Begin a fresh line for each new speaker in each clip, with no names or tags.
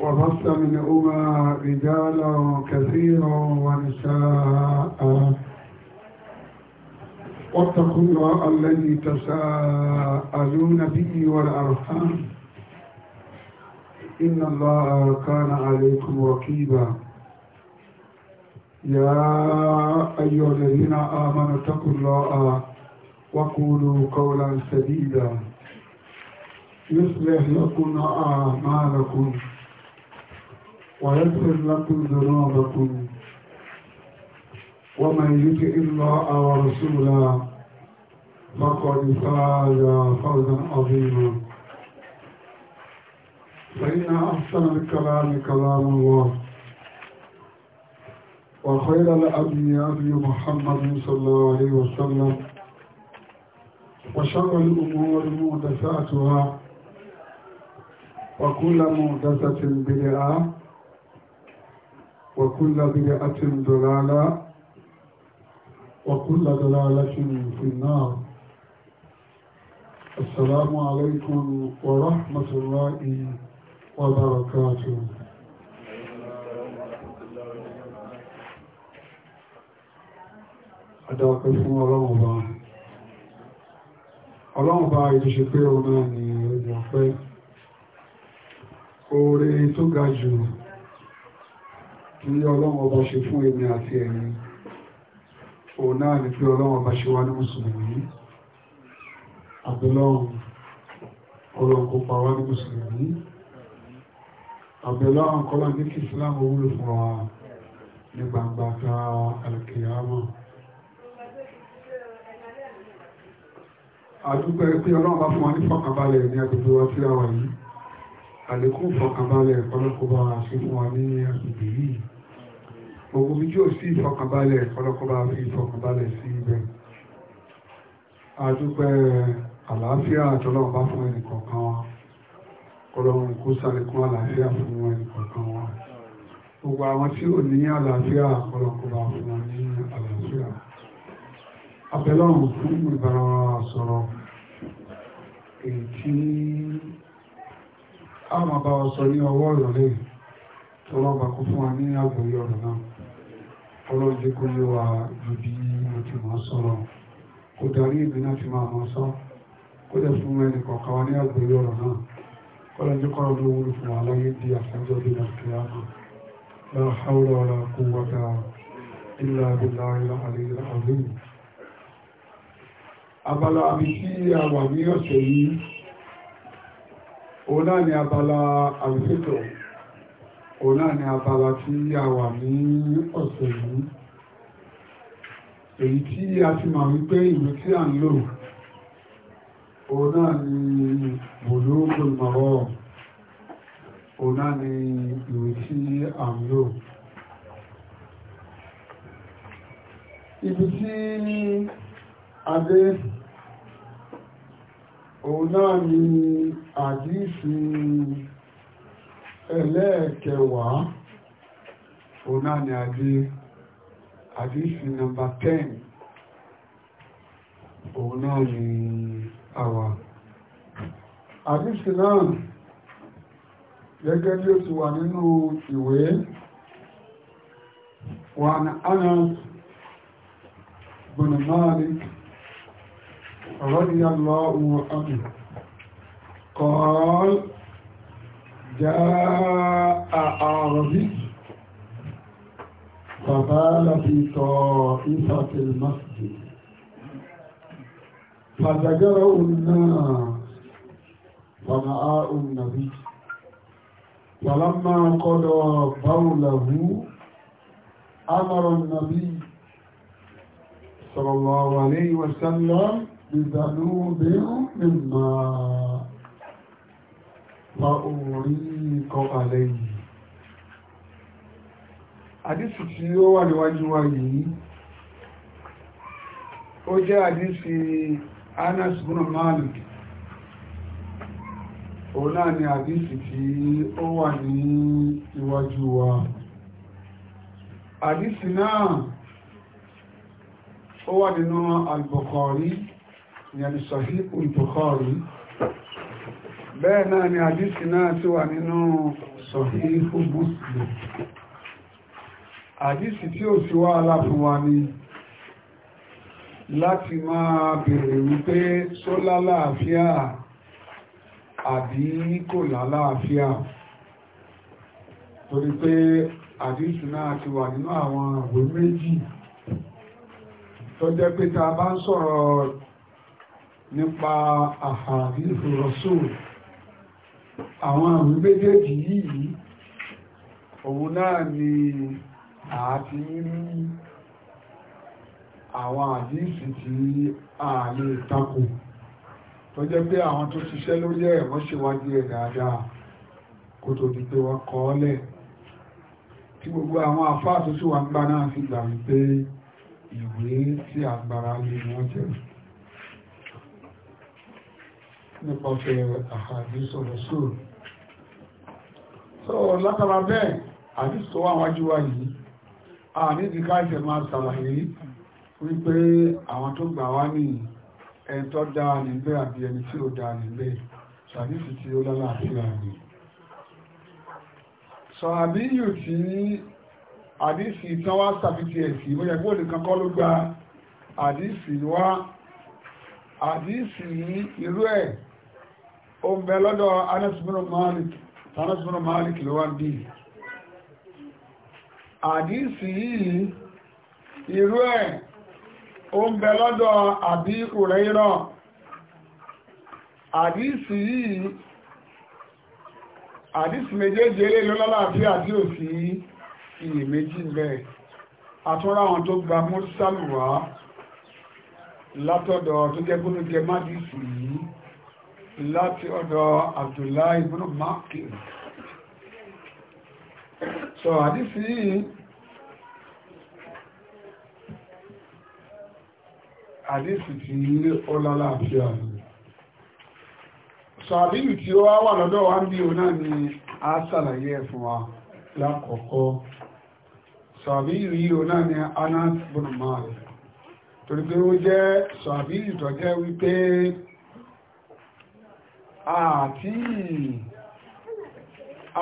وبث منهما رجالا كثيرا ونساء واتقوا الله الذي تساءلون به والأرحام إن الله كان عليكم وكيبا يا أيها الذين آمنوا اتقوا الله وقولوا قولا سديدا يصلح لكم أعمالكم ويغفر لكم ذنوبكم ومن يطع الله ورسوله فقد فاز فوزا عظيما فإن أحسن الكلام كلام الله وخير الأبي أبي محمد صلى الله عليه وسلم وشر الأمور مهدساتها وكل مهدسة بدعة وكل بدعة ضلالة وكل ضلالة في النار السلام
عليكم ورحمة الله وبركاته
Adáwọ̀kẹ́ fún ọlọ́run bá. Ọlọ́run bá ìdíṣẹ́ pé òun náà ni ẹgbẹ̀ ọ̀fẹ́. Oore tó ga jù tí ọlọ́run ọba ṣe fún èmi àti ẹ̀yin òun náà ni pé ọlọ́run ọba ṣe wá ní mùsùlùmí àbẹ̀lọ́run ọlọ́run kó pa wá ní mùsùlùmí àbẹ̀lọ́run kọ́lá ní kí islam wúlò fún wa ní gbangba ta alkiyama àdúgbò pé ọlọ́run bá fún wa ní fọkànbalẹ̀ ní agbègbè wa tí a wà yìí àlékún fọkànbalẹ̀ ọlọ́kọ̀ọ́bá ṣe fún wa ní agbègbè yìí òun bí yóò sí ìfọkànbalẹ̀ ọlọ́kọba fi ìfọkànbalẹ̀ sí ibẹ̀ adúpẹ́ àlàáfíà àtọ́lọ́wọ́n bá fún ẹnì kọ̀ọ̀kan wa kọlọ́run kó sàlékún àlàáfíà fún ẹnì kọ̀ọ̀kan wa gbogbo àwọn tí ò ní àlàáfíà
ọlọ́kọba fún wọn ní àlàáfíà
abẹ́lọ́run fún ìbára sọ̀rọ̀ èyí tí a bá wa sọ ní ọwọ́ ìrọ̀lẹ́yìn tọ́lọ́ba kó fún wa ní àgbòyí ọ̀rọ̀ náà ọlọ́run jẹ́ kó yé wa ju bí mo ti mọ̀ sọ̀rọ̀ kó darí èmi náà ti máa mọ̀ sọ kó jẹ́ fún ẹnì kọ̀ọ̀kan wa ní àgbòyí ọ̀rọ̀ náà kọ́lọ́n jẹ́ kọ́rọ̀ ló wúlò fún wa láyé di àfẹ́jọ́ bí na kìláàmù la hawla wala quwwata illa billahi al-aliyyil azim abala àmì tí a wà ní ọ̀sẹ̀ yìí òun náà ni abala àlùfẹ́tọ̀ọ́ òun náà ni abala tí a wà ní ọ̀sẹ̀ yìí èyí tí a ti mọ̀ wípé ìlú tí a ń lò òun náà ni Bulugul Maram òun náà ni ìlú tí a ń lò ibi tí adé òun náà ni àdísìn ẹlẹ́ẹ̀kẹwàá ọ̀nà ni àdí àdísì nàmbà 10 ọ̀nà ni àwà àdísì náà gẹ́gẹ́ bí ó ti wà nínú ìwé wà ní Anas bin Malik رضي الله عنه قال جاء أعربي فبال في طائفة المسجد فزجره الناس فمعاء النبي فلما قضى بوله أمر النبي صلى الله عليه وسلم بذنوب من ماء fa'uriqa alayhi àdísì tí ó wà níwájú wa yìí ó jẹ́ àdísì Anas bin Malik o náà ni àdísì tí ó wà ní iwájú wa àdísì náà ó wà nínú al-Bukhari ní àdísì Sahih al bẹ́ẹ̀ náà ni àdísì náà ti wà nínú Sahihu Muslim àdísì tí ó sì wá aláfúnwa ni láti máa bèèrè wípé só lálàáfíà àbí kò lálàáfíà torí pé àdísì náà ti wà nínú àwọn àwẹ̀ méjì tó jẹ́ pé ta bá ń sọ̀rọ̀ nípa àhàdífù Rasul àwọn àmì méjèèjì yìí òun náà ni àti rí àwọn àdíìsì tí a lè tako tó jẹ́ pé àwọn tó ṣiṣẹ́ lórí ẹ̀ wọ́n ṣèwádìí ẹ̀ dáadáa kó tó di pé wọ́n kọ́ ọ́lẹ̀ tí gbogbo àwọn àfáà ń gbá náà sì gbà wípé ìwé tí àgbára lè wọ́n jẹ́ nípa ṣe àhàdísọ rọ̀sùn so látara bẹ́ẹ̀ àdísọ àwájú wa yìí a nídi káìsẹ̀ máa ṣàlàyé wípé àwọn tó gbà wá ní ẹni tó dáa nílé àbí ẹni tí ó dáa nílé ṣàdísì tí ó lálàáfíà ni sọ̀rọ̀bí yìí tí àdísì tán wá sàfitì ẹ̀sì ó yẹ kó nìkan kọ́ irú ẹ̀ ó ń bẹ lọ́dọ̀ anẹ́sùmọ́nà malik anẹ́sùmọ́nà malik ló wá ń bí àdísì yìí irú ẹ̀ ó ń bẹ lọ́dọ̀ àbí òrẹ́rọ àdísì yìí àdísì méjèèjì eré lọ́lọ́lá àti àti òsì iye méjì bẹ́ẹ̀ àtúnra àwọn tó gba mọ́sálùwá látọ̀dọ̀ tó jẹ́ gómìnà jẹ mádìsì yìí láti ọ̀dọ̀ Abdullahi ibn Makir so àdísí àdísí tí ó lálàáfíà so àbílù tí ó wá lọ́dọ̀ wá ń bí o náà ni a sàlàyé fún wa lákọ̀ọ́kọ́ so àbílù yìí o náà ni Anas ibn Malik torí pé ó jẹ́ so àbílù tó jẹ́ wípé àti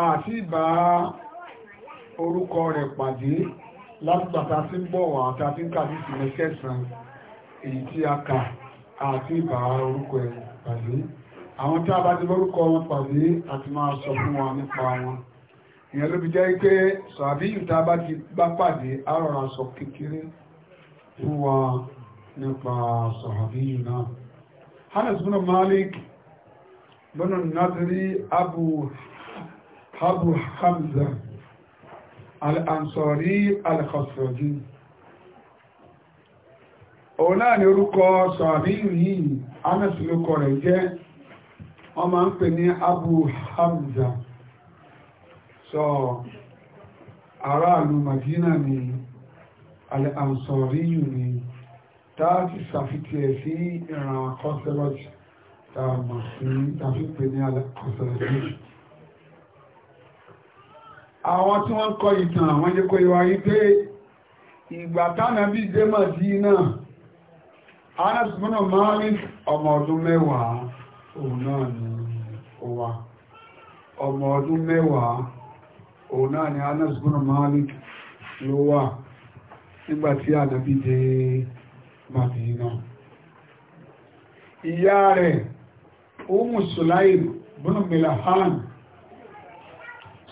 àti bá orúkọ rẹ̀ pàdé látìgbàtà tí ń bọ̀ wà àti kàbí sí mẹ́kẹsàn èyí tí a kà àti bá orúkọ rẹ̀ pàdé àwọn tí a bá ti lórúkọ wọn pàdé àti máa sọ fún wa nípa wọn ìyẹn ló fi jẹ́ pé sàbí ìta bá ti bá pàdé àrọ̀rà sọ kékeré fún wa nípa sàbí náà Hannes Bruno Malik بن النضر أبو أبو حمزة الأنصاري الخصرجي òun náà ni orúkọ sọ̀rí yìí amẹ́sìlókọ rẹ̀ jẹ́ wọ́n máa ń pè ní Abu Hamza sọ aráàlú Madina ni al yìí ni táàtì sàfitì ẹ̀ sí ìran kọ́sẹ̀lọ́jì tààmà sí tàfífẹ́ ní àṣàrẹ̀ àwọn tí wọ́n kọ ìtàn àwọn jẹ́ kó ìwà yí pé ìgbà tánà bí dé Mádínà anásùmọ́nà Malik ọmọ ọdún mẹ́wàá òun náà ni ó wà ọmọ ọdún mẹ́wàá òun náà ni anásùmọ́nà Malik ló wà nígbàtí ànàbí dé Mádínà ìyá rẹ̀ umu sulaim bunu milahan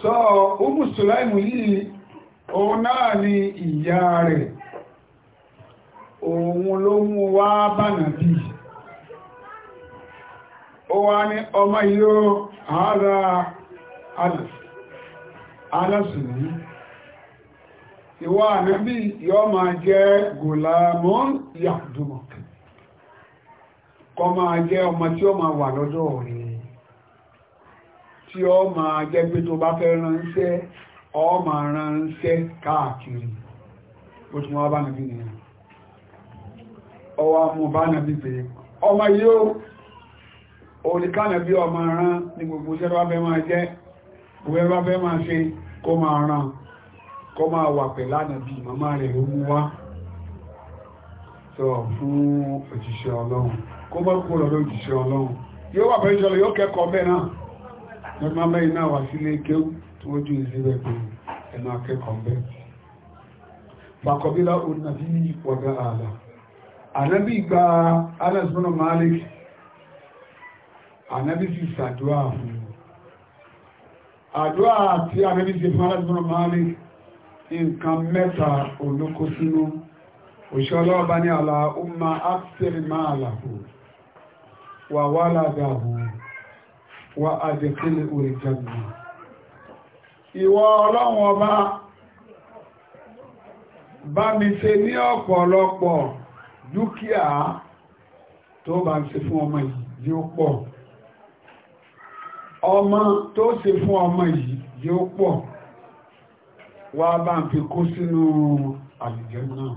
so umu sulaim yìí òun náà ni ìyá rẹ̀ òun ló mú wá bánàbí ó wá ní ọmọ yóò ara alásìní ìwà ànábì yóò máa jẹ́ gùlàmọ́ yàdùmọ̀ kọ́ máa jẹ́ ọmọ tí ó máa wà lọ́dọ̀ rẹ̀ tí ó máa jẹ́ pé tó bá fẹ́ ránṣẹ́ ó máa ránṣẹ́ káàkiri ó tún wá bá nàbí nìyàn ọwọ́ mú bá nàbí pé ọmọ yóò oníkànàbí ọmọ rán ní gbogbo iṣẹ́ tó bá fẹ́ máa jẹ́ gbogbo ẹgbẹ́ fẹ́ máa ṣe kó máa rán kó máa wà pẹ̀lá nàbí màmá rẹ̀ ó mú wá sọ fún òjíṣẹ́ ọlọ́run kó bá kú lọ́dọ̀ òjìṣẹ́ ọlọ́run yóò wà bẹ́ẹ̀ jọlọ yóò kẹ́kọ̀ọ́ bẹ́ẹ̀ náà wọ́n máa bẹ́ẹ̀ náà wá sílé kéwù tí wọ́n ju ìsí bẹ́ẹ̀ pé ẹ máa kẹ́kọ̀ọ́ bẹ́ẹ̀. fàkọ̀bílá onabi wọ̀gá àlà ànábì gba Anas bin Malik ànábì sì ṣàdúrà fún un àdúrà nǹkan mẹ́ta olókó sínú òṣèlú ọba ní àlà ó máa áfẹ́ máa làkó وولده وأدخله الجنة ìwọ ọlọ́run ọba bá mi ṣe ní ọ̀pọ̀lọpọ̀ dúkìá tó bá ń ṣe fún ọmọ yìí yóò pọ̀ ọmọ tó ṣe fún ọmọ yìí yóò pọ̀ wá bá ń fi kó sínú àlùjẹ́ náà.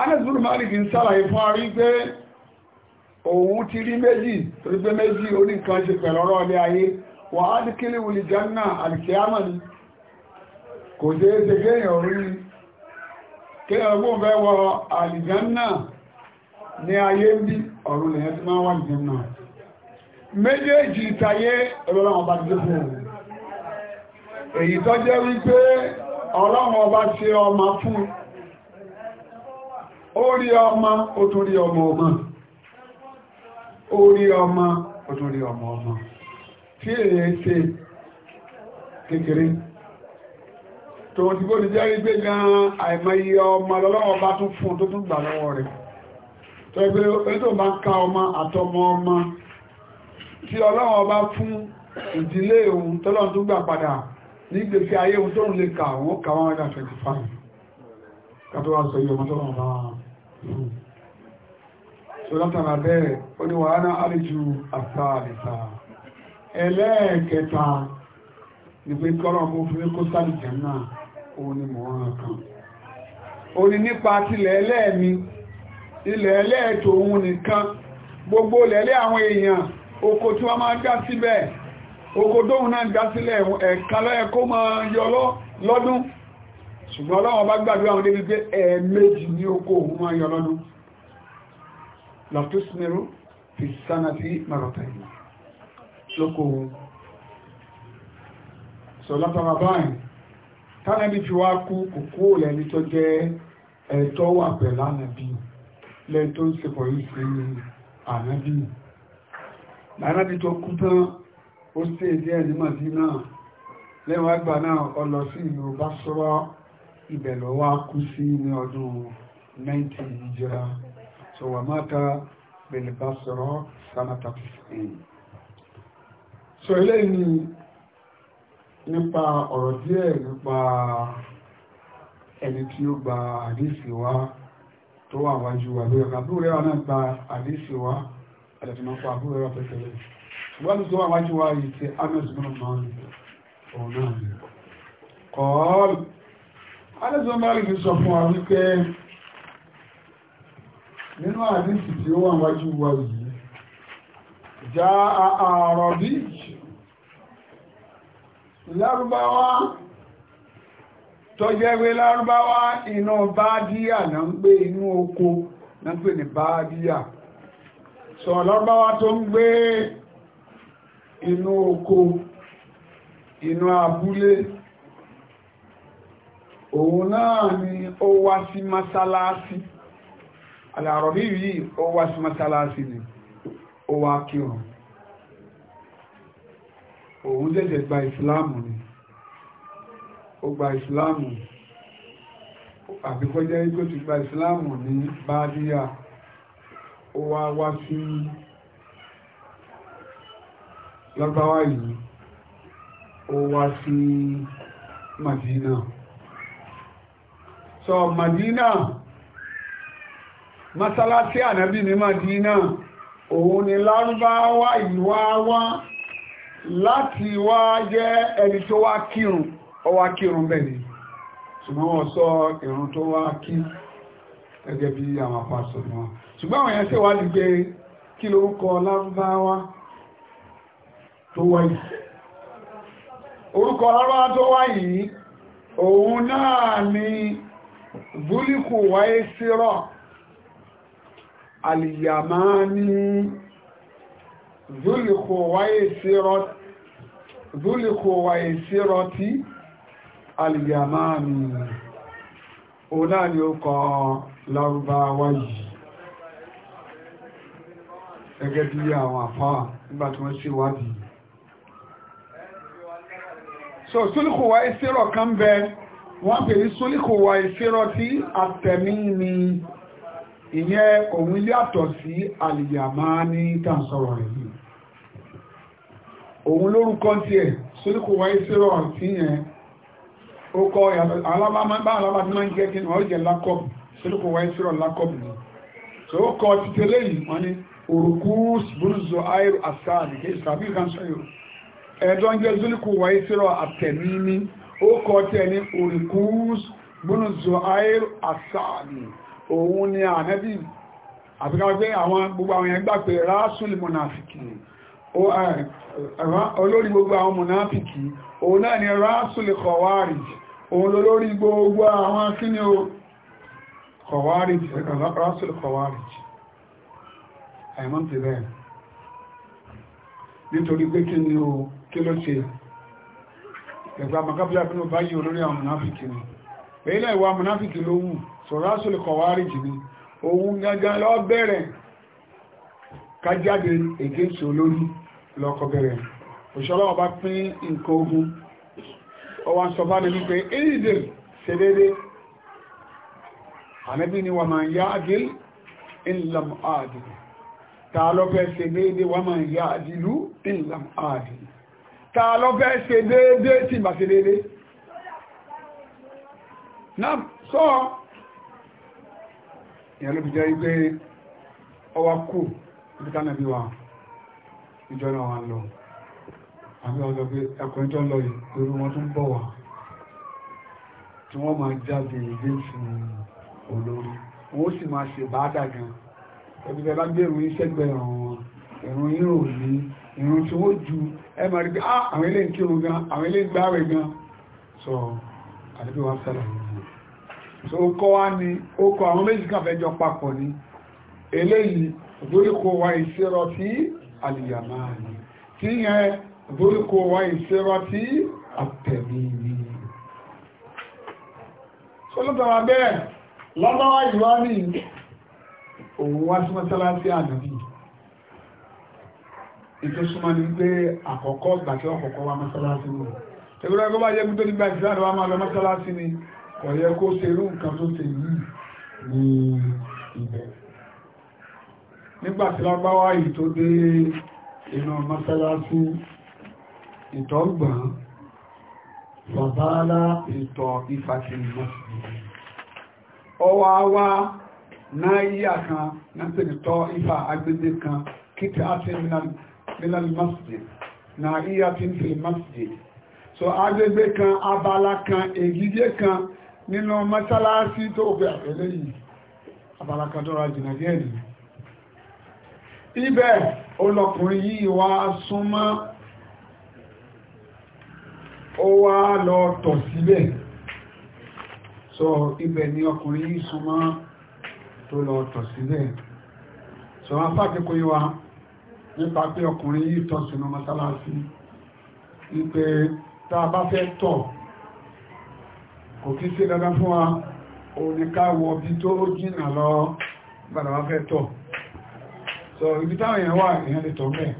anẹ́sùn malik ń sàlàyé fún arí pé òun ti rí méjì torí pé méjì orí nǹkan ṣe pẹ̀lú ọ̀rọ̀ ilé ayé wọ́n á ní kílì wùlì jẹ́nà àlìkíámà ni kò ṣe é ṣe kéèyàn orí ni kéèyàn ọgbọ́n fẹ́ wọ àlìjẹ́nà ní ayé ń bí ọ̀run lèyàn ti máa wà ní jẹ́nà méjèèjì ìtayé ọlọ́run ọba ti fún òun èyí tó jẹ́ wípé ọlọ́run ọba ṣe ọmọ fún ó rí ọmọ ó tún rí ọmọ ọmọ orí ọmọ òtúrí ọmọ ọmọ tí èyẹ ṣe kékeré tó ti bó ti jẹ́ rí gbé gan àìmọye ọmọ lọ́lọ́wọ́ bá tún fún tó tún gbà lọ́wọ́ rẹ̀ tó ẹgbẹ́ ẹni tó bá ń ká ọmọ àtọmọ ọmọ tí ọlọ́wọ́ bá fún ìdílé ohun tọ́lọ́ tún gbà padà ní ìgbésí ayé ohun tó ń lè kà wọ́n kà wọ́n rẹ̀ àfẹ́kù fáwọn kátó wá sọ yìí ọmọ tọ́lọ́ bá fún tó látara bẹ́ẹ̀ ó ní wàá ná àlejò àsáàlìsà ẹlẹ́ẹ̀kẹta ni pé kọ́lọ̀ mú fún kó sálìjẹ́ náà òun ni mò ń kan ó ní nípa tilẹ̀ ẹlẹ́ẹ̀mí ilẹ̀ ẹlẹ́ẹ̀tò òun nìkan gbogbo lẹ̀lẹ́ àwọn èèyàn oko tí wọ́n máa dá síbẹ̀ oko tóun náà dá sílẹ̀ ẹ̀ka lọ́yẹ kó máa yọ lọ́dún ṣùgbọ́n ọlọ́wọ́n bá gbàdúrà wọn débi pé ẹ̀ẹ̀mejì ní oko òun máa yọ lọ́dún lọ tó sínú fi sánà sí mọ̀rọ̀tà ìlú lókòwò sọ látara báyìí tánàbí fi wá kú kòkó lẹ́ni tó jẹ́ ẹ̀tọ́ wà pẹ̀lú ànàbí lẹ́ni tó ń sepọ̀ yìí sí ànàbí ànàbí tó kú tán ó sí èdè ẹni Mádínà lẹ́wọ̀n àgbà náà ọlọ sí ìlú Basra ibẹ̀ ló wá kú sí ní ọdún 90 ìjìra so wà mata bilibasoro sanata fifteen so eléyìí nípa ọ̀rọ̀ díẹ̀ nípa ẹni tí ó gba àdísì wá tó wà wájú wà lórí àbúrò rẹ̀ wà náà gba àdísì wá àdàtìmọ̀ fún àbúrò pẹ̀tẹ̀lẹ̀ ṣùgbọ́n tó wà wájú wá yìí tí anas mọ́nà máa nínú àdísì tí ó wà wájú wa yìí já ààrọ̀ bí lárúbáwá tó jẹ́wé lárúbáwá iná bádíyà náà ń gbé inú oko náà ń pè ní bádíyà sọ lárúbáwá tó ń gbé inú oko inú abúlé òun náà ni ó wá sí mọ́sálásí. Si alàrọ̀bí yìí ó wá sí mọ́sálásí ni ó wá kí wọn òun tẹ́tẹ̀ gba ìsìláàmù ni ó gba ìsìláàmù àbíkọ́jẹ́ igbó ti gba ìsìláàmù ní bádíyà ó wá wá sí lọ́gbáwá yìí ó wá sí Madina so Madina masalasi ànábì ní Madina òun ni lárúbáwá ìwá wá láti wá jẹ́ ẹni tó wá kírun ọwá kírun bẹ̀rẹ̀ ṣùgbọ́n wọ́n sọ ìrun tó wá kí ẹgẹ́ bí àwọn apásọ̀ wọn ṣùgbọ́n àwọn ẹ̀ṣẹ́ wá dìgbé kí ló ń kọ lárúbáwá tó wá yìí orúkọ lárúbáwá tó wá yìí òun náà ni zuliku wáyé sírọ̀ alìyàmáni zulikowai sírọtí alìyàmáni ọ̀nà ni ó kọ lárúbáwá yìí gẹ́gẹ́ bí àwọn àfáà nígbà tí wọ́n ṣèwádìí so zulikowai sírọ kan bẹ wọ́n pè ní zulikowai sírọtí àtẹ̀mí ni ìyẹn òun àtọ̀ sí àlìyàmá ní tàǹsọ̀rọ̀ yìí òun lórúkọ tí ẹ̀ sóríkò wáyé sírọ̀ tí yẹn ó kọ́ alábàmọ́ tí máa ń jẹ́ kí wọ́n jẹ́ lákọ̀bù sóríkò wáyé sírọ̀ lákọ̀bù ni tó kọ́ títẹ́ lẹ́yìn wọ́n ní òrùkú burúzọ ayé kí ìsàbí kan ẹ̀dọ́ ń jẹ́ sóríkò wáyé òun ni ànábì àfikà pé àwọn gbogbo àwọn yẹn gbà pé rásùlì mọ̀nàfìkì olórí gbogbo àwọn mọ̀nàfìkì òun náà ni rásùlì kọ̀wárìj òun lórí gbogbo àwọn kíni o kọ̀wárìj rásùlì kọ̀wárìj àìmọ́ ti rẹ̀ nítorí pé kí ni o kí ló ṣe ẹ̀gbà makábílá fún ọba yìí olórí àwọn mọ̀nàfìkì ni sọ̀rásùlù kọ̀wárìjì ni òun gangan lọ bẹ̀rẹ̀ kájáde ègéṣì olórí lọ́kọ̀ bẹ̀rẹ̀ òṣọ́lọ́wọ́ bá pín nǹkan ogun ọwá sọ bá níbi pé ìdè ṣe dédé àmẹ́bí ni wà máa yá àdìl ìlàm àdìl ta lọ́fẹ́ ṣe wà máa yá àdìlú ìlàm àdìl ta lọ́fẹ́ ṣe dédé tí bá náà sọ́ọ̀ ìyẹn ló fi jẹ́ wípé ọwá kù ibi tánà bí wa ìjọ náà wà lọ àbí wọn sọ pé ẹkùnrin tó ń lọ yìí lórí wọn tún bọ̀ wá tí wọ́n máa jáde ìgbé fún olórí wọ́n sì máa ṣe bá dàgan ẹbí bẹ́ẹ̀ bá gbé ìrùn ìṣẹ́gbẹ̀ẹ́ ọ̀hún ìrùn yìí ò ní ìrùn tí wọ́n ju ẹ so kọ́ wá ní ó kọ àwọn méjì kan fẹ́ jọ papọ̀ ní eléyìí lórúkọ wa ìṣẹ́rọ tí àlìyàmá ní tí yẹn lórúkọ wa ìṣẹ́rọ tí àtẹ̀mí ní so lọ́tọ̀wà bẹ́ẹ̀ lọ́tọ̀wà ìwá ní òun wá sí mọ́sálásí ànábì ètò súnmọ́ ní pé àkọ́kọ́ gbàtí ọ̀kọ̀ọ̀kọ́ wá mọ́sálásí wò ẹgbẹ́rẹ́ bá jẹ́ gbígbé nígbà ìsìláàdọ̀ máa lọ mọ́sálásí ni ọ̀yẹ́ kó serú nǹkan tó tè yìí ní ibẹ̀ nígbàtí lágbáwá yìí tó dé iná mọ́sálásí ìtọ́gbọ̀n fàbálá ìtọ̀ ìfàkìlì ọwá wá náà yíyà kan náà tọ́ ìfà agbẹ́gbẹ́ kan kìtì àti mílal masjid náà yíyà tí ń fi masjid so agbẹ́gbẹ́ kan abala kan ègígé kan nínú mọ́sálásí tó gbé àfẹ́lẹ́ yìí abalakadọ́ra jìnà díẹ̀ nì ibẹ̀ olọkùnrin yìí wá súnmọ́ ó wá lọ tọ̀ síbẹ̀ so ibẹ̀ ni ọkùnrin yìí súnmọ́ tó lọ tọ̀ síbẹ̀ so wọ́n fàkíkò yíwa nípa pé ọkùnrin yìí tọ̀ sínú mọ́sálásí wípé tá bá fẹ́ tọ̀ kò kí sí dandan fún wa oníkáwọ bí tó jìnà lọ gbàdà wá fẹ́ tọ̀ so ibi táwọn èèyàn wà èèyàn lè tọ̀ bẹ́ẹ̀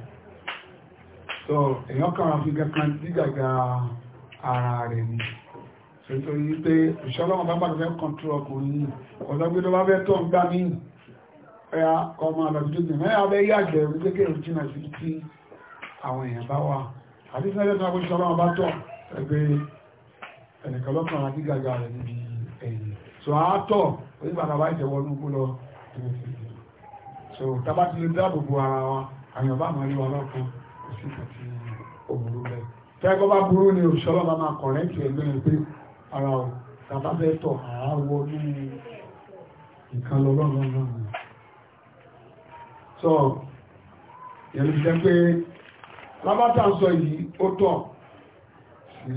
so èèyàn kan fi kankan dígàgà ara rẹ̀ ni so nítorí pé ìṣọ́lọ́wọ́n bá gbàdà fẹ́ kọ́ntú ọkùnrin ọ̀dọ́gbé ló bá fẹ́ tọ̀ ń gbá mí ẹ̀yà ọmọ àlọ́dúdú ní ẹ̀yà abẹ́ yàgbẹ̀ orílẹ̀-èdè ẹnìkan lọ́kàn àti gàgà rẹ̀ níbi ẹ̀yìn so àátọ̀ oníbàtà bá ìtẹ̀wọ́ lúgbó lọ so tábà ti lè dáàbòbò ara wa àyàn bá máa rí wa lọ́kàn kò sí ìgbà tí òwúrú bá burú ni òṣìṣọ́lọ́ bá máa kọ̀rẹ́ǹtì ẹgbẹ́ rẹ̀ pé ara ò tàbá fẹ́ tọ̀ àáwọ̀ ní nǹkan lọ́lọ́run náà so yẹ̀lú jẹ́ pé lábátà sọ yìí ó tọ̀ sí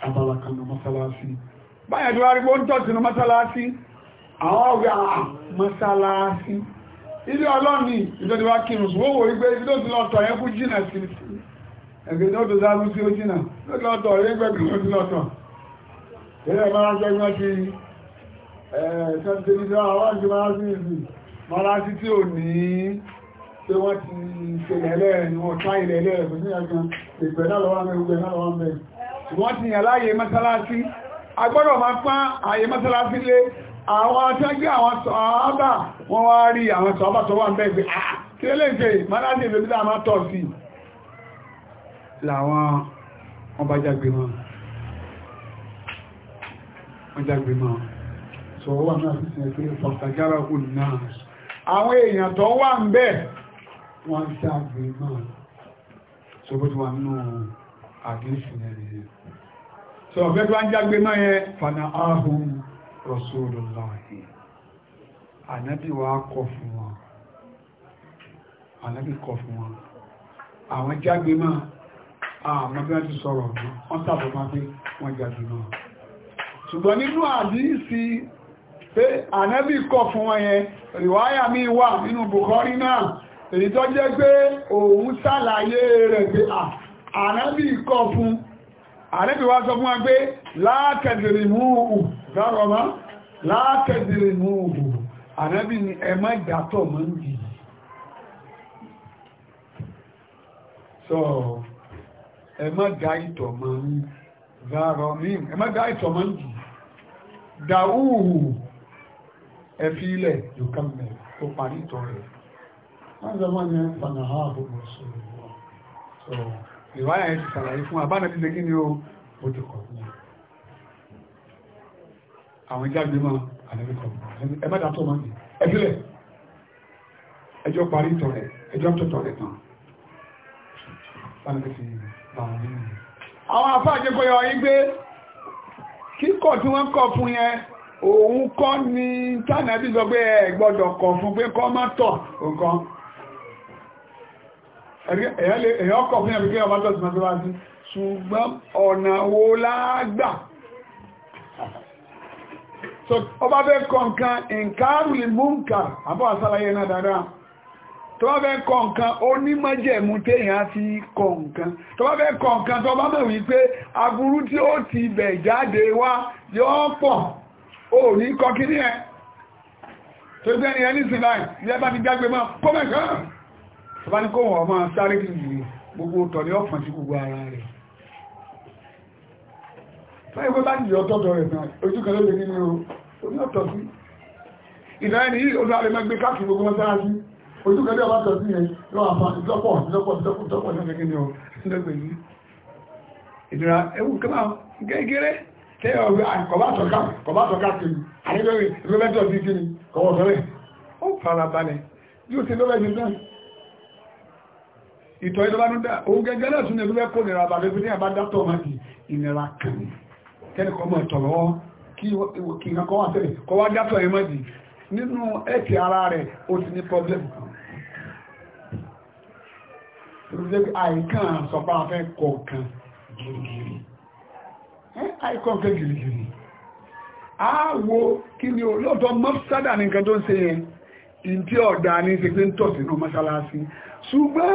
abala kan ní mọ́sálásí báyẹ̀ tó wá rí gbóǹtọ́ sínú mọ́sálásí àwọn ọ̀gá mọ́sálásí ilé ọlọ́ni ìjọdí wá kí rùsùn wó wò wípé ibi tó ti lọ́tọ̀ yẹn kú jìnà sí ẹgbẹ́ tó tó zágú sí ó jìnà tó ti lọ́tọ̀ yẹn gbẹ̀gbẹ̀ tó ti lọ́tọ̀ ilẹ̀ máa jẹ́gbẹ́ ti ẹ̀ẹ́sẹ̀ntẹ́lẹ́dọ́ àwọn ìjọmọ́lásí tí ò ní pé wọ́n ti ṣẹlẹ̀ ẹlẹ́rẹ̀ ni wọ́n tá ilẹ̀ wọ́n ti yàn láàyè mọ́sálásí agbọ́dọ̀ máa pán àyè mọ́sálásí lé àwọn atẹ́gbẹ́ àwọn sọ́ọ́bà wọ́n wá rí àwọn sọ́ọ́bà tó wà ń bẹ́ẹ̀ pé ah, kí lè ṣe mọ́sálásí àdéṣù nẹ́rẹ̀ so ọ̀fẹ́ tó ń jágbé máa yẹ fana ahun rọ̀sọ́lọ́láhì ànábì wa kọ fún wọn ànábì kọ fún wọn àwọn jágbé máa àmọ́ bí wọ́n ti sọ̀rọ̀ wọ́n tàbọ̀ máa pé wọ́n jágbé máa ṣùgbọ́n nínú àdíìsí pé ànábì kọ fún wọn yẹn rìwáyà mi wà nínú Bukhari náà èyí tó jẹ́ pé òun ṣàlàyé rẹ̀ pé à ànábì kọ́ fún ànábì wá sọ fún wa pé látẹ̀dìrì mú ù dárọmá látẹ̀dìrì mú ù ni ń jì sọ ẹmọ́ dá ìtọ̀ mọ́ ń ń jì dàúhù ẹfí ilẹ̀ tó parí ìtọ̀ rẹ̀ wọ́n ìwáyà ẹ̀ ti sàlàyé fún àbánà ti lẹ́gí ní o ti kọ̀ fún àwọn jáde mọ́ àlẹ́bíkọ̀ ẹgbẹ́ta tó mọ́ ní ẹgbẹ́lẹ̀ ẹjọ́ parí tọ̀ rẹ̀ ẹjọ́ tó tọ̀ rẹ̀ tán bánà ti fi bá wọn nínú àwọn afáàjẹ́ kọ́ èyàn kọ̀ fún ẹ̀mí kí ọmọ lọ́sí mọ́síwájú ṣùgbọ́n ọ̀nà wo lágbà so ọba fẹ́ kọ̀ǹkan ìǹkàrù ìmúǹkà àbọ̀ àsálàyé náà dáadáa tó bá fẹ́ kọ̀ǹkan onímọ̀jẹ̀mú téèyàn fi kọ̀ǹkan tó bá fẹ́ kọ̀ǹkan tó bá mọ̀ wípé aburú tí ó ti bẹ̀ jáde wá yóò pọ̀ ò ní kọkí ní ẹ tó gbẹ́ni ẹni sí láì yẹ́ bá ti jágbe mọ́ kọ́mẹ̀kọ́ tó bá ní kó wọ́n máa sáré kìrìkìrì gbogbo tọ̀lé ọ̀fàn sí gbogbo ara rẹ̀ fẹ́yìn pé bá ní ìyọ́ tọ́tọ̀ rẹ̀ náà ojú kan ló lè nínú orí ọ̀tọ̀ sí ìdá ẹni yìí olú alẹ́ mẹ́gbẹ́ káàkiri gbogbo mọ́sálásí ojú kan lé ọba tọ̀ sí yẹn lọ́wọ́ àfa ìjọpọ̀ ìjọpọ̀ ìjọpọ̀ ìjọpọ̀ náà gẹ́gẹ́ ni ọ lẹ́gbẹ̀ẹ́ yìí ìdíra ewu kọ́mà gẹ́gẹ́rẹ́ tẹ́ ọ̀rẹ́ kọ̀bátọ̀ káàkiri ìtọ̀ ìjọba ní dá òun gẹ́gẹ́ náà tún ní kó nìra bàbá ẹgbẹ́ ní àbá dátọ̀ máa di ìnira kan kẹ́nìkan mọ̀ ìtọ̀ lọ́wọ́ kí nǹkan wà tẹ́lẹ̀ kọ́ dátọ̀ yẹn mọ́ di nínú ẹ̀kì ara rẹ̀ ó ti ní problem kan ṣùgbọ́n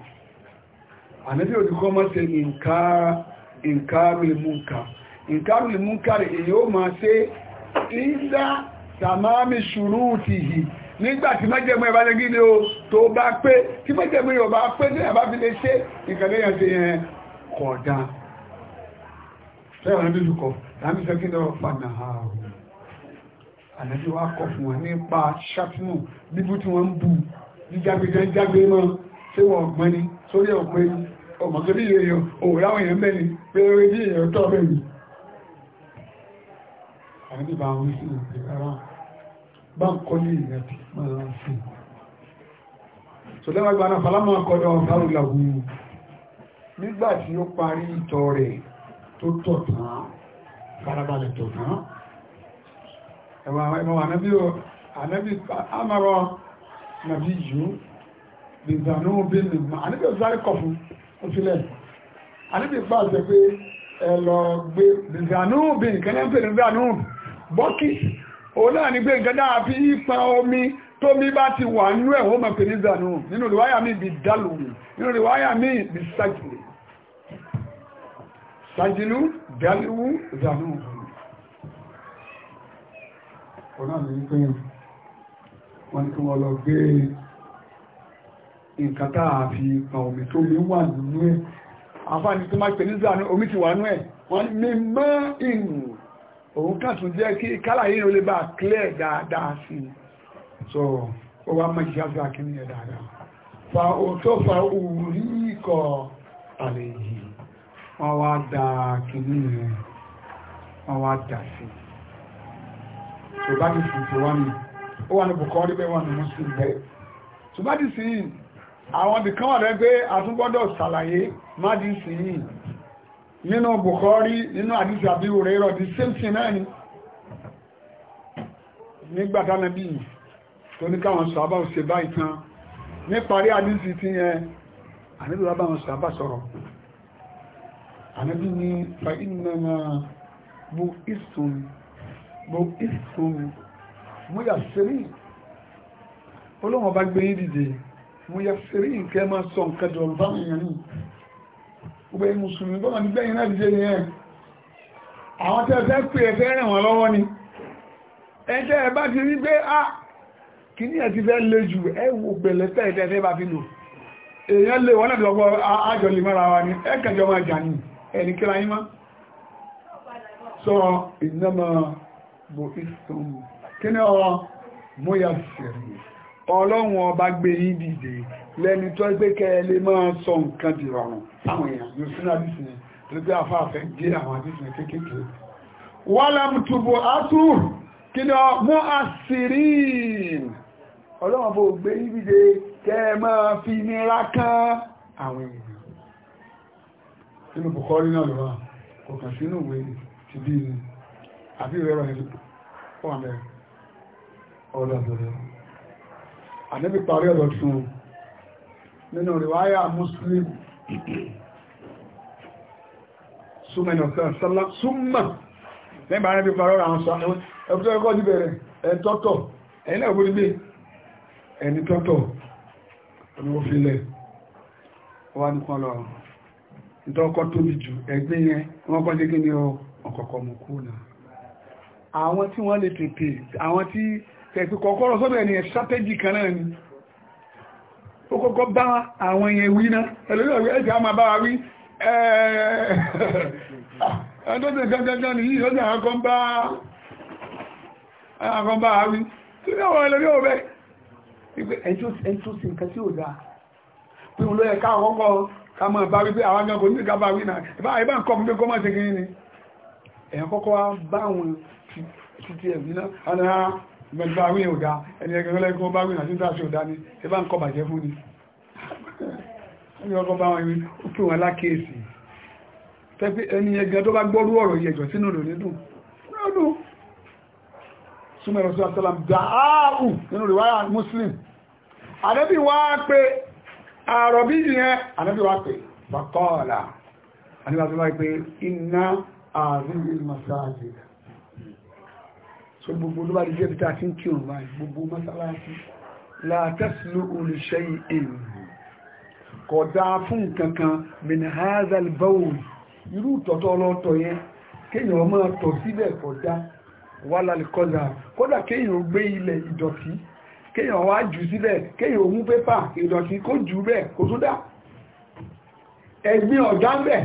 ànábì òdìkọ́ mọ́ sí ìǹkárùlì múǹkà ìǹkárùlì múǹkà rẹ̀ èyí ó máa ṣe ìdá tàmámi ṣùrúùtì yìí nígbàtí mẹ́jẹ̀mú ẹ̀bá lè gílé o tó bá pé tí mẹ́jẹ̀mú yóò bá pé ní ẹ̀bá fi lè ṣe ìkàlẹ́yàn ti yẹn kọ̀ọ̀dá fẹ́ràn nínú kọ̀ láàmì sọ kí lọ fàdà ààrùn àlẹ́bí wá kọ̀ fún wọn nípa ṣàtúnù bíbú tí wọ́n ń bú jíjágbé jẹ́ jágbé mọ́ ṣé wọ́n ọ̀gbẹ́ni sórí ọ̀gbẹ́ni òmọ̀tò bí yẹ̀yọ òwúráwọ̀ èèyàn mẹ́ni pé bí èèyàn tọ́ mẹ́ni àdíbà àwọn sí ìpẹ̀kára bá ń kọ́ ní ìrẹ̀tì máa ń fi so falamọ́ akọ́dọ̀ nígbà tí ó parí rẹ̀ tó bí bí kọ̀ fún òfilẹ̀ àníbì pàṣẹ pé ẹlọ gbé dìdànúùbì nǹkan náà ń pè ní dìdànúù bọ́kìtì òun náà ní gbé nǹkan náà fi ipa omi tómi bá ti wà nú ẹ̀ wọ́n mọ̀ pé ní dìdànúù nínú ìwáyà mi bí dálùmù nínú ìwáyà mi bí sájìlì sájìlú dálùmù dìdànúù òun náà ní pé wọ́n ní kí wọ́n lọ gbé nǹkan tá a fi kan omi tó mi wà nínú ẹ̀ àfáàní tó máa pẹ̀lú ìzànú omi ti wà nínú ẹ̀ wọ́n ní mọ́ ìrù òun kàn tún jẹ́ kí kálà yìí ló lè bá clear dáadáa sí so ó wá mọ́ ìṣẹ́ àti àkíní ẹ̀ dáadáa fa òótọ́ fa òórí ikọ̀ àlejì wọ́n wá da kìíní rẹ̀ wọ́n wá dà sí tó bá ti sì ti wá ní ó wà ní bùkọ́ níbẹ̀ wà ní mùsùlùmí bẹ́ẹ̀ tó ti sì yìí àwọn ibìkan wà lẹ́gbẹ́ àtúgbọ́dọ̀ sàlàyé mádìsì yìí nínú Bukhari nínú àdìsì àbí òrè rọ̀ di same thing náà ni nígbàtánà bí tó ní káwọn sàbá ò ṣe báyìí tán ní parí àdìsì ti yẹn àníbìlá bá wọn sàbá sọ̀rọ̀ àníbì ní fa ìnàmà bu ìsùn bu ìsùn múyà sẹ́rí olóhùn ọba gbé yìí dìde mùyàfẹ́rí nǹkan máa sọ nǹkan dọ̀rọ̀ báwọn èèyàn ní gbogbo ẹ̀yìn mùsùlùmí bọ́nà nígbẹ̀yìn náà díje nìyẹn àwọn tẹ́ fẹ́ pè ẹ̀fẹ́ ràn wọ́n lọ́wọ́ ni ẹjẹ́ ẹ bá ti rí pé á ah, kí ní ẹ̀ ti fẹ́ lè jù ẹ wò pẹ̀lẹ́ tẹ́ ẹ̀fẹ́ fẹ́ bá fi lò èèyàn lè wọ́n láti lọ́gbọ́ àjọ ah, lè mọ́ra wa ni ẹ kẹjọ máa jà ní ẹni kíra yín má sọ ìnámọ̀ bò ìsọ̀mù kí ni ọ̀rọ̀ mọ́yà fẹ̀rẹ̀ ọlọ́run ọba gbé yín dìde lẹ́ni tó gbé kẹ́ẹ̀lé máa sọ nǹkan dìrọ̀rùn fáwọn èèyàn yóò sínú àdìsí tó gbé afáfẹ́ gé àwọn àdìsí kéékèèké wà lámùtùbù átù kí ni mú àṣírí ọlọ́run bó gbé yín dìde kẹ́ẹ̀ máa fi nira kán àwọn èèyàn nínú bùkọ́rí náà lọ́wọ́ kò kàn sínú ìwé ti bí ni àbí ìrẹ́rọ̀ ẹ̀sùn pọ̀ àmẹ́rẹ̀ ọ̀dọ̀ àbẹ̀rẹ̀ ànábì parí ọ̀rọ̀ fún nínú rìwáyà muslim súnmẹ́nà sọ́lá súnmà lẹ́gbà ànábì parí ọ̀rọ̀ àwọn sọ́lá ẹ̀kùn tó ẹ̀kọ́ ti bẹ̀rẹ̀ ẹ̀tọ́tọ̀ ẹ̀yìn náà gbórígbé ẹni tọ́tọ̀ ọ̀nà òfilẹ̀ wà nìkan lọ ìtọ́kọ́ tóbi jù ẹgbẹ́ yẹn wọ́n kọ́ sí kí ni ọkọ̀kọ̀ mú kú náà àwọn tí wọ́n lè tètè àwọn tí tẹ̀sí kọ̀kọ́rọ̀ sọ́bẹ̀ ni strategy kan náà ni ó kọ́kọ́ bá àwọn èèyàn wí náà ẹlòmíràn wí ẹ̀sì àmà bá wa wí ẹ̀ẹ́dọ́sẹ̀ gangan ni yìí lọ́sẹ̀ àwọn kan bá wa wí tí àwọn ẹlòmíràn bẹ́ẹ̀ wípé ẹjọ́ sí nǹkan tí ò dáa pé òun ló yẹ káà kọ́kọ́ ká máa bá wípé ìmẹ̀lúbà wí òdá ẹni ẹgbẹ̀rẹ́gbẹ̀rẹ́ bá wí náà títà sí òdá ní ẹbá ń kọ bàjẹ́ fún ni ẹni ọkọ̀ bá wọn ó pè wọn lákèésì tẹ́pẹ́ ẹni ẹgbẹ̀ tó bá gbọ́rú ọ̀rọ̀ yẹjọ sínú rò nídùn rọ́dún súnmọ̀rọ̀ sọ́lá dááhù nínú rìwáyà muslim àdẹ́bí wá pé àrọ̀bí yẹn àdẹ́bí wá pé bàkọ́ọ̀lá àdẹ́bí wá pé iná àrí ìlú masáàjì so gbogbo ló bá di jẹ́bi tá a ti ń kírun báyìí gbogbo mọ́sálásí látẹ́sílú olùṣẹ́ ìlú kódà fún nǹkan kan minhazal bowl irú tọ́tọ́ ọlọ́tọ̀ yẹn kéèyàn máa tọ̀ síbẹ̀ kódà wà lálẹ́kọ́dà kódà kéèyàn gbé ilẹ̀ ìdọ̀tí kéèyàn wá jù síbẹ̀ kéèyàn mú pépà ìdọ̀tí kó jù bẹ́ẹ̀ kó tó dá ẹ̀gbin ọ̀dá ń bẹ̀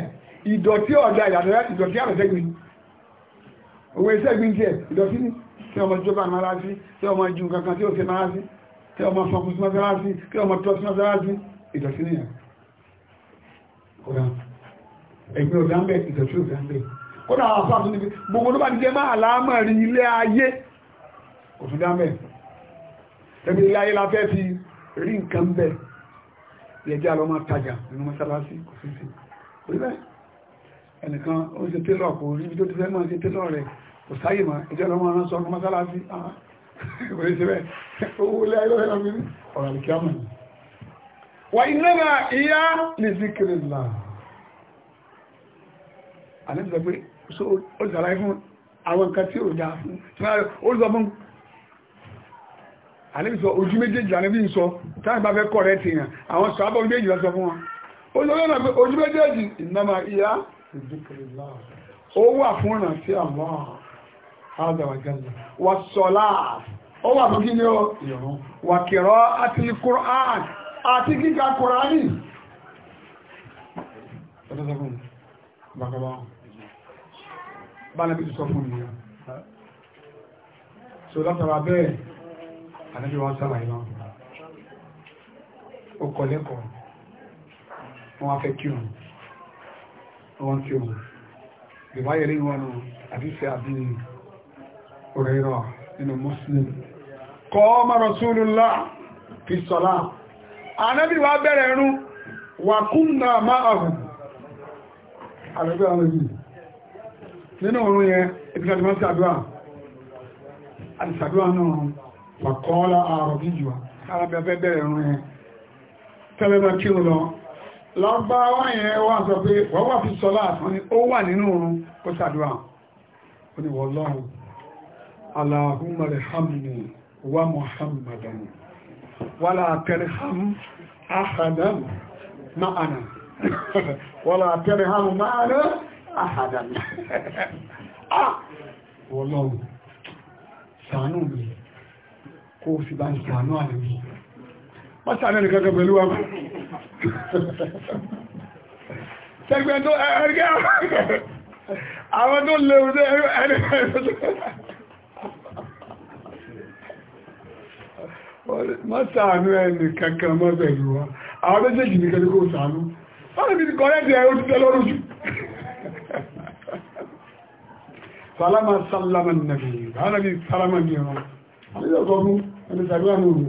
ìdọ̀tí ọ̀dá ìdọ̀tí àbẹ̀sẹ̀gbin òwe sẹ́gbin tiẹ̀ ìdọ̀tí ni tí ọmọ jóbà mọ́láṣí tí ọmọ jù kankan tí ó fi mọ́láṣí tí ọmọ fọkùn sí mọ́sálásí tí ọmọ tọ́ sí mọ́sálásí ìdọ̀tí nìyàn kódà ẹgbẹ́ ọ̀dá ń bẹ̀ ìdọ̀tí ọ̀dá ń bẹ̀ kódà àwọn afọ́ àtúndì bí gbogbo ló bá ti jẹ́ máa láàmà rí ilé ayé òtún dá ń bẹ̀ ẹgbẹ́ ilé ayé la fẹ́ fi rí nǹkan bẹ̀ ìyẹjẹ́ àlọ́ máa tajà nínú mọ́sálásí kò sí sí orí bẹ́ẹ̀ ẹnìkan ó ń ṣe télọ̀ kò rí kò sáyè mọ́ ẹjọ́ lọ́mọ ọ̀rán sọ ọmọ mọ́sálásí
àwọn ah, ìṣẹ́bẹ̀
owó ilé ayélujára mi ọ̀rọ̀ àlùkí àmọ́ ni wà ìnáwà ìyá lè sí kiri là àlẹ́bìsọ pé so ó sàlàyé fún àwọn nǹkan tí ò dáa fún ó sọ fún àlẹ́bìsọ ojú méjèèjì àlẹ́bì ń sọ táwọn bá fẹ́ kọ̀ rẹ̀ ti yàn àwọn sọ abọ́ méjèèjì lọ sọ fún wọn ó sọ fún ojú méjèèjì ìnáwà ìyá lè sí kiri là ó wà fún ìrántí àwọn azawajalla wa sọ́lá ó wà fún kí ní ó ìrún wà kìrọ àti kùrán àti kíkà kùránì ọdọ́sọ́fún bàkọ́bá bánàbí sọ fún ìyá so látara bẹ́ẹ̀ àdájọ́ wọn sára ìlànà ó kọ lẹ́kọ̀ọ́ wọn á fẹ́ kí òun wọn kí òun ìwáyẹ̀rí wọn àti ìfẹ́ àbí Hurairah nínú Muslim qama Rasulullah fi salat ànábì wa bẹ̀rẹ̀ ẹ̀rún wà kunna ma'ahum ànábì yìí nínú ọ̀run yẹn ibi kan ti máa ṣàdúrà náà wà kọ́ọ́lá ààrọ̀ bí jù bẹ̀rẹ̀ ẹ̀rún yẹn اللهم ارحمني ومحمدا ولا ترحم احدا معنا ولا ترحم معنا احدا والله سانوني كوفي بان سانوني ما سانوني كذا بلوى سيكون ارجع اودو لو ده انا má sàánú ẹni kankan mọ́ bẹ̀rù wa àwọn méjèèjì ní kẹ́lẹ́kọ́ sàánú wọ́n lè fi kọ́rẹ́tì ẹ̀ ó ti tẹ́ lọ́rùn jù sálámà sálámà nàbì ránàbí sálámà ní ọ̀rọ̀ àníjọ́kọ́ mú ẹni sàgbà mú rù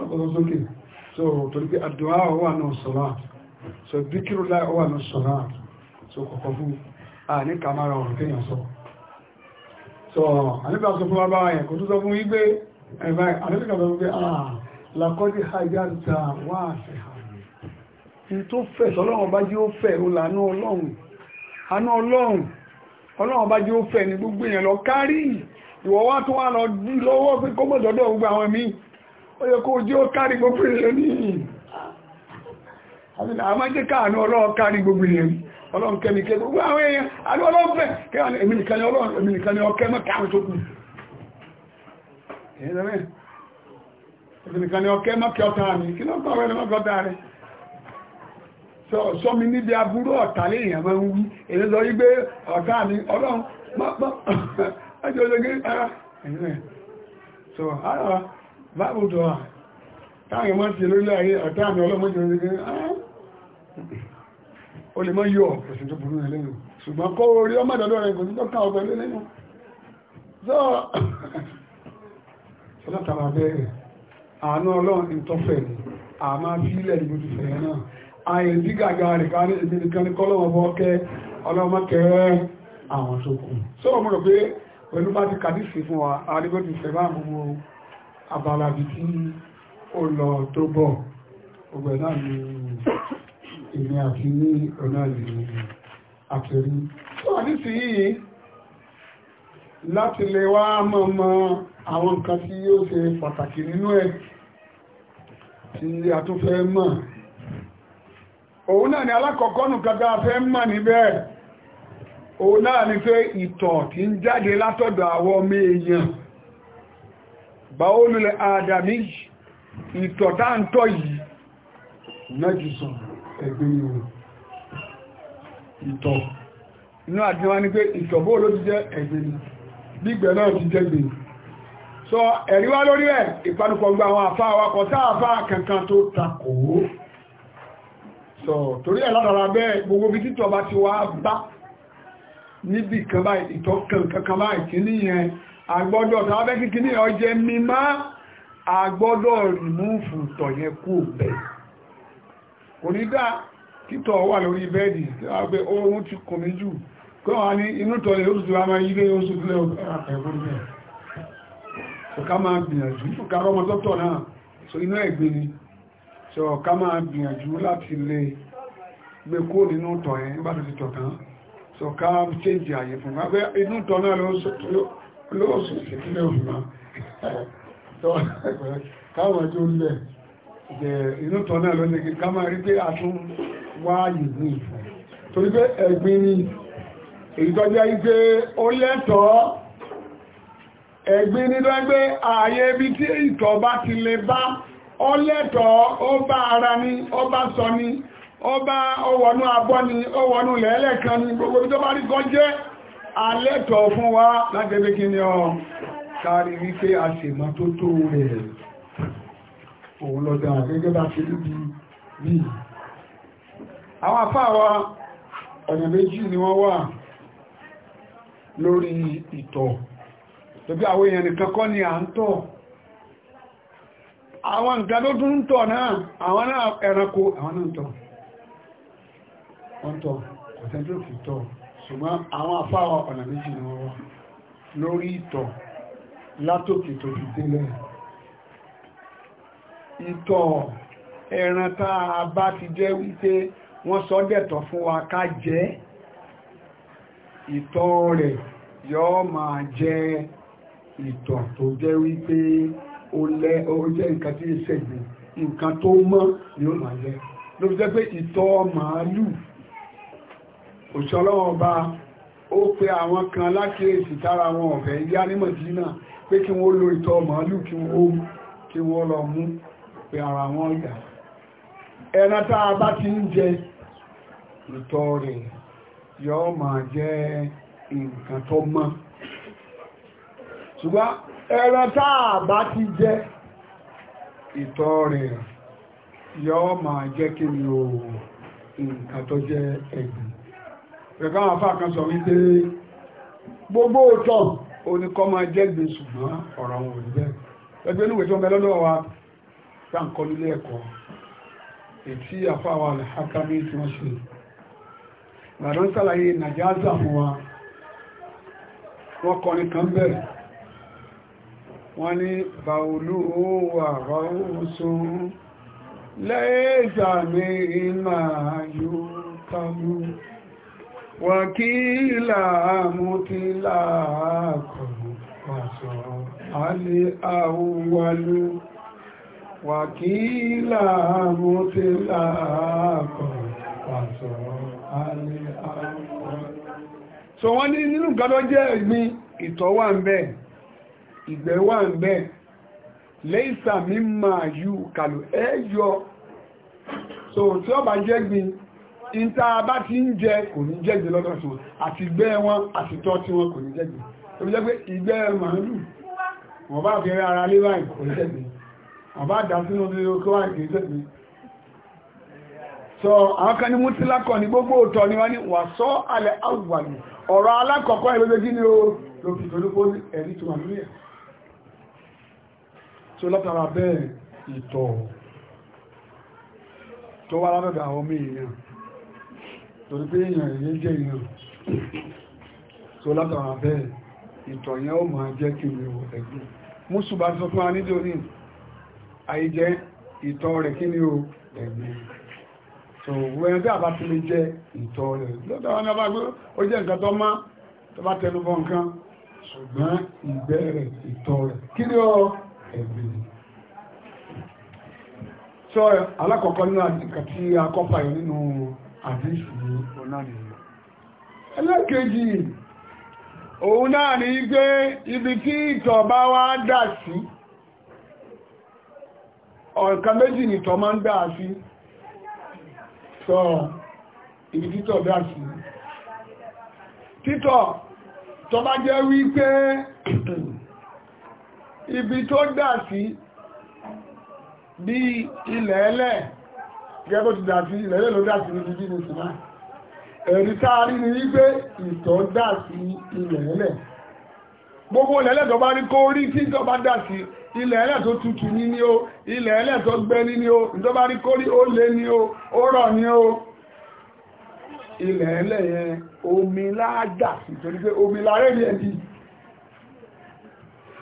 ọlọ́pọ̀ sókè so torí pé àdúrà wà náà sọ̀rọ̀ so díkìrù láì wà náà sọ̀rọ̀ so kọ̀kọ́ fún àní kàmára ọ̀rọ̀ kéèyàn sọ so àníbà sọ fún wa báyẹn kò tó sọ fún wípé ẹ̀bá àdébìkàtọ̀ wípé àà làkọ́dí hajjáta wà àṣẹ̀hà ní tó fẹ̀ sọ́lọ́wọ́n bá jí ó fẹ̀ ó ọlọ́run ọlọ́run ọlọ́run bá jí ó fẹ̀ ní gbogbo èèyàn lọ kárí ìwọ̀ wá tó wà gbogbo àwọn ó yẹ kó jí gbogbo èèyàn ní gbogbo èèyàn ọlọ́run kẹ́mi kẹ́ gbogbo àwọn èèyàn ọlọ́run ẹ̀ẹ́dẹ̀rẹ́ ìsìnkan ni ọkẹ́ mọ́kẹ́ ọ̀tá mi kí ló pàwẹ́ ní mọ́kẹ́ ọ̀tá rẹ̀ sọ́mi níbi aburú ọ̀tá léèyàn máa ń wí èyí sọ wípé ọ̀tá mi ọlọ́run mọ́pọ́ ẹjọ́ ológe ara
ẹ̀yìn so
ara báàbù tó wà táwọn mọ́ sí lórílẹ̀ ayé ọ̀tá mi ọlọ́mọdé ológe ara o lè mọ́ yọ ọ̀pẹ̀sìn tó burú lẹ́nu ṣùgbọ́n kó orí ọmọdọ̀dọ̀ rẹ̀ kò látara bẹ́ẹ̀ àánú ọlọ́run ní tọ́fẹ̀ ni àmá fílẹ̀ ní gbogbo fẹ̀yẹ náà ààyè sí gàgà rẹ̀ ká ní ìdí nìkan ní kọ́lọ́wọ́ bọ́ kẹ́ ọlọ́mọ kẹ́ àwọn tó kù sọ ọmọ rẹ̀ pé pẹ̀lú bá ti kàdísì fún wa àdígbò ti fẹ̀ máa gbogbo abala bí tí ó lọ láti lè wá mọ̀ mọ̀ àwọn nǹkan tí yóò ṣe pàtàkì nínú ẹ̀ tí a tún fẹ́ mọ̀ òun náà ni alákọ̀ọ́kọ́ nǹkan tá a fẹ́ mọ̀ níbẹ̀ òun náà ni pé ìtọ̀ tí ń jáde látọ̀dọ̀ àwọn ọmọ èèyàn báwọlù àdàmí ìtọ̀ táǹtọ̀ yìí mẹ́jùsọ̀ ẹgbẹ́ ìwò ìtọ̀ inú àdínwá ní pé ìtọ̀ bóò ló ti jẹ́ ẹgbẹ́ gbígbẹ̀ náà ti jẹ́gbẹ̀ so ẹ̀rí wá lórí ẹ̀ ìpanupọ̀ gba àwọn àfá awakọ̀ sáàfá kankan tó takò so torí ẹ̀ látara bẹ́ẹ̀ gbogbo bí títọ̀ bá ti wá bá níbi kan báyìí ìtọ́ kankan báyìí kí níyẹn àgbọ́dọ̀ tàbẹ́ kí ní ọjẹ́ mímá àgbọ́dọ̀ rìmúfù tọ̀yẹ kú bẹ̀. kò ní dá títọ̀ wà lórí bẹ́ẹ̀dì tí a gbé oorun ti kùnmí jù kọ́ wọ́n ní inú tọ́ ilé oṣù àmà ilé oṣù ilé ẹ̀gbọ́n rẹ̀ so ká máa gbìyànjú fún ká rọmọ so inú ẹ̀gbẹ́ so ká máa gbìyànjú láti lè gbé kó nínú tọ̀ ẹ̀ nígbà tó ti tọ̀ tán so ká chéjì àyè fún wa pé inú tọ̀ náà lóòsù ìpínlẹ̀ òfìmá káwọn ẹjọ́ lẹ̀ inú tọ̀ náà lọ́nà ká máa rí pé ìtọ́jẹ́ ipé olẹ́tọ́ lẹ́tọ̀ọ́ nínú ẹgbẹ́ ààyè ibi tí ìtọ̀ bá ti lè bá olẹ́tọ́ ó bá ara ní ó bá sọ ní ó bá ọwọ̀nú abọ́ ní ọwọ̀nú lẹ́ẹ̀lẹ́kan ní gbogbo tó bá rí alẹ́tọ̀ fún wa láti kí ọ kárí wípé rẹ̀ àwọn afáwa ọ̀nà méjì lórí ìtọ̀ tóbi àwọn èèyàn nìkan kọ́ ni à ń tọ̀ àwọn nǹkan tó tún ń tọ̀ náà àwọn náà ẹranko àwọn náà ń tọ̀ wọ́n tọ̀ ọ̀tẹ́ntòfì tọ̀ ṣùgbọ́n àwọn afáwọ̀ ọ̀nà méjì ni wọ́n wà lórí ìtọ̀ látòkè tó fi délẹ̀ ìtọ̀ ẹran tá a bá ti jẹ́ wípé wọ́n sọ dẹ̀tọ̀ fún wa ká jẹ́ ìtọ̀ rẹ̀ yóò máa jẹ́ ìtọ̀ tó jẹ́ wípé ó lẹ́ ó jẹ́ nǹkan tí ó ṣẹ̀gbìn nǹkan tó mọ́ ni ó máa jẹ́ ló fi jẹ́ pé ìtọ̀ màálù òṣọ́lọ́wọ́ ọba ó pe àwọn kan lákèésì tára wọn ọ̀fẹ́ ilé anímọ̀dínà pé kí wọ́n lo ìtọ̀ màálù kí wọ́n kí wọ́n lọ mú pé ara wọn yà ẹran tá a bá ti ń jẹ ìtọ̀ rẹ̀ yóò máa jẹ́ nǹkan tó mọ́ ṣùgbọ́n ẹran táà bá ti jẹ́ ìtọ̀ rẹ̀ yóò máa jẹ́ kí ni o nǹkan tó jẹ́ ẹ̀gbìn rẹ̀ká àwọn afá kan sọ wípé gbogbo òtọ̀ oníkọ́ máa jẹ́gbìn ṣùgbọ́n ọ̀rọ̀ wọn ò ní bẹ́ẹ̀ ẹgbẹ́ inúwẹ̀ tó ń bẹ lọ́dọ̀ tí wọ́n ṣe gbàdọ́ ń sàlàyé nàìjíríà fún wa wọ́n kọrin kan bẹ̀rẹ̀ wọ́n ní bàúlù wà rọ́ọ̀sùn lẹ́ẹ̀sà ní ìmà yóò wàkílà mútílà kọ̀rọ̀ pàṣọ alẹ́ àwọ̀wọ̀lú wàkílà mútílà kọ̀rọ̀ pàṣọ so wọ́n ní nínú nǹkan tó jẹ́ ẹ̀gbin ìtọ̀ wà ń bẹ ìgbẹ́ wà ń bẹ lẹ́ìsà mi máa yú kàlù ẹ so tí ó bá jẹ́gbin ìta bá ti ń jẹ kò ní jẹ́gbin lọ́dọ̀ tí wọ́n àti gbẹ́ wọn àti tọ́ tí wọn kò ní jẹ́gbin tó jẹ́ pé ìgbẹ́ màálù wọ́n bá fi ara lé báyìí kò ní jẹ́gbin wọ́n bá dá sínú lílo so àwọn kan ní mútílákọ̀ ní gbogbo òtọ̀ ni wọ́n ní wà sọ alẹ́ àwùwàlù ọ̀rọ̀ alákọ̀ọ́kọ́ ìlọ́gbẹ́ gíní o lókè tó lókó ẹ̀rí tó wà nílẹ̀ tó látara bẹ́ẹ̀ ìtọ̀ tó wá lábẹ́bẹ̀ àwọn ọmọ èèyàn torí pé èèyàn èyí jẹ́ èèyàn tó so wẹ́n tí a bá ti lè jẹ ìtọ̀ rẹ̀ lọ́dọ̀ wọn náà bá gbé ó jẹ́ nǹkan tó má tó bá tẹnu bọ nǹkan ṣùgbọ́n ìgbẹ́ rẹ̀ ìtọ̀ rẹ̀ kí ni ó ẹ̀gbìn so alákọ̀ọ́kọ́ nínú nǹkan tí a kọ́ fàyọ nínú àdéṣù ní ọ̀nà nìyẹn ẹlẹ́kejì òun náà ní gbé ibi tí ìtọ̀ bá wá dà sí ọ̀kan méjì nìtọ̀ máa ń dà sí sọ ibi títọ̀ dá sí títọ̀ tó bá jẹ́ wípé ibi tó dá sí bí ilẹ̀ ẹlẹ̀ gẹ́gẹ́ bó ti dá sí ilẹ̀ ẹlẹ̀ ló dá ní ibi ní sinmi ẹ̀rí táa rí ni wípé ìtọ̀ dá ilẹ̀ ẹlẹ̀ gbogbo ilẹ̀ ẹlẹ́tọ̀ bá rí kó rí tí tó bá dà sí ilẹ̀ ẹlẹ́tọ̀ tutù ní ni o ilẹ̀ ẹlẹ́tọ̀ gbẹ́ni ni o tó bá rí kó rí ó lé ni o ó rọ̀ ni o ilẹ̀ ẹlẹ́yẹ omi láàdà sí torí pé omi láàrẹ́ ní ẹbí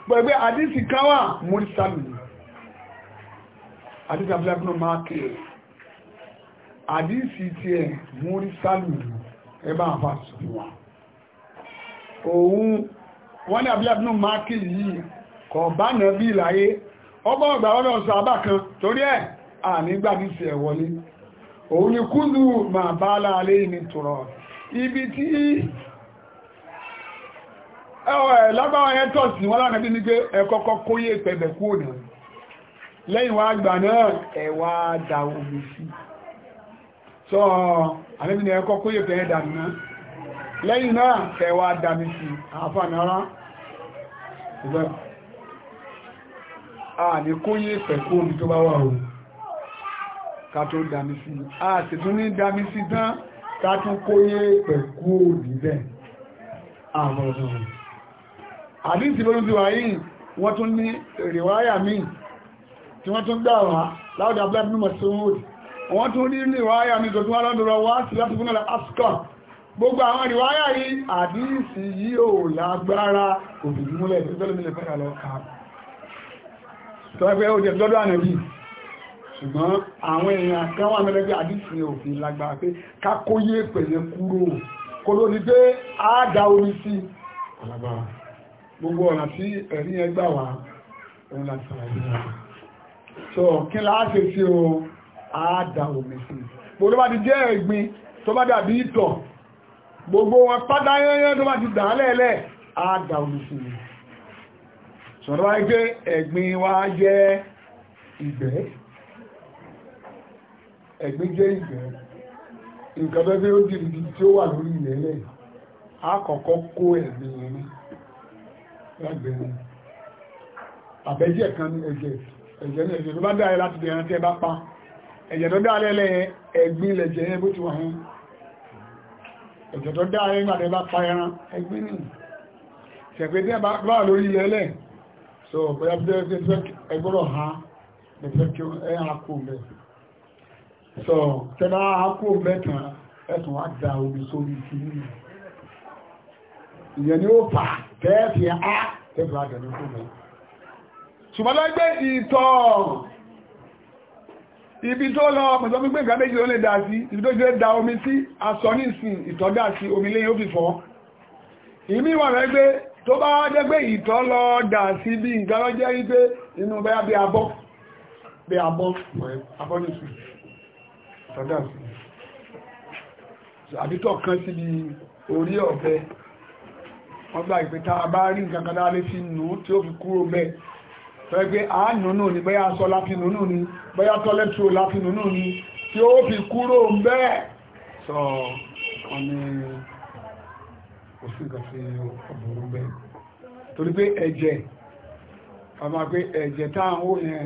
pẹ̀gbẹ́ àdísì káwà mọ́rísàlù àdísì abúlábùnà máa kèrè àdísì tí ẹ mọ́rísàlù ẹbá àfà wọ́n ní àbílábínú máàkì yìí kọ̀ bá nà bí ìlàyé ọgbọ́n ọgbà ọdọ̀ ọ̀sọ̀ àbá kan torí ẹ̀ ànígbà ní sí ẹ̀wọlé òun ni kúndù máa bá láàlé ní tọ̀rọ̀ ibi tí ẹwọ̀ ẹ̀ lágbàwọ̀ ẹ̀ tọ̀ sí wọ́n lánàbí ní pé ẹ kọ́kọ́ kóyè pẹ̀bẹ̀ kú ònà lẹ́yìn wá gbà lẹ́yìn náà kẹwàá dámi sí àfànára ìgbẹ́ àní kó yí pẹ̀kú omi tó bá wà ohun ká tó dámi sí a sì tún ní dámi sí tán ká tún kó yí pẹ̀kú omi bẹ́ẹ̀ àwọn ọ̀dọ̀ àdíṣì lórí ti wà yìí wọ́n tún ní rìwáyà míì tí wọ́n tún gbà wá láwọ́dà black mímọ̀ sí wọ́n tún ní rìwáyà gbogbo àwọn ìwáyà yìí àdíìsì yìí ò lágbára òfìdímúlẹ̀ tí tọ́lẹ̀mílẹ̀ fẹ́ra lọ ká tọ́ẹ̀pẹ́ ó jẹ́ lọ́dọ̀ ànàbí ṣùgbọ́n àwọn èèyàn kan wà mẹ́lẹ́ pé àdíìsì òfin lágbára pé kákóyé pẹ̀lẹ́ kúrò kó ló ní pé á dá orí sí alágbára gbogbo ọ̀nà tí ẹ̀rí ẹgbà wà òun láti sàlàyé náà so kí láti sí o á dá omi sí gbogbo bá ti jẹ́ ẹ̀gbin tó bá dàbí gbogbo wọn pátá yẹ́yẹ́ tó bá ti dà lẹ́ẹ̀lẹ́ àdà olùsùn sọ̀rọ̀ wáyé pé ẹ̀gbin wa jẹ́ ìgbẹ́ ẹ̀gbin jẹ́ ìgbẹ́ nǹkan bẹ́ẹ̀ ó dìrìdì tí ó wà lórí ilẹ̀ẹ́lẹ̀ àkọ́kọ́ kó ẹ̀gbin yẹn lágbẹ̀ẹ́ àbẹ́jẹ̀ kan ní ẹ̀jẹ̀ ẹ̀jẹ̀ ní ẹ̀jẹ̀ òjò dá ayé gbàdẹ̀ bá pa ẹran ẹgbẹ́ nì ṣẹ̀pẹ́ tí bá lórí ilẹ̀ so bóyá bí ẹgbọ́rọ̀ ha ẹgbẹ́ kí ẹ hakú mẹ́ so tẹ́lá hakú mẹ́tàn ẹ̀tùn ibi tó lọ pẹ̀sọ́ pípẹ́ nǹkan méjì ló lè dà sí ibi tó jẹ́ da omi sí aṣọ ní ìsìn ìtọ́dá sí omi lẹ́yìn ó fi fọ́ ìmí wà rẹ̀ pé tó bá jẹ́ pé ìtọ́ lọ dà sí bí nǹkan lọ jẹ́ wípé inú bẹ́yà bí abọ́ bí abọ́ abọ́ ní ìsìn ìtọ́dá sí àbítọ̀ kan sí bí orí ọ̀bẹ wọ́n gbà ìpẹ́ta bá rí nǹkan kan dá lé sí nù tí ó fi kúrò tó ẹgbẹ́ àánúnú ni bẹ́yà sọ láfínúnú ni bẹ́yà tọ́lẹ́tù láfínúnú ni tí ó fi kúrò ń bẹ́ẹ̀ sọ wọ́n ní òfin kàfí ọ̀bọ̀rún bẹ́ẹ̀ torí pé ẹ̀jẹ̀ ọmọ pé ẹ̀jẹ̀ táàwọ̀ yẹn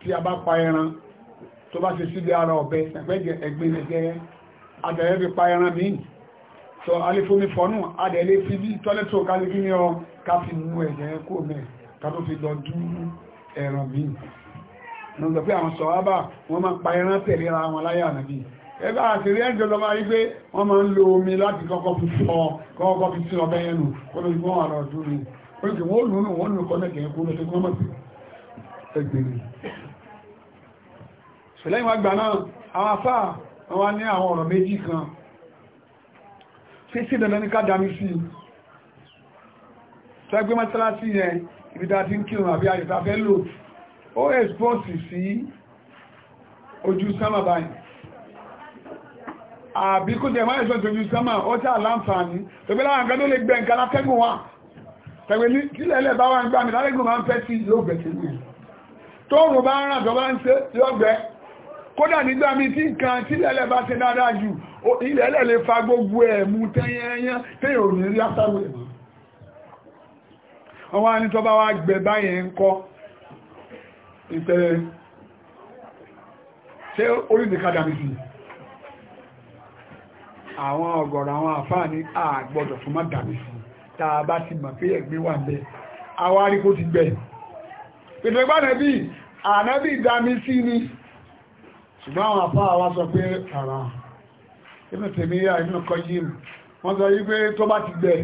tí a bá pa ẹran tó bá ṣe síbi ara ọ̀bẹ ẹgbẹ́ ẹgbẹ́ adẹ̀rẹ́ fi pa ẹran míì sọ alẹ́fómi fọ́nù adẹ̀lẹ́ fi bí tọ́lẹ́tù kálí kí ni ọ káfí nú ẹ̀jẹ̀ kó mẹ́rin ká tó fi lọ dú ẹran bí wọ́n sọ pé àwọn sọ̀hábà wọ́n máa pa ẹran tẹ̀lé ara wọn láyé ànàbí ẹgbẹ́ àtẹ̀lé ẹ̀jọ́ lọ máa rí pé wọ́n máa ń lo omi láti kọ́kọ́ fi fọ́ kọ́kọ́ fi sí ọbẹ̀ yẹn nù kó ló fi wọ́n àrọ̀ dún ni ó lè wọ́n lù nù wọ́n lù kọ́ mẹ́kẹ̀ẹ́ kú lọ́tẹ́ kọ́ mọ́sí ẹgbẹ̀rẹ̀ ṣẹlẹ́yìn wọ́n gbà náà àwọn afá wọ́n ní àwọn ọ̀rọ̀ méjì kan fífí dandan ní ká dami sí i tẹ́gbẹ́ mọ́sálásí yẹn ibi tá ti ń kírun àbí àyíká fẹ́ lò ó ẹ̀sìpọ́sì sí ojú sánmà báyìí àbí kó tẹ̀ máa ẹ̀sọ́ ojú sánmà ó tà láǹfààní tẹ̀gbẹ́ láwọn nǹkan tó lè gbẹ̀ nǹkan látẹ́gùn wà tẹ̀gbẹ́ tílẹ̀lẹ̀ bá wà ń gbà mí látẹ́gùn máa ń fẹ́ sí yóò gbẹ̀ sí mi tó rùn bá ń ràn tó bá ń ṣe yóò gbẹ kódà nígbà mi tí nǹkan tílẹ̀lẹ̀ bá ṣe dáadáa jù ilẹ̀lẹ̀ lè fa gbogbo ẹ̀ mú tẹ́yẹ̀yẹ́ òmìnirí afterwave ọwá ní tọ́bá wá gbẹ báyẹn ń kọ́ ìpẹ̀lẹ̀ ṣe orílẹ̀ kádàmì sí àwọn ọ̀gọ̀rọ̀ àwọn àfáà ní àgbọ́dọ̀ fún má dàmì sí tàà bá ti mọ̀ pé ẹ̀gbẹ́ wà bẹ́ awárí kó ti gbẹ pẹ̀tẹ̀gbánẹ̀bí ànábì dàmì sí ni ṣùgbọ́n àwọn àfáà wá sọ pé tààrà inú tèmíyà inú kọjí wọ́n sọ yí pé tó bá ti gbẹ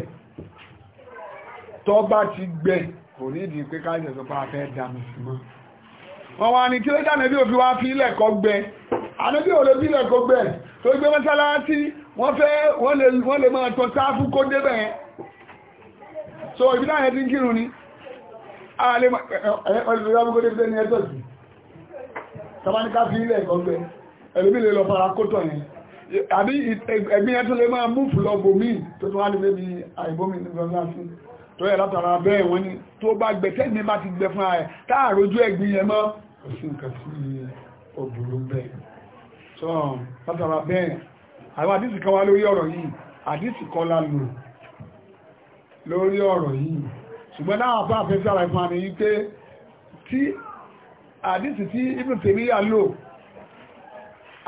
tó bá ti gbẹ kò ní ìdí pé káyọ̀ sọ pé a fẹ́ dàmì sí mọ́ wọn wá ní kí ló dà nẹ́bí òfin wá fi ilẹ̀ kọ́ gbẹ àdébí ò lè fi ilẹ̀ kọ́ gbẹ tó gbé mọ́sálásí wọ́n fẹ́ wọ́n lè máa tọ́ sáfù kó débẹ̀ yẹn so ibi náà yẹn ti ń kírun ni ààlè ọlọ́gbọ́dé fẹ́ ní ẹjọ́ sí tàbáníká fi ilẹ̀ ẹ̀kọ́gbẹ́ ẹ̀lúmí lè lọ fara kótọ̀ yẹn àbí ẹgbìyàn tó lè máa múfù lọ bòmí tó tó wá ní bébí àìbómi ní gbọ́nlá sí tó yẹ látara bẹ́ẹ̀ wọ́n ní tó bá gbẹ̀ tẹ́gbì bá ti gbẹ fún ààrẹ táàrójú ẹ̀gbìn yẹn mọ́ òsì nǹkan sí ọ̀bùrú bẹ́ẹ̀ tó látara bẹ́ẹ̀ àwọn àdísì kan wá lórí ọ̀rọ̀ yìí àdísì kan la lò lórí ọ̀rọ̀ yìí ṣùgbọ́n náà bá fẹ́ sára ìfún àmì yìí pé tí àdísì tí ibùn tèmi yà lò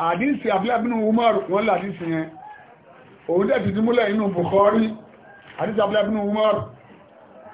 àdísì abúlábínú Umar wọ́n làdísì yẹn òun Umar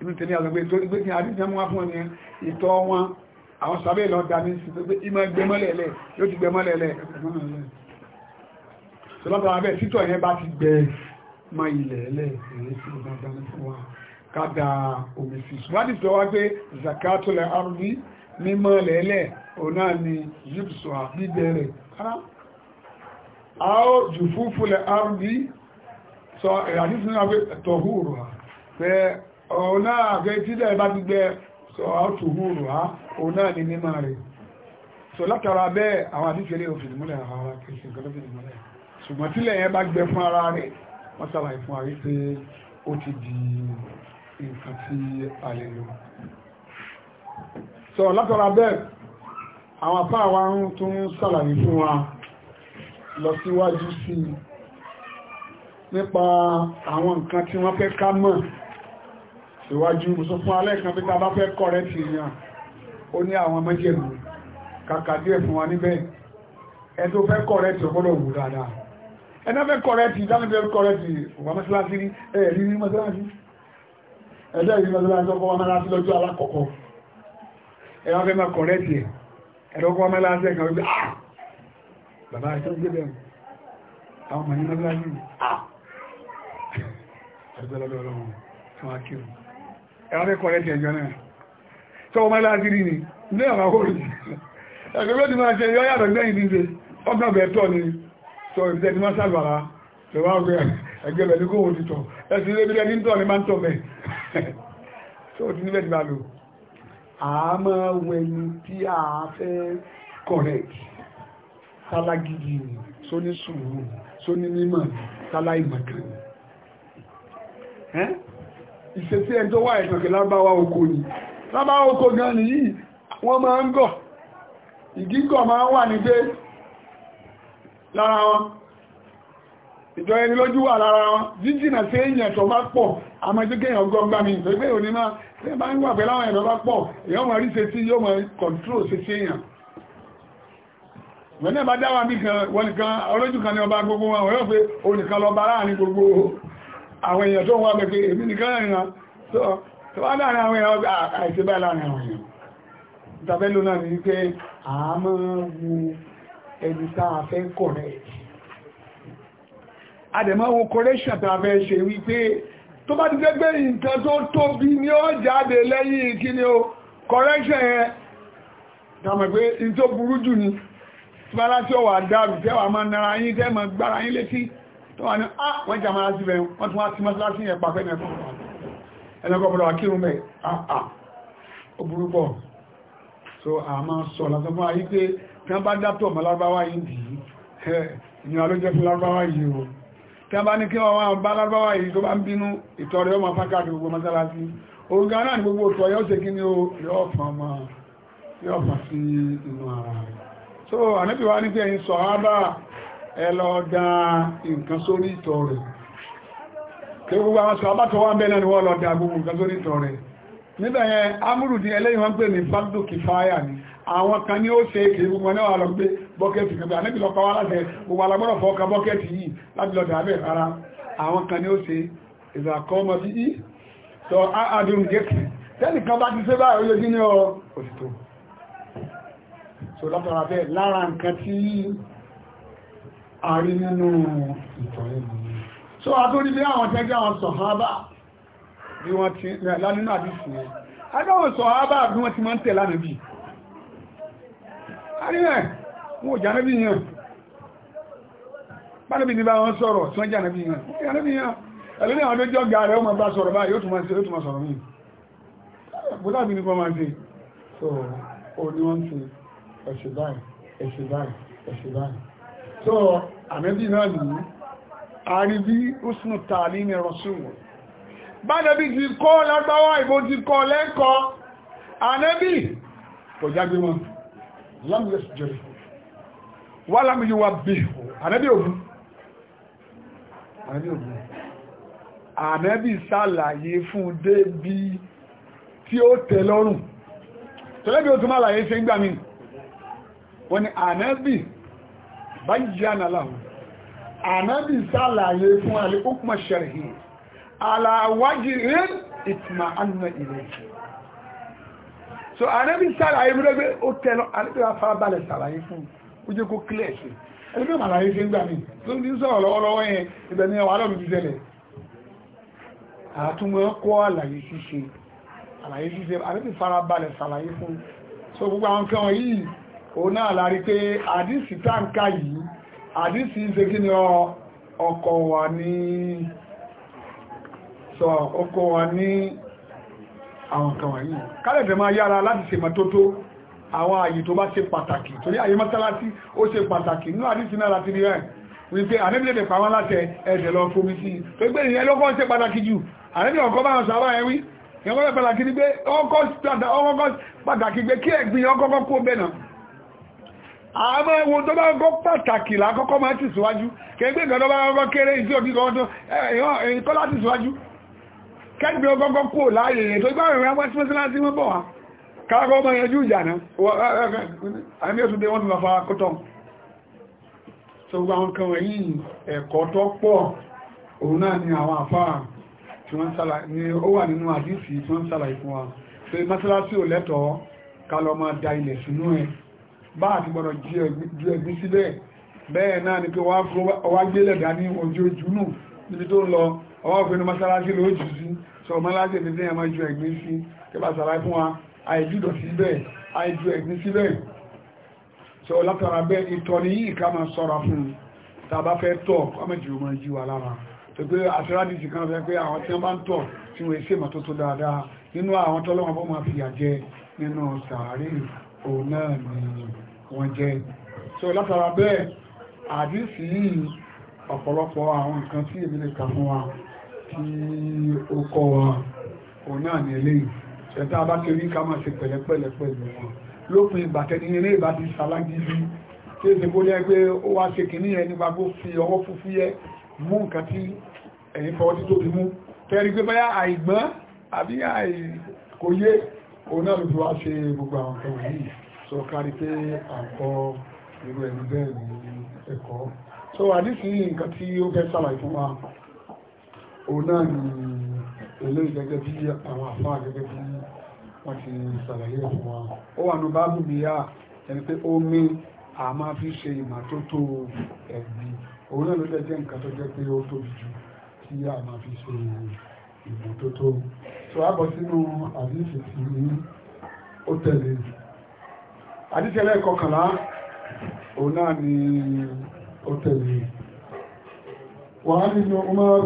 inú tẹ́lẹ̀ àgbẹ̀gbẹ̀ tó gbé ní àdíjẹ́ mú wá fún ẹni ìtọ́ wọn àwọn sàbẹ̀ lọ dání sí pé ìmọ̀ gbẹmọ́lẹ̀lẹ̀ yóò ti gbẹmọ́lẹ̀lẹ̀ ṣọlọ́pàá abẹ́ títọ̀ yẹn bá ti gbẹ mọ ilẹ̀ ẹlẹ̀ èyí sí dandan fún wa kádà omi sí ṣùgbọ́n sọ wá pé zakatulẹ̀ arúgbí mímọ́ lẹ́lẹ̀ òun náà ni yíbsọ̀ bíbẹ̀rẹ̀ àwọn jùfúfúlẹ̀ arúgbí sọ ìràdísí náà pé tọ̀húrù pé òun náà àgbẹ̀ tílẹ̀ bá ti gbẹ ọ̀tù húrù á òun náà ni mímọ̀ rẹ̀ so látara bẹ́ẹ̀ àwọn àdíkẹ́lẹ́ òfin múlẹ̀ ara kẹsìn kan lóbi ṣùgbọ́n tílẹ̀ yẹn bá gbẹ fún ara rẹ̀ wọ́n sàlàyé fún àrí pé ó ti di nǹkan tí a lè lò so látara bẹ́ẹ̀ àwọn apá wa ń sàlàyé fún wa lọ síwájú sí nípa àwọn nǹkan tí wọ́n fẹ́ ká mọ̀ ìwájú mo sọ fún alẹ́ kan pé ta bá fẹ́ correct èèyàn ó ní àwọn mẹ́jẹ̀mù kàkà díẹ̀ fún wa níbẹ̀ ẹ tó fẹ́ correct ò gbọ́dọ̀ wù dáadáa ẹ náà fẹ́ correct ìdáni fẹ́ correct wà mọ́sálásí rí ẹ rí rí mọ́sálásí ẹ̀dẹ́ rí mọ́sálásí ọkọ̀ wọn mẹ́lásí lọ́jọ́ alákọ̀ọ́kọ́ ẹ wá fẹ́ máa correct ẹ̀ ẹ̀dọ́kọ̀ wọn mẹ́lásí ẹ̀kan wípé ah bàbá ẹ̀ tó ń gbé bẹ̀rù àwọn mọ̀ ní mọ́sálásí ah ẹgbẹ́ lọ́dọ̀ ọlọ́run fún akírun ẹ̀wọ́n fẹ́ kọ̀rẹ́tì ẹjọ́ náà tó ọmọ láàrín ní ilé àwọn ahóòrì ẹgbẹ́ bí ó ti máa ṣe yọ́ yàtọ̀ gbẹ́yìn níbi ọgbọ̀n bẹ̀ tọ́ ni tó ìbíṣẹ́ ti máa sàgbàrá tó wá gbé ẹgbẹ́ bẹ̀ ní kóhùn títọ̀ ẹ̀sìn ilé bílẹ̀ ní tọ́ ni máa ń tọ́ bẹ̀ tó ti níbẹ̀ ti bá lò àmọ́ wẹni tí a fẹ́ kọ̀rẹ́tì sálágìdì ni sóní ìṣesí ẹni tó wà ìtànkì lábáwá oko ni lábáwá oko gan ni yìí wọ́n máa ń gọ̀ ìgígọ̀ máa ń wà ní pé lára wọn ìjọ ẹni lójú wà lára wọn jíjìnà tó bá pọ̀ mi tó gbé òní máa tí bá ń gbàgbé bá pọ̀ èyàn mọ̀ rí ṣe ọba gbogbo wọn wọ́n yóò gbogbo àwọn èèyàn tó ń wá pẹ̀pẹ̀ èmi nìkan ìrìnà tó wá láàrin àwọn èèyàn àìsí báyìí láàrin àwọn èèyàn ìtàbẹ́lò náà ní pé a máa wo ẹni tá fẹ́ correct a wo correction tá a fẹ́ ṣe wípé tó bá ti gbẹ́gbẹ́ nǹkan tó tóbi ní ó jáde lẹ́yìn kí ni ó correction yẹn tàbí pé in tó burú jù ni tó wà ní àwọn ah, ìjà máa síbẹ̀ wọ́n tún wá sí mọ́sílásí yẹn pàfẹ́ mẹ́fún ẹnìkan bọ̀dọ̀ akírun mẹ́ àà ah, ah, ó burú pọ̀ so a máa sọ lásán fún ayé pé tí wọ́n bá dátọ̀ mọ́ lárúbáwá yìí dì í ìyàn ló jẹ́ fún lárúbáwá yìí o tí wọ́n bá ni gbogbo ìtọ́ yóò ṣe kí ni yóò fọ́n mọ́ so ànábì wá ní ẹ lọ dán nǹkan sórí ìtọ̀ rẹ̀ gbogbo àwọn sọ abátọ̀ wà bẹ́ẹ̀ náà ni gbogbo nǹkan sórí ìtọ̀ rẹ̀ níbẹ̀ yẹn amúrùdí ẹlẹ́yìn wọ́n ní àwọn kan ní ó ṣe gbogbo náà lọ gbé bọ́kẹ́tì kan bí gbogbo bọ́kẹ́tì yìí i sọ so àrí nínú ìtọ̀rẹ́ nìyẹn so àtórí bí àwọn tẹ́jẹ́ àwọn sọ̀hábà bí wọ́n ti lánínú àdísì yẹn adáwọn sọ̀hábà bí wọ́n ti máa ń tẹ̀ lánàá bí àríyàn wọn ò jànábì yàn bánàbí ní bá wọn sọ̀rọ̀ tí wọ́n jànábì yàn jànábì yàn ẹ̀lú ní àwọn tó jọ gàrẹ́ ọmọ bá sọ̀rọ̀ báyìí ó tún máa sọ̀rọ̀ mí bùdábì ní kọ́ máa ṣe so ó ní wọ́n ti ẹ̀ṣẹ̀ báyìí ẹ̀ṣẹ̀ báyìí ẹ̀ṣẹ̀ báyìí
so àmẹ́bí náà nìyí
àrí bí usnu tààlì ní rọ̀súnwò bádẹ́bí ti kọ́ lágbáwá ìbò ti kọ́ lẹ́kọ́ ànẹ́bí kò jágbé wọn lámìlẹ́sì jẹ́rì wà lámìlẹ́wà bí ànẹ́bí òun ànẹ́bí sàlàyé fún débi tí ó tẹ́ lọ́rùn tẹ́lẹ́bí ó tún má làyé ṣe ń gbà mí wọ́n ni ànẹ́bí bayyana lahu ànábì sàlàyé fún alìkúkùmà ṣẹ̀rì aláwájì rín itma annà ilẹ̀ so ànábì sàlàyé múrẹ́gbé ó tẹ́lọ alìkúkùmà farabalẹ̀ sàlàyé fún ojú kó kílẹ̀ sí ẹgbẹ́ màlàyé sí ele mí tó ń sọ̀rọ̀ lọ́wọ́lọ́wọ́ yẹn ibẹ̀ ni wà lọ́nà ti tẹ́lẹ̀ àtúmọ̀ kọ́ àlàyé ṣíṣe àlàyé ṣíṣe ànábì farabalẹ̀ sàlàyé fún so gbogbo àwọn kẹwọn yìí òun náà lárí pé àdísì táǹkà yìí àdísì ń ṣe kí ni ọkọ̀ wà ní sọ ọkọ̀ wà ní àwọn kan wà yìí kálẹ̀dẹ̀ máa yára láti ṣe mọ́tótó àwọn àyè tó bá ṣe pàtàkì torí àyè mọ́sálásí ó ṣe pàtàkì nínú àdísì náà láti rí rẹ̀ wípé àdébìlẹ̀ pàwọn látẹ ẹ̀dẹ̀ lọ fún mi sí tó gbé ìyẹn lọ́kọ́ ṣe pàtàkì jù àdébìlẹ̀ ọkọ̀ bá kí ẹ̀gbìn ọkọ̀ kó bẹ̀ àmọ́ ewu tó bá kọ́ pàtàkì lákọ́kọ́ máa ti síwájú kẹgbẹ́ ìgbẹ́ tó bá kọ́ kéré ìdí òkìkọ́ tó ẹ̀kọ́ láti síwájú kẹgbẹ́ ọgọ́gọ́ kú láàyè yẹn tó gbáwẹ̀ rẹ̀ wọ́n síwájú láti wọ́n bọ̀ wá káàkọ́ ọmọ yẹn jú ìjà náà àmì ẹ̀sùn bá àti gbọ́dọ̀ ju ẹ̀gbí sílẹ̀ bẹ́ẹ̀ náà ni pé wá gbélẹ̀ dání ojú ojú nù níbi tó ń lọ ọwọ́ òfin mọ́sálásí ló jù sí sọ mọ́sálásí ní ẹ̀mọ́ ju ẹ̀gbí sí kẹba sàlàyé fún wa àìjúdọ̀ síbẹ̀ àìjú ẹ̀gbí síbẹ̀ sọ látara bẹ́ẹ̀ ìtọ́ni yìí ká máa sọ́ra fún un tàbá fẹ́ tọ̀ kọ́mẹ̀jì ò máa jí wa lára tó pé àṣírádìsì kan fẹ́ pé àwọn tí wọ́n bá ń tọ̀ tí wọ́n ṣe mọ̀ tó tó dáadáa nínú àwọn tọ́lọ́wọ́n bó máa fìyà jẹ nínú sàárè òun náà nìyí wọ́n jẹ́ so látara bẹ́ẹ̀ àdísì yìí ọ̀pọ̀lọpọ̀ àwọn nǹkan tí èmi lè kà fún wa tí ó kọ́ wa òun náà ní eléyìí ṣẹ̀dá bá ti rí ká máa ṣe pẹ̀lẹ́pẹ̀lẹ́ pẹ̀lú wọn lópin ìgbàtẹ́ni eré ìbá ti ṣalágídí tí èsì kó jẹ́ pé ó wá ṣe kìíní ẹni bá gbó fi ọwọ́ fúfú yẹ mú nǹkan tí ẹ̀yìn fọwọ́ tí tó bí mú tẹ́rí pé báyá àìgbọ́n àbí àìkòyé òun náà ló fi wá ṣe gbogbo àwọn nǹkan wọ̀nyí so kárí pé àkọ́ irú ẹni bẹ́ẹ̀ ní ẹ̀kọ́ so àdísì nǹkan tí ó fẹ́ sàlàyé fún wa òun náà ni èlé gẹ́gẹ́ bí àwọn àfá gẹ́gẹ́ bí wọ́n ti sàlàyé fún wa ó wà ní báàbù bí yá ẹni pé omi a máa fi ṣe ìmọ́tótó ẹ̀gbin òun náà ló jẹ́ nǹkan tó jẹ́ pé ó tóbi jù tí a máa fi ṣe ìmọ́tótó so a bọ̀ sínú àdísì tí ó tẹ̀lé àdíṣẹ́lẹ̀ kọkànlá òun náà ni ó tẹ̀lé wàá nínú Umar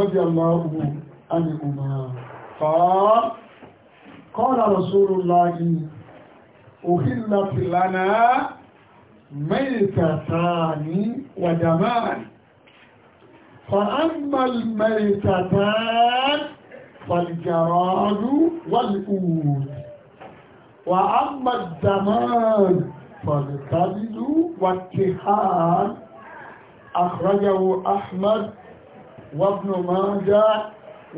radiyallahu anhuma fàá qala rasulullahi uhillat lana mẹ́ìtàtàní wàdàmáàni فأما الميتتان فالجراد والأود wà á mọ̀ zaman fàdìkàlìlú wà ti hàn àkọ́jáwò ahmad wàbnù májá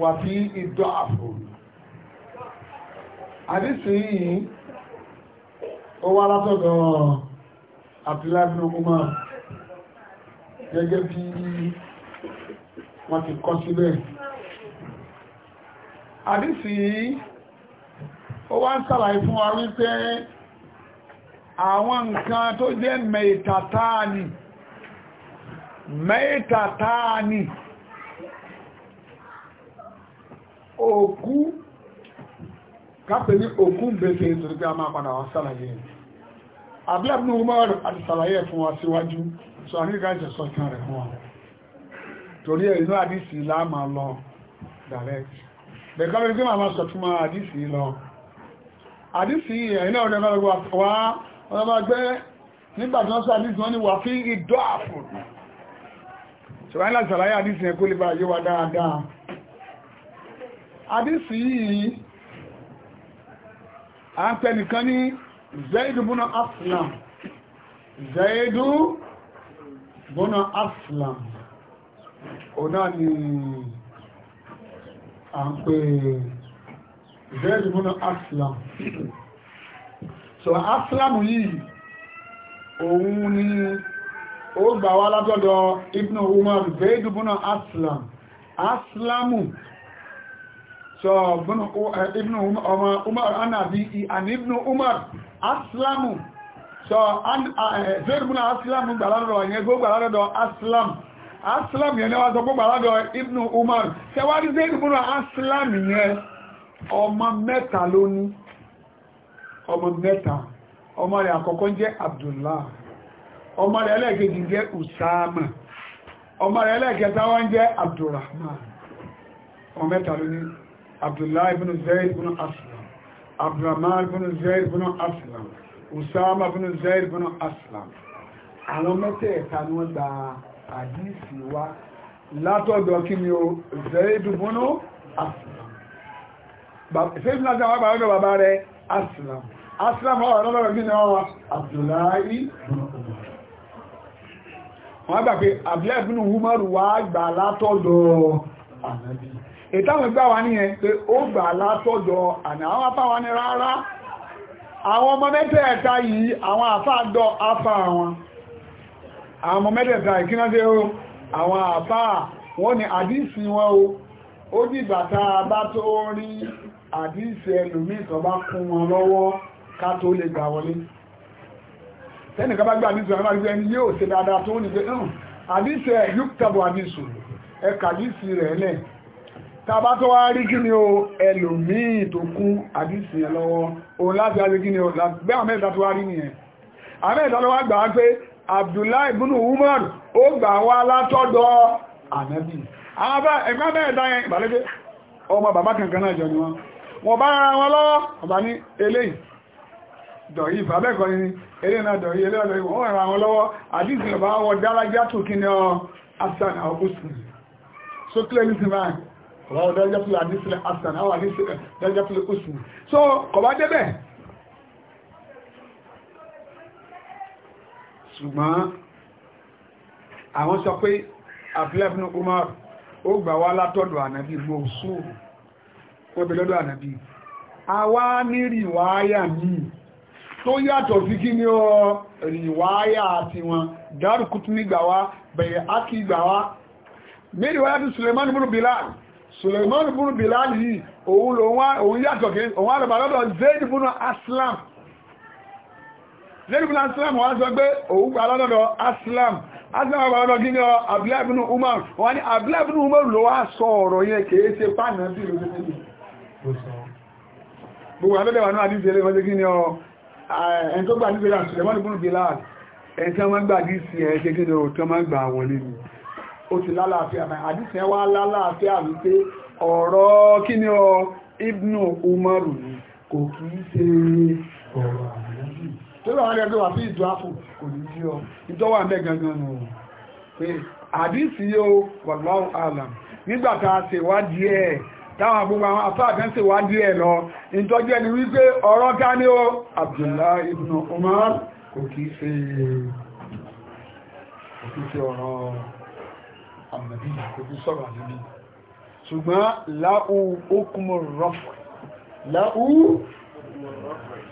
wà fi ìdọ́ àfò àdísì yìí ó wá látọ̀dọ̀ àbíláàbí gẹ́gẹ́ bí wọ́n ti kọ síbẹ̀ àdísì yìí ó wá ń sàlàyé fún wa wípé àwọn nǹkan tó jẹ́ mẹ́ìtàtáàni mẹ́ìtàtáàni òkú kápẹ̀ ní òkú bèèrè torí pé a máa padà wá sàlàyé àbílẹ̀bùn Umar àti sàlàyé fún wa síwájú sọ àríkà ìjẹ̀ sọ́kàn rẹ̀ fún wa torí ẹ̀ inú àdísì láàmà lọ direct bẹ̀kọ́ lórí pé màá sọ túnmọ́ àdísì lọ àdísì ẹ̀yìn ọ̀dẹ́ mẹ́rẹ̀wà wá ọlọ́gbẹ́ nígbàtí wọ́n sọ àdísì wọ́n ni wà fí ìdọ́ àfò ṣùgbọ́n láti sàlàyé àdísì ẹ̀ kó lè bá yíwa dáadáa àdísì yìí a ń pẹ nìkan ní zaidu buna aslam zaidu buna aslam ọ̀nà ni a ń pẹ̀ẹ́ zẹ́ẹ̀dì múnà aslam so aslam yìí òun ni ó gbà wá látọ́dọ̀ ibn eh, umar zẹ́ẹ̀dì múnà aslam aslamu so eh, ibn umar anabi and ibn umar aslamu so zẹ́ẹ̀dì múnà aslamu gbà látọ́dọ̀ yẹn gbó gbà látọ́dọ̀ aslam aslam yẹn ni wá sọ gbó gbà látọ́dọ̀ ibn umar tẹwàá ní zẹ́ẹ̀dì múnà aslam yẹn ọmọ mẹ́ta ló ní ọmọ mẹ́ta ọmọ rẹ̀ àkọ́kọ́ jẹ́ Abdullah ọmọ rẹ̀ ẹlẹ́ẹ̀kejì jẹ́ Usama ọmọ rẹ̀ ẹlẹ́ẹ̀kẹta wọ́n jẹ́ Abdulrahman ọmọ mẹ́ta ló ní Abdullah ibn Zayd ibn Aslam Abdurrahman ibn Zayd ibn Aslam Usama ibn Zayd ibn Aslam àwọn mẹ́tẹ̀ẹ̀ta ni wọ́n gba àdíìsì wá látọ̀dọ̀ kí ni o Zayd ibn sẹ́yìn àti àwọn àbáwọn bàbá rẹ̀ aslam aslam ọ̀rọ̀ lọ́rọ̀ gínà ọwọ́ abdullahi wọ́n gbà pé abdullahi bin umar wà gbà látọ̀dọ̀ ànábì ìtàwọn gbà wá níyẹn pé ó gbà látọ̀dọ̀ àná àwọn afáwọn ni rárá àwọn ọmọ mẹ́tẹ̀ẹ̀ta yìí àwọn àfáàdọ̀ afá wọn àwọn ọmọ mẹ́tẹ̀ẹ̀ta ìkínáṣẹ́ o àwọn àfáà wọ́n ni àdísì wọn o ó dìgbà tá a bá tó rí àdíṣe ẹlòmíì tó bá kún wọn lọ́wọ́ ká tó lè gbà wọlé tẹ́nìkan bá gbà àdíṣe ọ̀rọ̀ àdíṣe ẹni yóò ṣe dáadáa tó ní pé àdíṣe yúktabu àdíṣù ẹ̀ka àdíṣe rẹ̀ lẹ̀ tàbá tó wá rí kí ni o ẹlòmíì tó kún àdíṣe ẹ lọ́wọ́ òun láti wá kí ni o gbé àwọn mẹ́ta tó wá rí nìyẹn àwọn mẹ́ta ló wá gbà á pé Abdullahi ibn Umar ó gbà wá látọ́dọ̀ ànábì àwọn ẹgbẹ́ mẹ́ta yẹn ìbàlẹ́gbẹ́ ọmọ bàbá kankan náà jọ ni wọ́n wọ́n bá ara wọn lọ́wọ́ ọba ní eléyìí dọ̀yí ìfàbẹ́kọ́ ni eléyìí náà dọ̀yí eléyìí wọ́n ara wọn lọ́wọ́ àdíjì ọba wọ dálájá tó kí ní ọ asana ọkùsùn so clearly sí máa ọba dálájá tó àdíjì asana àwọn àdíjì dálájá tó ọkùsùn so kọba débẹ̀ ṣùgbọ́n àwọn sọ pé àfilẹ́fún Umar ó gbà wá látọ̀dọ̀ ànàbí gbòòsùn wọ́n bẹ̀ lọ́dọ̀ ànàbí àwa ní rìwáyà míì tó yàtọ̀ sí kí ní ọ rìwáyà àti wọn dárùkútù nígbà wá bẹ̀yẹ̀ ákì ìgbà wá mẹ́rìwáyà ti Suleiman ibn Bilal Suleiman ibn Bilal yìí òun lòun yàtọ̀ kí òun àrẹ̀bà lọ́dọ̀ Aslam Zaid ibn Aslam wọ́n sọ pé òun Aslam asìnàwà ọ̀rọ̀ gíní Abdullahi ibn Umar wọ́n ni Abdullahi ibn Umar ló wá sọ ọ̀rọ̀ yẹn kèé ṣe pàánà sí ìlú ó sọ gbogbo náà àdíṣẹ́ ilé ọjọ́ ni ọ ẹn tó gbà nígbèrè àṣìlẹ̀ wọ́n ni bí láàá ẹn tí wọ́n gbà díṣẹ́ ẹ̀ ni ọ tí wọ́n máa gbà wọlé ni ó ti lálàáfíà àdíṣẹ́ wá lálàáfíà ibnu umaru ni kò kí í táwọn àgbogbo àwọn afáàkẹ́ sì wá dí ẹ̀ lọ ìtọ́jú ẹni wípé ọ̀rọ̀ ká ní ó Abdullah ibn Umar kò kí ṣe ọ̀rọ̀ àmàbí kò kí sọ̀rọ̀ àlébí ṣùgbọ́n láhú okùnmù rọ́fù láhú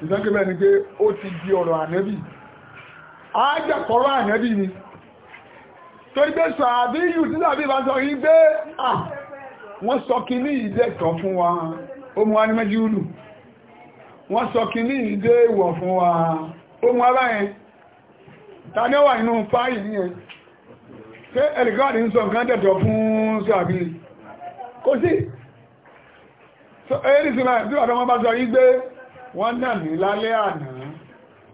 ni pé ó ti di ọ̀rọ̀ ànẹ́bì
ájàkọ̀rọ̀
ànẹ́bì ni torí pé sàbí yìí tí sàbí bá wọ́n sọ kí ní ìdẹ́tọ̀ fún wa ó mú wá ní mẹ́jìúlù wọ́n sọ kí ní ìdẹ́ ìwọ̀ fún wa ó mú ara yẹn ta ní wà nínú fáyì ní ẹ ṣé ẹ̀lìkáàdì ń sọ nǹkan dẹ̀tọ̀ fún sàbí kò sí ẹ̀rí sí máa bí ọ̀dọ́ wọn bá sọ yí gbé wọ́n nà ní lálẹ́ àná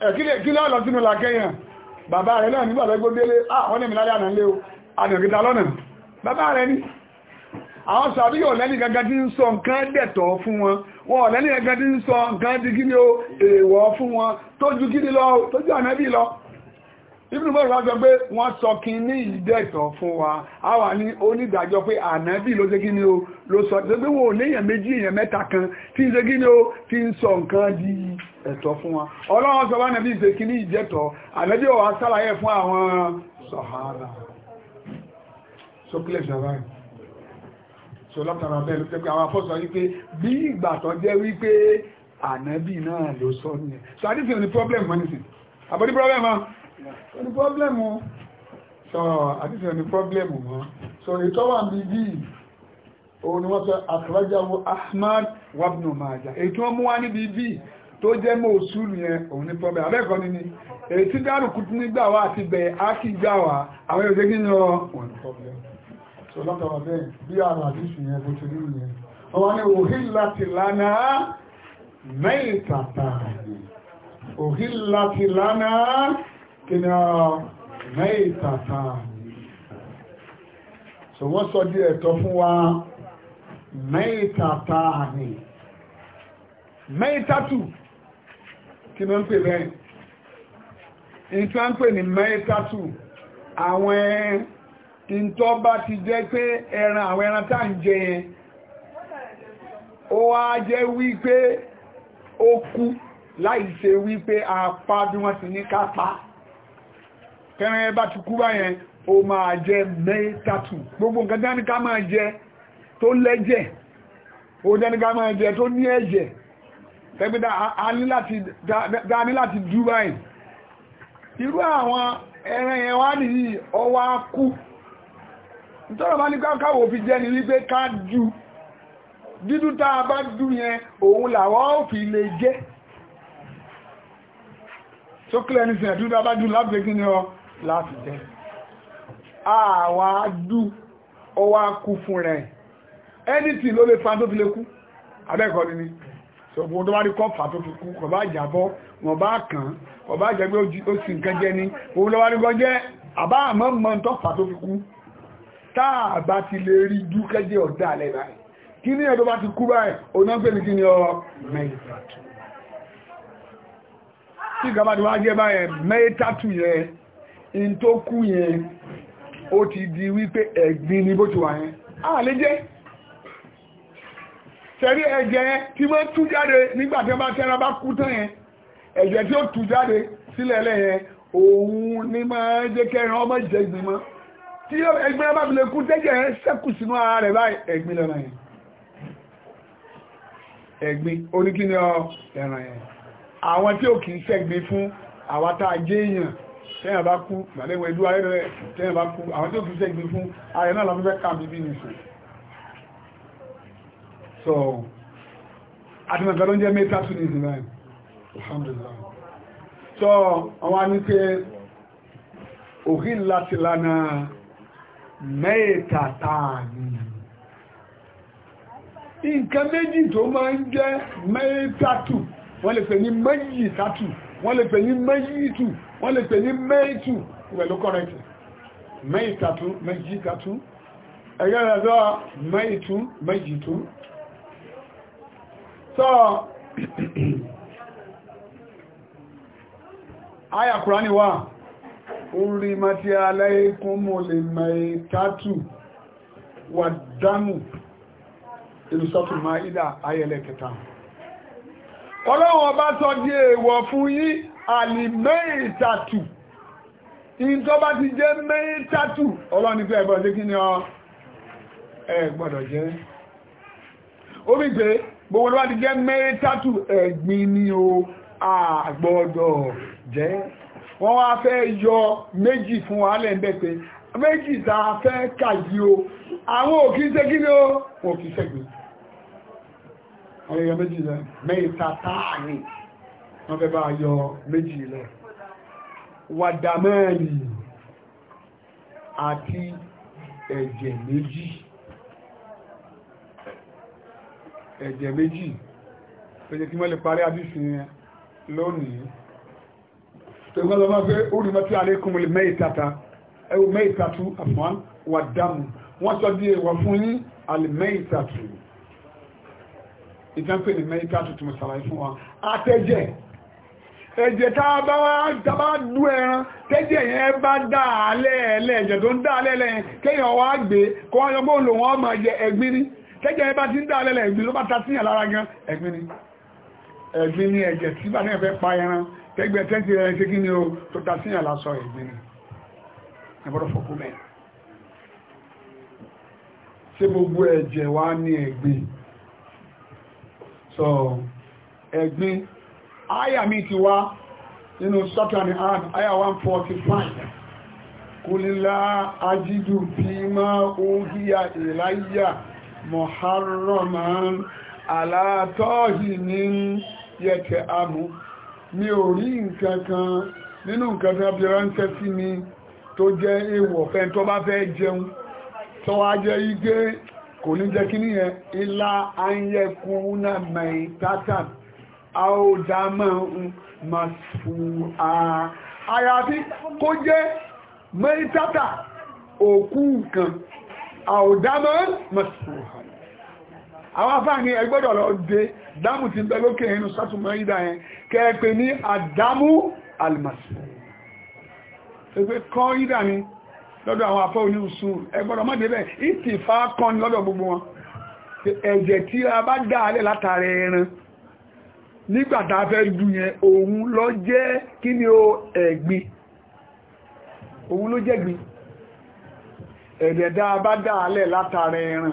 ẹ̀kí lọ́lọ́ sínú làkẹ́yàn bàbá rẹ̀ náà nígbàtẹ́gbó délé ah wọ́n ní mi lálẹ́ àná o àdìrìkítà lọ́nà bàbá rẹ̀ ní àwọn sàbí yóò lẹ́ni gangan tí ń sọ nǹkan dẹ̀tọ̀ fún wọn wọn lẹ́ni gangan tí ń sọ nǹkan di kí ni ó èèwọ̀ fún wọn tó ju kí ni lọ tó ju ànábì lọ ibùdó bọ́ọ̀rọ̀ wá sọ pé wọ́n sọ kí ní ìdẹ̀tọ̀ fún wa a wà ní onídàájọ́ pé ànábì ló ṣe kí ni ó ló sọ tó pé wọn ò léèyàn méjì èèyàn mẹ́ta kan tí ń ṣe kí ni ó tí ń sọ nǹkan di ẹ̀tọ́ fún wa ọlọ́run sọ wá ṣe kí ní ìdẹ̀tọ̀ ànábì ò wá sálàyé fún àwọn sọ̀hánà sókè lè so látara bẹ́ẹ̀ ló jẹ́ pé àwọn afọ́sọ wípé bí ìgbà tó jẹ́ wípé ànábì náà ló sọ nìyẹn so àdísìn ní problem mọ́ nísìn àbọ̀dí problem mọ́ ní problem mọ́ so àdísìn ní problem mọ́ so ìtọ́wà mi bíi òun ni wọ́n sọ àkàrájáwó Ahmad wabnu Majah èyí tí wọ́n mú wá níbi bí tó jẹ́ mọ́ òṣùlù yẹn òun ní problem. abẹ́ẹ̀kọ́ ní ni èyí tí dárùkú nígbà wá àti bẹ̀ẹ̀ ákì gbà wá àwọn èyí ò tó lọ́tọ̀ọ̀ bẹ́ẹ̀ bí àwọn àdíṣù yẹn bó ti rí yẹn wọ́n ní òhìláti mẹ́ìtàtà òhìláti lánàá kìnà mẹ́ìtàtà so wọ́n sọ di ẹ̀tọ́ fún wa mẹ́ìtàtà ni mẹ́ìtàtù kí ló ń pè bẹ́ẹ̀ ìtàn pè ní mẹ́ìtàtù àwọn ẹ̀ẹ́ ìntọ́ bá ti jẹ́ pé ẹran àwọn ẹran tá ń jẹ yẹn ó wá jẹ́ wípé ó kú láì ṣe wípé apá bí wọ́n ti ní kápá kẹrin ẹ bá ti kú báyẹn ó máa jẹ mẹ́tàtù gbogbo nǹkan dání ká máa jẹ tó lẹ́jẹ̀ ó dání ká máa jẹ tó ní ẹ̀jẹ̀ tẹ́gbẹ́ dá ní láti dú irú àwọn ẹran yẹn wá nìyí ó kú tọ́rọ bá ní káwò fi jẹ́ ni wípé ká ju dídú tá a bá dú yẹn òun làwọn ó fi lè jẹ́ tó kílẹ̀ ní sínẹ̀ dídú bá dú láti kí ni ọ láti jẹ́ àwà dú ọwá kú fún rẹ̀ ẹnìtì ló lè fa tó fi lè kú abẹ́ẹ̀kọ́ ni ni ṣọ̀gbọ́n tó bá rí kọ́fà tó fi kú kọ̀ bá jàbọ́ wọ́n bá kàn kọ̀ bá jẹ́ pé ó sì nǹkan jẹ́ ni òun lọ́wọ́ rí gọ́ jẹ́ àbá àmọ́ mọ́ tọ́fà tó fi kú táà bá ti lè rí jú kẹ́jẹ́ ọ̀dá alẹ́ báyìí kí ní ẹ̀dọ́ bá ti kú báyìí oná pè ní kí ni ọ
mẹ́ìtàtù
tí ìgbàmà tí wá jẹ́ báyìí mẹ́ìtàtù yẹn in tó kú yẹn ó ti di wípé ẹ̀gbin ni bó ti wà yẹn á lè jẹ́ tẹ̀rí ẹ̀jẹ̀ yẹn tí wọ́n tú jáde nígbà tí wọ́n bá tẹ́ra bá kú tán yẹn ẹ̀jẹ̀ tí ó tú jáde sílẹ̀ lẹ́yìn òun ní máa jẹ́ kẹrin ọmọ jẹ ìgbìmọ̀ tí ẹgbẹ́ ẹ bá fi lè kú tẹ́jẹ̀ ẹ sẹ́kù sínú ara rẹ̀ báyìí ẹ̀gbin lọ́nà yẹn ẹ̀gbin oníkíní ẹ̀ràn yẹn àwọn tí ò kì a jẹ́ èèyàn tẹ́yàn bá kú gbàlẹ́wọ̀ ẹ̀dú ó fi ṣe fún ayé náà so àtìmọ̀tà ló ń jẹ́ mẹ́ta tún so àwọn aníkẹ́ òhìn mẹ́ẹ̀tàtààni nǹkan méjì tó máa ń jẹ́ mẹ́ẹ̀tàtù wọ́n lè pè ní mẹ́yìtàtù wọ́n lè pè ní mẹ́yìtù wọ́n lè pè ní mẹ́ẹ̀tù pẹ̀lú kọ́rẹ́tì mẹ́ẹ̀tàtù mẹ́yìtàtù ẹ̀yẹ́ rẹ̀ lọ́ mẹ́ẹ̀tù mẹ́yìtù Aya Kùránì wa orí mati aláìkún mo lè mẹ́ tátù wà dánù ìrùsọ́tù máa ìdá ayẹlẹ̀ kẹta ọlọ́wọ́n bá tọ́ di èèwọ̀ fún yí àlìmẹ́ ìtàtù ìntọ́ bá ti jẹ́ mẹ́ ìtàtù ọlọ́ni pé ẹgbọ́n sí kí ni ọ ẹ gbọ́dọ̀ jẹ́ omi pé gbogbo ló bá ti jẹ́ mẹ́ ìtàtù ẹ̀gbin ni o àgbọ́dọ̀ jẹ́ wọ́n wá fẹ́ yọ méjì fún wa lẹ́ẹ̀bẹ̀ pé méjì tá a fẹ́ kàjí o àwọn òkí ṣe kí ni ó wọ́n kì í ṣẹ̀gbẹ̀ ọ̀yọ̀ méjì lẹ mẹ́ta táàrí wọ́n fẹ́ bá yọ méjì lẹ wàdàmẹ́rin àti ẹ̀jẹ̀ méjì ẹ̀jẹ̀ méjì pẹ̀lú kí wọ́n lè parí àdísìn lónìí tó gbọ́n lọ́mọ́ pé orí mọ́tí alékùnmùlì mẹ́ìtàtà ẹwù mẹ́ìtàtù àfọ́n wà dámù wọ́n sọ bí ẹwà fún yí alìmẹ́ìtàtù ìjánpé ní mẹ́ìtàtù tó mọ̀ sàlàyé fún wa àtẹ́jẹ́ ẹ̀jẹ̀ tá a bá wá dú ẹran tẹ́jẹ̀ yẹn bá dáalẹ́ẹ̀lẹ́ ẹ̀jẹ̀ tó ń dáalẹ́ẹ̀lẹ́ kéèyàn wá gbé kó wá yọ bóòlù wọn máa jẹ ẹ̀gbin ni tẹ́jẹ̀ yẹn bá ti ń dáalẹ́ẹ̀lẹ́ ẹ̀gbin ló bá ta síyàn lára gan ẹ̀gbin ni ẹ̀jẹ̀ tí bá náà fẹ́ pa ẹran tẹ́gbẹ̀ tẹ́ntì rẹ̀ ṣe kí ni o tó ta síyàn lásọ ìgbìn ni ẹgbọ́dọ̀ fọ́kú mẹ́ ṣe gbogbo ẹ̀jẹ̀ wá ní ẹ̀gbìn so ẹ̀gbìn àyà mi ti wá nínú sọ́tà ní àrùn àyà 145 kúlílá ajídù fi máa ó híyà ìláyà mọ̀hárọ̀mọ́ alátọ́hì yẹ̀kẹ̀ amú mi ò rí nǹkan kan nínú nǹkan tó bí ránṣẹ́ sí mi tó jẹ́ èèwọ̀ fẹ́ tó bá fẹ́ jẹun tó wá jẹ́ igé kò ní jẹ́ kí níyẹn ilá ayẹ́kú náà mẹ́rin tátà àódámọ́ masfúù àyàfi kó jẹ́ mẹ́rin tátà òkú nǹkan àódámọ́ masfúù àwọn afá ní ẹgbẹ́dọ̀ lọ dé dámù ti bẹ lókè inú sátúmọ̀ ìdá yẹn kẹ́ẹ̀pẹ́ ní àdámù alìmọ̀sí ẹgbẹ́ kọ́ ìdá ni lọ́dọ̀ àwọn afọ́ oní usul ẹgbọ́dọ̀ mọ́ débẹ̀ ìtì fá kan lọ́dọ̀ gbogbo wọn ẹ̀jẹ̀ tí a bá dá alẹ́ látara ẹran nígbàtà fẹ́ dù yẹn òun ló jẹ́ kí ẹran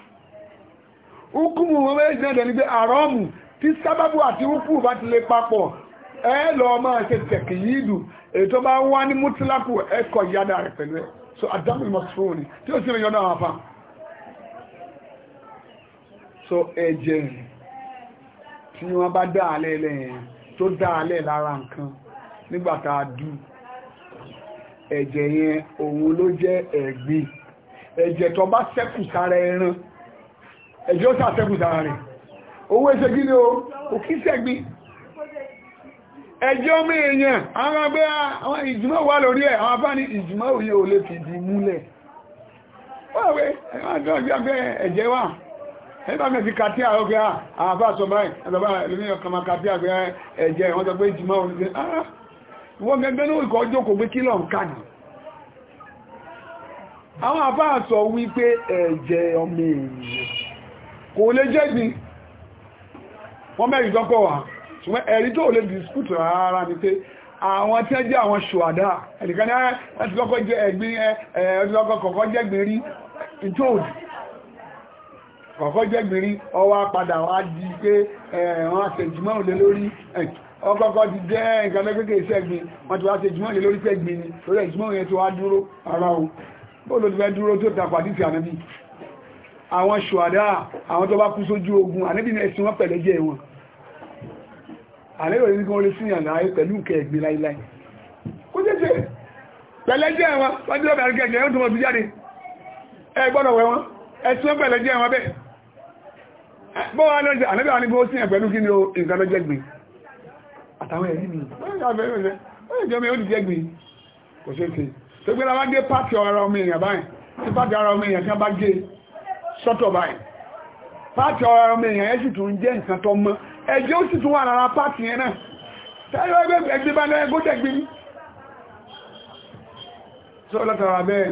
hukumu wọn méjì náà dẹni pé àrọ́mù tí sábàbù àti hukumu bá ti lè papọ̀ ẹ lọ máa ṣe tẹ̀kì yìí dù ètò bá wá ní mútílápù ẹkọ̀ ìyádà rẹ̀ pẹ̀lú ẹ̀ so adamu mọ̀sùn ni tí ó sì so ẹ̀jẹ̀ tí wọ́n bá dá alẹ́ lẹ́yìn tó dá alẹ́ lára nǹkan nígbàtà dù ẹ̀jẹ̀ yẹn òun ló jẹ́ ẹ̀gbin ẹ̀jẹ̀ tó bá sára ẹran ẹ̀jọ́ sàtẹ́gùn sára rẹ̀ owó ẹsẹ̀ kí ni o òkí sẹ́gbí ẹjọ́ mẹ́ẹ̀yàn àwọn abẹ́ àwọn ìjùmọ̀ wà lórí ẹ̀ àwọn afáàní ìjùmọ̀ òye ò lè fi di múlẹ̀ wáwẹ́ ẹ̀wọ́n tó ọjọ́ abẹ́ ẹ̀jẹ̀ wà ẹ̀bá mẹ́ fi kàtí àwọn ọgbẹ́ ah, àwọn afáà sọ báyìí ẹ̀bá ẹ̀lẹ́yìn ọkàn wọ́n sọ ah wọ́n gẹ́gẹ́ ní ìkọ́ jókòó pé kí lọ ń àwọn afáà wípé ẹ̀jẹ̀ ọmọ èèyàn kò lè jẹ́gbìn wọ́n mẹ́rin tọ́pọ̀ wà ṣùgbọ́n ẹ̀rí tó lè dispute rárá ní pé àwọn tí ẹ jẹ́ àwọn ṣòwádá ẹ̀lìkan ní ẹ̀ẹ́sì ah, lọ́kọ́ jẹ́ ẹ̀gbìn ẹ̀ẹ́sìlọ́kọ́ kọ̀kọ́ jẹ́gbìn rí ìtòòdì kọ̀kọ́ jẹ́gbìn rí ọwá padà wá di pé ẹ̀wọ́n àṣẹjùmọ́ lé lórí ọkọ̀kọ́ ti jẹ́ nǹkan lẹ́gbẹ̀ẹ́ ìṣẹ́gbìn wọ́n ti wá ṣẹjùmọ́ lé lórí ṣẹ́gbìn ni lórí ẹ̀jùmọ́ yẹn ti wá dúró ara o bóòlù ti fẹ́ dúró tó tapàdí ti ànábì àwọn ṣùwádá àwọn tó bá kú sójú ogun àníbì ẹ̀sìn wọn pẹ̀lẹ́ jẹ́ wọn àlẹ́yọ̀ ní kí wọ́n lè síyàn láàáyé pẹ̀lú nǹkẹ́ ẹ̀gbìn láíláí kó jẹ́jẹ́ pẹ̀lẹ́ jẹ́ wọn wọ́n jẹ́ ọ̀bẹ̀rẹ̀ gẹ̀ẹ́gẹ̀ ẹ̀yọ́ tó mọ̀ sí jáde ẹ gbọ́dọ̀ wẹ̀ wọn ẹ̀sìn wọn pẹ̀lẹ́ jẹ́ wọn bẹ́ẹ̀ bọ́ wọn lọ́jẹ́ àníbì àwọn ibi ó síyàn pẹ̀lú kí ni o nǹkan lọ́jẹ́ gbìn àtàwọn ẹ̀rí mi wọ́n jẹ́ mi sọ́tọ̀ báyìí pàtì ọ̀rọ̀ ọmọ èèyàn yẹn sì tún jẹ́ nǹkan tó mọ́ ẹjọ́ sì tún wà lára pàtì yẹn náà tẹ́lẹ̀ ẹgbẹ́ ẹgbẹ́ bá náà ẹgbẹ́ gbé ní tó látara bẹ́ẹ̀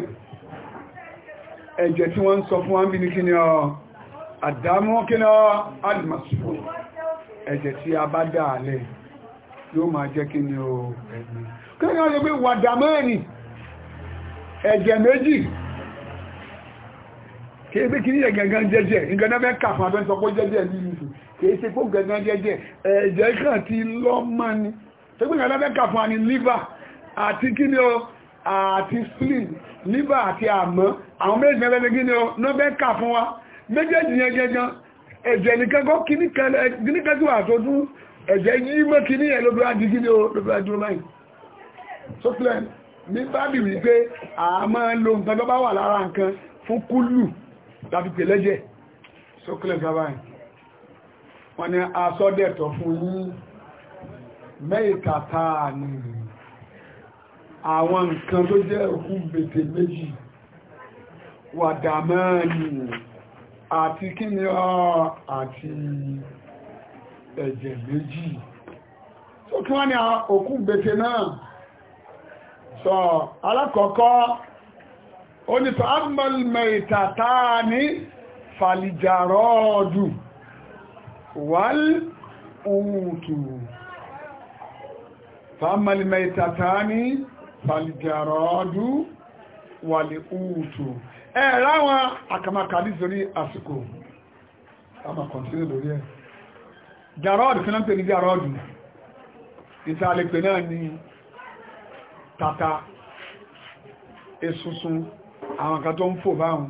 ẹ̀jẹ̀ tí wọ́n ń sọ fún wọn bí ní kí ni ọ àdámú kí ni ọ alìmọ̀sùfò ẹ̀jẹ̀ tí a bá dà kìí pé kìí yẹ gangan jẹ́jẹ́ nǹkan náà fẹ́ kà fún abẹ́ sọ pé jẹ́jẹ́ ní ìlú kìí ṣe pé gangan jẹ́jẹ́ ẹ̀jẹ̀ kan ti lọ́ mọ́ ni tó pé nǹkan náà fẹ́ kà fún ani liver àti kíni o àti spleen liver àti àmọ́ àwọn méjì náà fẹ́ kíni o náà fẹ́ kà fún wa méjèèjì yẹn gangan ẹ̀jẹ̀ nìkan kọ́ kíní kan tí wà tó dún ẹ̀jẹ̀ yìí mọ́ kíní yẹn ló bá di kíni o ló bá dúró láì so plan ní bábì wípé àmọ́ lo nǹkan tó bá wà lára nǹkan fún kúlù tàbí pè lẹ́jẹ̀ sókèlẹ̀ gabáyì wọ́n ni asọ́dẹ̀tọ̀ fún yín mẹ́ìkàtà ní àwọn nǹkan tó jẹ́ òkú bètè méjì wàdàmẹ́ni àti kí ni ọ àti ẹ̀jẹ̀ méjì tó kí wọ́n ni òkú bètè náà sọ alákọ̀ọ́kọ́ oni fa amal maitatani falijarodu wal utu fa amal maitatani falijarodu wal utu ẹ ráwọn àkàmàkàdí sórí àsìkò àmà kọ̀ntínú lórí ẹ̀ jarọ́ọ̀dù kí náà pè ní jarọ́ọ̀dù tata esusun àwọn kan tó ń fò báhùn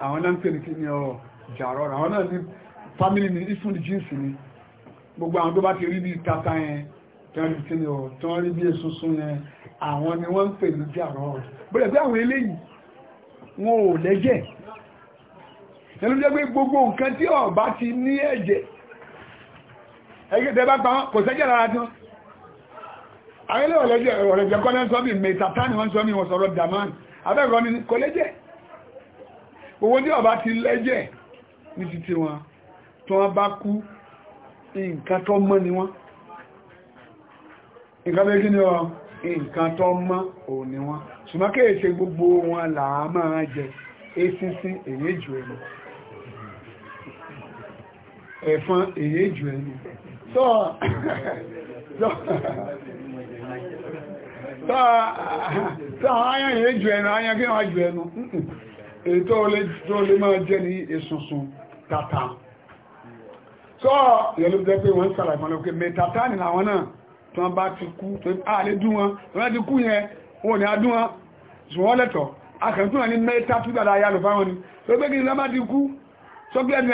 àwọn náà ń pè ní kí ni ọ jàrọ̀rọ̀ àwọn náà ní family ní ìfún ní jíǹsì ni gbogbo àwọn tó bá ti rí bí tata yẹn tó ń rí kí ni ọ tó ń rí bí esunsun yẹn àwọn ni wọ́n ń pè ní jàrọ̀rọ̀ bẹ̀rẹ̀ pé àwọn eléyìí wọn ò lẹ́jẹ̀ ẹnu jẹ́ pé gbogbo nǹkan tí ó bá ti ní ẹ̀jẹ̀ ẹgbẹ́ bá pa wọn kò sẹ́jẹ̀ rárá tí àwọn ilé ọ̀rẹ́jẹ̀ kọ́lẹ́ abẹ́rọ ni kò lẹ́jẹ̀ owó tí ọba ti lẹ́jẹ̀ ní títí wọn tó wọ́n bá kú nǹkan tó mọ́ ni wọ́n nǹkan bẹ́ kí ni ọ nǹkan tó mọ́ ò ní wọ́n ṣùgbọ́n kí gbogbo wọn là máa jẹ eṣinṣin èyí jù ẹnu ẹ̀fọn èyí jù ẹnu
so
táwọn
ayá yẹn jù ẹnu ayá kí wọ́n jù ẹnu èyí tó lè máa jẹ́ ní esunsun tata tó yẹ̀lú jẹ́ pé wọ́n sàrà ìmọ̀lẹ̀ òkè mẹ́tàtà nì àwọn náà tó bá ti kú tó àlè dún wọn tó bá ti kú yẹn wọ́n ni a dún wọn ṣùgbọ́n lẹ́tọ̀ akẹ́kùn ní mẹ́ta tó dàda ayá lò fáwọn ni tó gbé kí lọ́bá ti kú tó gbé ẹni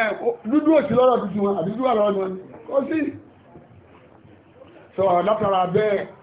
dúdú òsì lọ́rọ̀ tuntun wọn àti dúdú àlọ́rọ̀ wọn ó sì sọ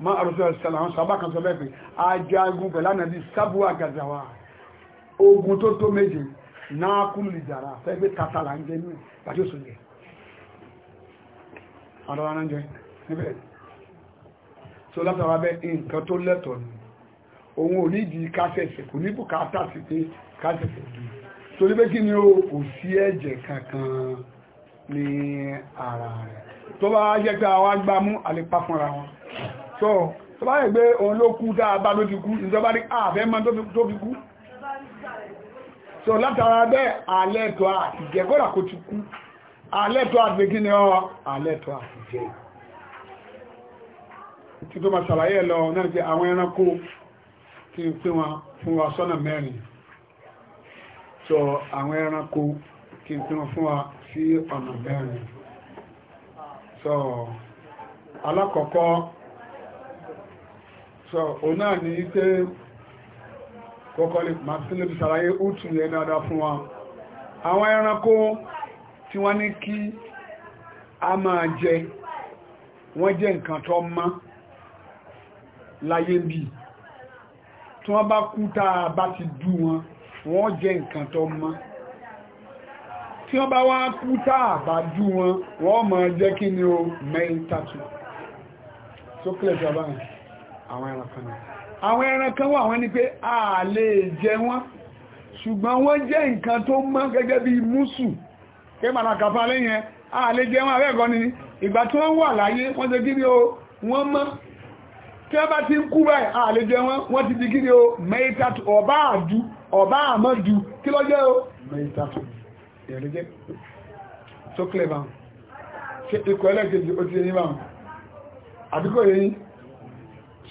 ma àrùsọ ìṣẹ̀lẹ̀ àwọn sábà kan sọ bẹ́ẹ̀ pé ajagun pẹ̀lú ànàbí sábúwà gàzàwà ogun tó tó méje náà kú lìjàrà fẹ́ gbé kátàlà ń jẹ ní ìpàdé òsùn jẹ àdọ́rà náà jẹ níbẹ̀ tó látara bẹ́ nǹkan tó lẹ́tọ̀ ni òun ò ní ìdí kásẹ̀sẹ̀ kò ní bùkátà sí pé kásẹ̀sẹ̀ dùn torí pé kí ni ó kò sí ẹ̀jẹ̀ kankan ní ara rẹ̀ tó bá jẹ́ pé àwọn agbámú àlepá fúnra wọn so tó bá yẹ pé òun ló kú dáa bá ló ti kú ìjọba ní ààbẹ́ mọ́ tó fi kú so látara bẹ́ àlẹ́tọ́ àti jẹ kọ́dà kó ti kú àlẹ́tọ́ àti kí ni ọ àlẹ́tọ́ àti jẹ tí tó máa ṣàlàyé lọ náà jẹ àwọn ẹranko tí pé wọn fún wa sọ́nà mẹ́rin so àwọn ẹranko tí pé wọn fún wa sí ọ̀nà mẹ́rin so alákọ̀ọ́kọ́ so òun náà ní pé kọ́kọ́lẹ̀ martinlẹ̀ sàlàyé ó tún yẹ dáadáa fún wa àwọn ẹranko tí wọ́n ní kí a máa jẹ wọ́n jẹ́ nǹkan tó mọ́ láyé bí tí wọ́n bá kú tá a bá ti dú wọn wọ́n jẹ́ nǹkan tó mọ́ tí wọ́n bá wá kú tá a bá dú wọn wọ́n máa jẹ́ kí ni o mẹ́ta tù sókèlè jọba yìí àwọn ẹran kan ni àwọn ẹran kan wà wọ́n ní pé a lè jẹ wọ́n ṣùgbọ́n wọ́n jẹ́ nǹkan tó mọ́ gẹ́gẹ́ bí mùsù pé màlàkàfà lẹ́yìn a lè jẹ wọ́n abẹ́ẹ̀kọ́ ni ìgbà tí wọ́n wà láyé wọ́n ṣe kí ni o wọ́n mọ́ tí wọ́n bá ti ń kú báyìí a lè jẹ wọ́n ti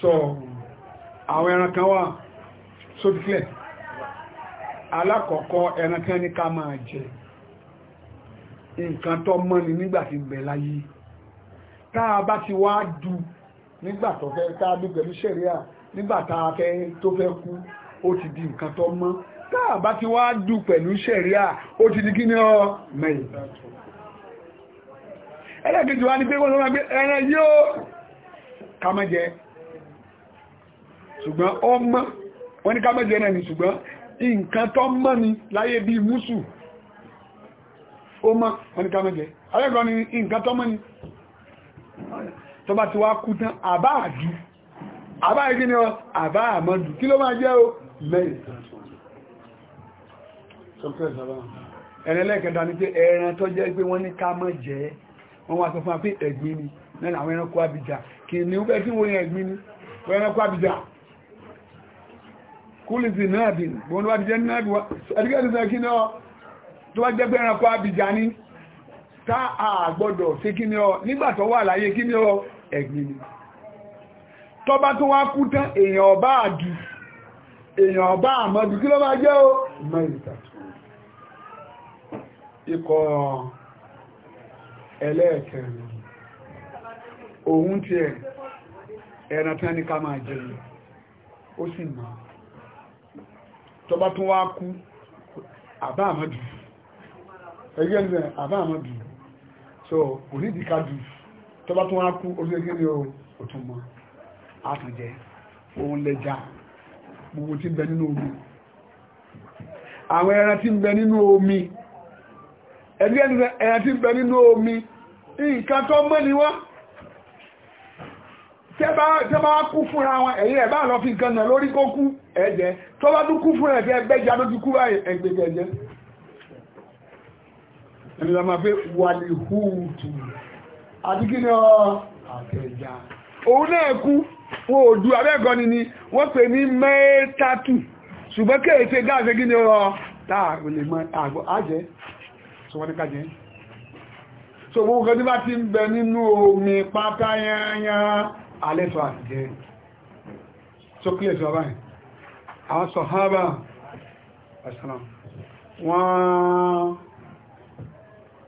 so àwọn ẹran kan wà sóbílẹ̀ alákọ̀ọ́kọ́ ẹran kan ní ká máa jẹ nǹkan tó mọ́ ni nígbàtí bẹ̀ láyé táa bá ti wá dù nígbàtọ̀ fẹ́ táa bí pẹ̀lú sẹ̀ríà nígbàtà fẹ́ tó fẹ́ kú ó ti di nǹkan tó mọ́ táa bá ti wá dù pẹ̀lú sẹ̀ríà ó ti di kí ní ọ mẹ́yìn ẹlẹ́gbẹ̀ẹ́ wá ní pé wọ́n sọ ṣùgbọ́n ó mọ́ wọ́n ní ká mẹ́jẹ náà ni ṣùgbọ́n nǹkan tó mọ́ ni láyé bí mùsù ó mọ́ wọ́n ní ká mẹ́jẹ alẹ́gbọ́n ni nǹkan tó mọ́ ni tó bá ti wá kú tán àbá àdú àbá ìdí ni ọ àbá àmọ́dù kí ló máa jẹ́ o mẹ́rin ẹ̀rẹ́lẹ́kẹ̀ẹ́ta ni pé ẹran tó jẹ́ pé kúlù sí náàbì bọ́n wá jẹ́ náàbì wá ẹ̀dígẹ́ ìsẹ́ kí ní ọ tó wá jẹ́ pẹ́ranko àbìjà ní tá a gbọ́dọ̀ sí kí ní ọ nígbàtọ̀ wà láyé kí ní ọ ẹ̀gbìn ni tọ́bá tó wá kú tán èèyàn ọba àdù èèyàn ọba àmọ́dù kí ló máa jẹ́ ó mẹ́rìntà ikọ̀ ẹlẹ́ẹ̀kẹrin
òun tiẹ̀
ẹ̀ràn tán ní ká máa jẹ́ ó sì máa tó bá tún wá kú àbá àmọ́dù ẹgbẹ́ ẹ̀ àbá àmọ́dù so onídìíkadù tó bá tún wá kú orílẹ̀-èdè ní òtún mọ́ àtúnjẹ òun lẹ́jà gbogbo tí ń bẹ nínú omi àwọn ẹran tí ń bẹ nínú omi ẹgbẹ́ ẹran tí ń bẹ nínú omi nǹkan tó mọ́ ni wá tẹ́ bá kú fúnra wọn ẹ̀yìn ẹ̀ lọ fi nǹkan lórí kó kú ẹ̀jẹ̀ tó bá tún kú fúnra ẹ̀fẹ́ ẹgbẹ́jà ló ti kú ẹgbẹ́jẹ̀jẹ́ ẹni lọ máa fẹ́ wàlì húùtù àti kí ni ọ àtẹ̀jà òun wọn so gbogbo kan tí bá ti ń bẹ nínú omi pátá yányán alẹ́tọ̀ àti jẹ́ tó kílẹ̀ tó báyìí àwọn sọ̀hábà àṣàrà wọ́n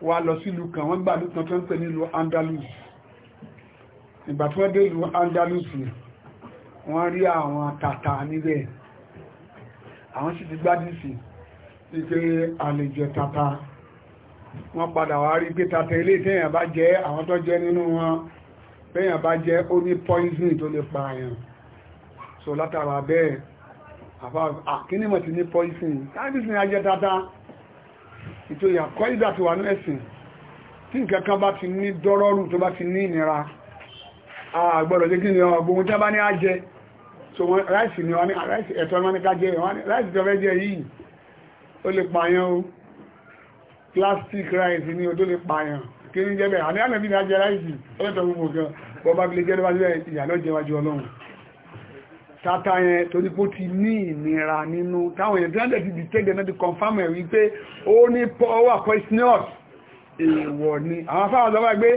wà lọ sí ìlú kan wọ́n gbà ní kan tó ń pè ní ìlú Andalus ìgbà tí wọ́n dé ìlú Andalus wọ́n rí àwọn tàtà níbẹ̀ àwọn sì ti gbádìsì sí pé àlejò tàtà wọ́n padà wá rí pé tàtà ilé ìtẹ́yìn àbá jẹ́ àwọn tó jẹ́ nínú wọn bẹ́yàn bá jẹ́ ó ní poison tó lè pa àyàn so látara bẹ́ẹ̀ àkínímọ̀ ti ní poison táìbìsì ní ajẹ́ dáadáa ìtò ìyàkọ́ ìdà tó wà ní ẹ̀sìn tí nǹkankan bá ti ní dọ́rọ́rù tó bá ti ní ìnira àgbọ̀rọ̀ jẹ́ kí ni ọgbọ̀n tí a bá ní ajẹ́ so ráìsì ni wọ́n ní ráìsì ẹ̀tọ́ ni wọ́n ní ká jẹ́ ráìsì tó fẹ́ jẹ́ yìí ó lè pààyàn o plastic ráìsì ni ó tó lè pààyàn kí ní jẹ́ bẹ́ẹ̀ àní ànàbí ní ajẹ́ ráìsì ọlọ́tọ̀ gbogbo gan bọ́bá gbé jẹ́ níwájú ìyàlọ́ jẹwájú ọlọ́run tata yẹn torí pó ti ní ìnira nínú táwọn èèyàn tí wọ́n ti dìtẹ́gẹ̀ náà ti confam ẹ̀ wípé ó ní power poisonous èèwọ̀ ni àwọn afáwọn ọ̀dọ́ wáyé pé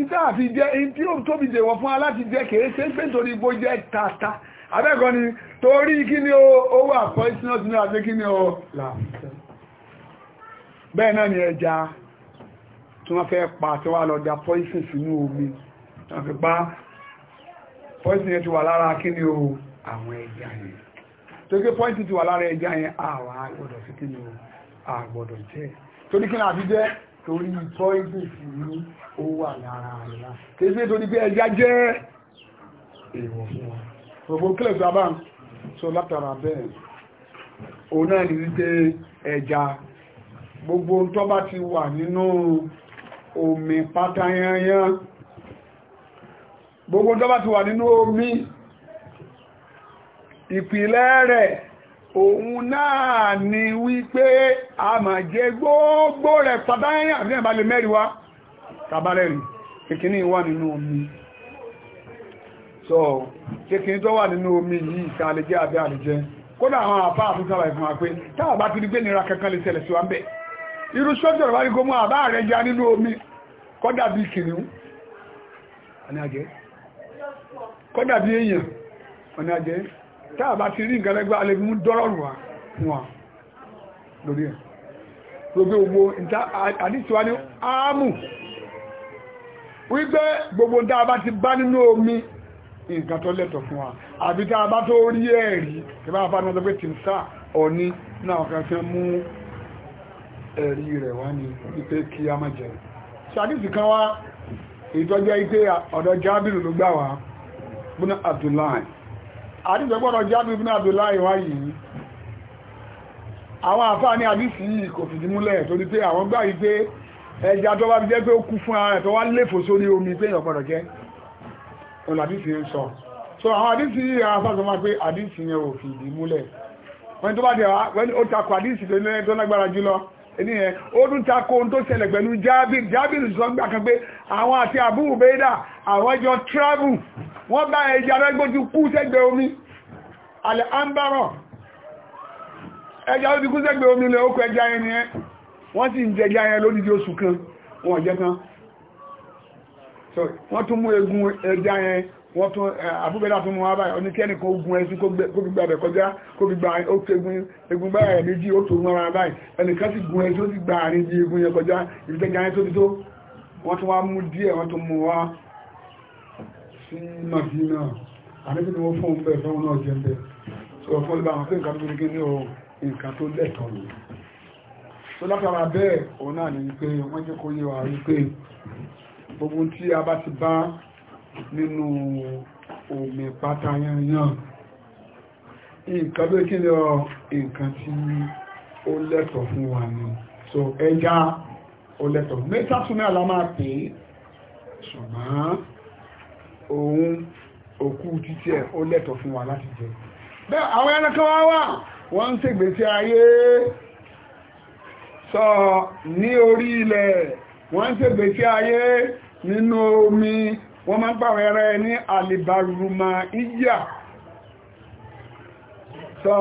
ìta àfi jẹ́ tí ó tóbi dèwọ̀ fún aláti jẹ́ kéré ṣe pé torí pó jẹ́ tata abẹ́ẹ̀kọ́ ni torí kí ni ó wà poisonous ní àti kí ni ó là bẹ́ẹ̀ náà ni ẹja tí wọ́n fẹ́ pa tí wá lọ da poison sínú omi wọ́n fi pa poison yẹn ti wà lára kí ni o àwọn ẹja yẹn tó gé poison ti wà lára ẹja yẹn àwà gbọ́dọ̀ sí kí ni o àgbọ́dọ̀ jẹ́ torí kí ni àbí jẹ́ torí poison sínú ó wà lára ẹja kìí ṣe torí pé ẹja jẹ́ èèwọ̀ fún wa gbogbo kílẹ̀ sí abá so látara bẹ́ẹ̀ òun ní wípé ẹja gbogbo omi pátáyányán gbogbo tó bá ti wà nínú omi ìpìlẹ̀ rẹ̀ òun náà ni wípé a mà jẹ gbogbo rẹ̀ pátáyányán àbí ẹ̀bá lè mẹ́rin wá tàbálẹ̀rìn kékeré wà nínú omi so kékeré tó wà nínú omi yìí ìta lè jẹ́ àbí àlè jẹ́ kódà àwọn àpá àtúntàwà ìfún wa pé táà bá gbé nira kankan lè ṣẹlẹ̀ sí wa ń bẹ̀ irú sọ́jọ́ rẹ̀ wá ní kó mú àbá rẹ̀ já nínú omi kọ́dà bí kìnnìún ọ̀nàjẹ́ kọ́dà bí èèyàn ọ̀nàjẹ́ táà bá ti rí nǹkan lẹ́gbẹ́ alẹ́ mú dọ́rọ̀rù wá fún wa lórí ẹ̀ gbogbo gbogbo àdíṣíwá ní áàmù wípé gbogbo táà bá ti bá nínú omi nǹkan tó lẹ́tọ̀ fún wa àbí táà tó rí ẹ̀rí ìbá ẹ̀rí rẹ̀ wá ní ipé kí a má jẹ ṣàdísì kan wá ìtọ́jẹ́ ipé ọ̀dọ̀ jábìrì ló gbà wá búnà Abdullahi àdíjọgbọ́dọ̀ jábìrì búnà Abdullahi wá yìí àwọn àfáà ní àdísì yìí kò fìdí múlẹ̀ torí pé àwọn gbà yìí ẹja tó bá jẹ́ pé ó kú fún ara tó wá léfò sórí omi pé èèyàn gbọ́dọ̀ jẹ́ ọ̀nà àdísì sọ so àwọn àdísì yìí àwọn afáà sọ máa pé àdísì yẹn ò fìdí múlẹ̀ wọ́n tó bá jẹ́ wá ó takò àdísì tó lágbára jùlọ ẹni ẹ̀ ó dún takò ohun tó ṣẹlẹ̀ pẹ̀lú jábìr jábìr sọ gbà kan pé àwọn àti àbúrò bẹ́ẹ̀dà àwọn ẹjọ́ travel wọ́n bá ẹja rẹ́gbójú kú sẹ́gbẹ̀ omi alẹ́ ambaro ẹja ló ti kú sẹ́gbẹ̀ omi lẹ́ ókù ẹja yẹn yẹn wọ́n sì ń jẹ ẹja yẹn lódìdí oṣù kan wọ́n jẹ́ kan wọ́n tún mú egun ẹja yẹn wọ́n tún àbúgbẹ́dá tún mú wá báyìí oníkẹ́ni kó gun ẹṣin kó fi gba ẹ̀bẹ̀ kọjá kó fi gba egun báyà ẹ̀ méjì ó tó mọ́ra báyìí ẹnìkan sì gun ẹṣin ó sì gba àárín di egun yẹn kọjá ìfìtẹ́jà yẹn tó ti tó wọ́n tún wá mú díẹ̀ wọ́n tún mú wá sí Madina àníbi ni wọ́n fún un bẹ́ẹ̀ fẹ́wọn náà jẹ́ bẹ́ẹ̀ sọ fún ìgbà àwọn nǹkan tó ní kí ní o nǹkan tó lẹ́tọ̀ọ́ lò tó látara bẹ́ẹ̀ òun náà ní nínú omi pátá yanyan nǹkan bí kí ni ọ nǹkan tí ó lẹ́tọ̀ fún wa ni so ẹja ó lẹ́tọ̀ mẹ́ta tún mẹ́ta la máa pè é ṣùgbọ́n òun òkú títí ẹ̀ ó lẹ́tọ̀ fún wa láti jẹ bẹ́ẹ̀ àwọn ẹranko wá wà wọ́n ń ṣègbè sí ayé sọ ní orí ilẹ̀ wọ́n ń ṣègbè sí ayé nínú omi wọ́n máa ń gbà wẹ́rẹ́ ní alìbárùmà ìyà so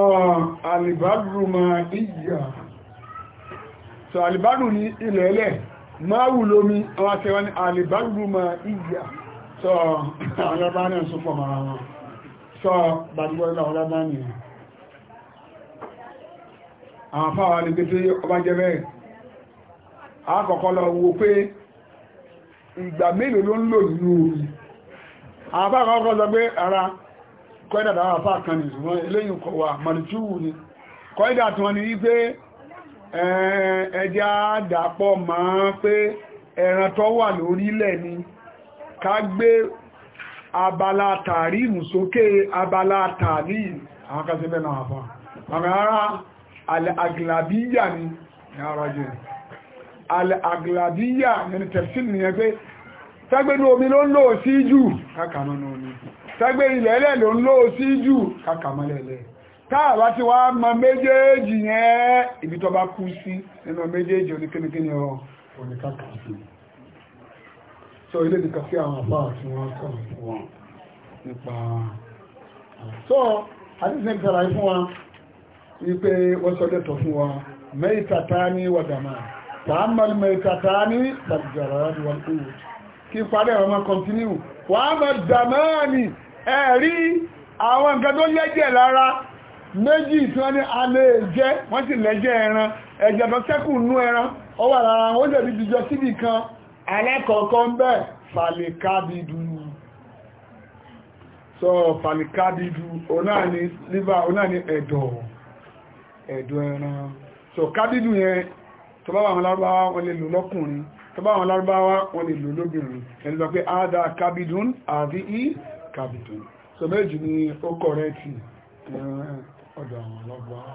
alìbárùmà ìyà so alìbárù ní ilẹ̀ẹ́lẹ̀ máa wù lómi àwọn àtẹwà ní alìbárùmà ìyà so alọ́bá náà súnpọ̀ mara wọn so gbàdúgbọ́ ilẹ̀ ọlọ́bá ní àwọn fáwọn alìgbẹ́ tí ìgbà mélòó ló ń lò nínú orí àbá kan pé ara kọ́ìdà dáwà àfá kan ní ṣùgbọ́n eléyìn kọ̀ wà ni kọ́ìdà tí wọ́n wípé ẹja dàpọ̀ ma pé ẹran tó wà lórílẹ̀ ni ká gbé abala tàrí ìmùsókè abala àwọn kan sí bẹ́ẹ̀ náà àfá àgbàdíyà ẹni tẹ̀sílì nìyẹn pé tágbé ní omi ló ń lò sí jù kákàmọ́ ní omi tágbé ilẹ̀ẹ́lẹ̀ ló ń lò sí jù kákàmọ́ lẹ̀lẹ̀ táàbá ti wá mọ méjèèjì yẹn ibi tó bá kú sí nínú méjèèjì oníkíníkíní ọ oníkàkà sí so ilé nìkan sí àwọn àbá àti ah, so àdísìn ìtàlàyé fún wa wípé wọ́n sọ lẹ́tọ̀ fún wa ní wàdàmáà tààmàl mẹ́tàtà ní sàbìjàrà wàlúù kí parí àwọn ọmọ kọntínú wà á mọ̀ dàmáàni ẹ̀rí àwọn nǹkan tó lẹ́jẹ̀ lára méjì tí wọ́n ní a lè jẹ wọ́n sì lẹ́jẹ̀ ẹran ẹ̀jẹ̀ tó ṣẹ́kù nú ẹran ó wà lára wọ́n lè fi jọ síbì kan alákọ̀ọ́kọ́ ń bẹ fàlìkábìdù ni ẹ̀dọ̀ ẹ̀dọ̀ ẹran so kábìdù yẹn tó bá wọn lárúbáwá wọn lè lò lọ́kùnrin tó bá wọn lárúbáwá wọn lè lò lóbìnrin ẹni sọ pé ada kabidun àti i kabidun so méjì ni ó kọ̀rẹ́tì eh, ọ̀dọ̀
àwọn lárúbáwá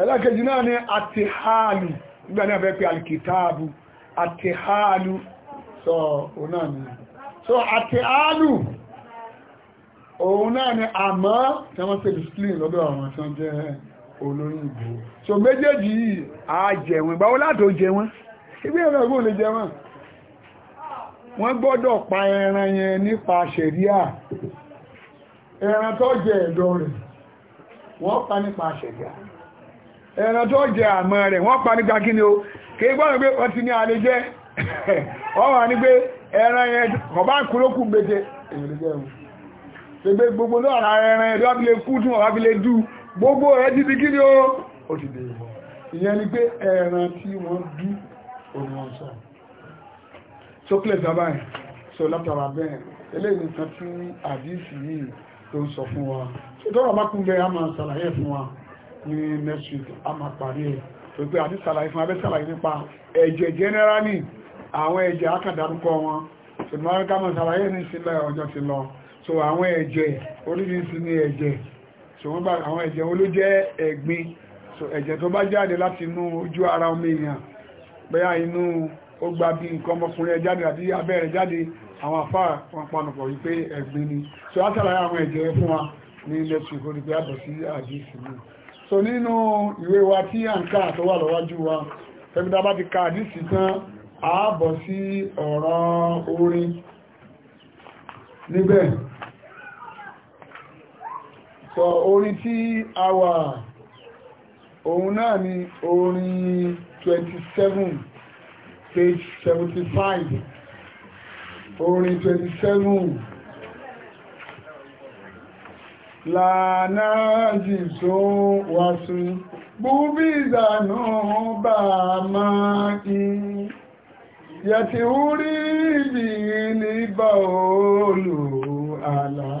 ẹlẹ́kẹ̀jì náà ni àtìhálù nígbà ní àfẹ́ pé alìkìtààbù àtìhálù òun náà ni so àtìhálù òun náà ni àmọ́ tí wọ́n ṣe discipline lọ́dọ̀ àwọn tí wọ́n jẹ́ olóyìnbó so méjèèjì yìí a jẹ̀wọ̀n ìgbàwó látò jẹ̀wọ̀n ibi ẹ̀rọ ẹ̀gbọ́n lè jẹ̀wọ̀n wọ́n gbọ́dọ̀ pa ẹran yẹn nípa ṣẹ̀ríà ẹran tó jẹ ẹ̀dọ̀ rẹ̀ wọ́n pa nípa ṣẹ̀ríà ẹran tó jẹ àmọ́ rẹ̀ wọ́n pa nípa kí ni o kìí gbọ́dọ̀ pé wọ́n ti ní alẹ́ jẹ́ wọ́n wà ní pé ẹran yẹn kọ̀bá kúrókù gbèdé èyí lè jẹ́ gbogbo náà ara ẹran ẹ̀dọ́ abilé tún ọ̀bá abilé gbogbo ẹ̀ ti di kíni ó ti dè wọ̀ ìyẹn ni pé ẹran tí wọ́n dú òun wọn sọ chocolate dábà ẹ̀ sọ látara bẹ́ẹ̀ eléyìí nìkan tí àdísì yìí tó ń sọ fún wa tó tọ́rọ̀ bá kún bẹ́ẹ̀ a máa ṣàlàyé fún wa ní next week a máa parí ẹ̀ tó pé àti ṣàlàyé fún abẹ́ ṣàlàyé nípa ẹ̀jẹ̀ generally àwọn ẹ̀jẹ̀ akàdárúkọ wọn ṣùgbọ́n ká máa ṣàlàyé ní sílẹ̀ ọjọ́ ti lọ so àwọn ẹ̀jẹ̀ oríṣiríṣi ní ẹ̀jẹ̀ so wọ́n gbà àwọn ẹ̀jẹ̀ wọn ló jẹ́ ẹ̀gbin so ẹ̀jẹ̀ tó bá jáde láti inú ojú ara ọmọ èèyàn bẹ́yà inú ó gba bí nǹkan ọmọkùnrin ẹ̀ jáde àti abẹ́rẹ̀ jáde àwọn afáà wọn panupọ̀ wípé ẹ̀gbin ni so látàlàyé àwọn ẹ̀jẹ̀ fún wa ní lẹ́tù ìkó ní pé àbọ̀ sí àdísì mi so nínú ìwé wa tí à ń ká àtọ́ wà lọ́wájú wa fẹ́mídá bá ti ka àdísì tán àábọ̀ sí ọ̀rọ̀ orin níbẹ̀ so orin tí a wà òun náà ni orin 27 page 75 orin 27 lànà jìsó wàsù búbí ìdànà bá máa kí yẹ̀tì orí ìbí ní bá olù àlàá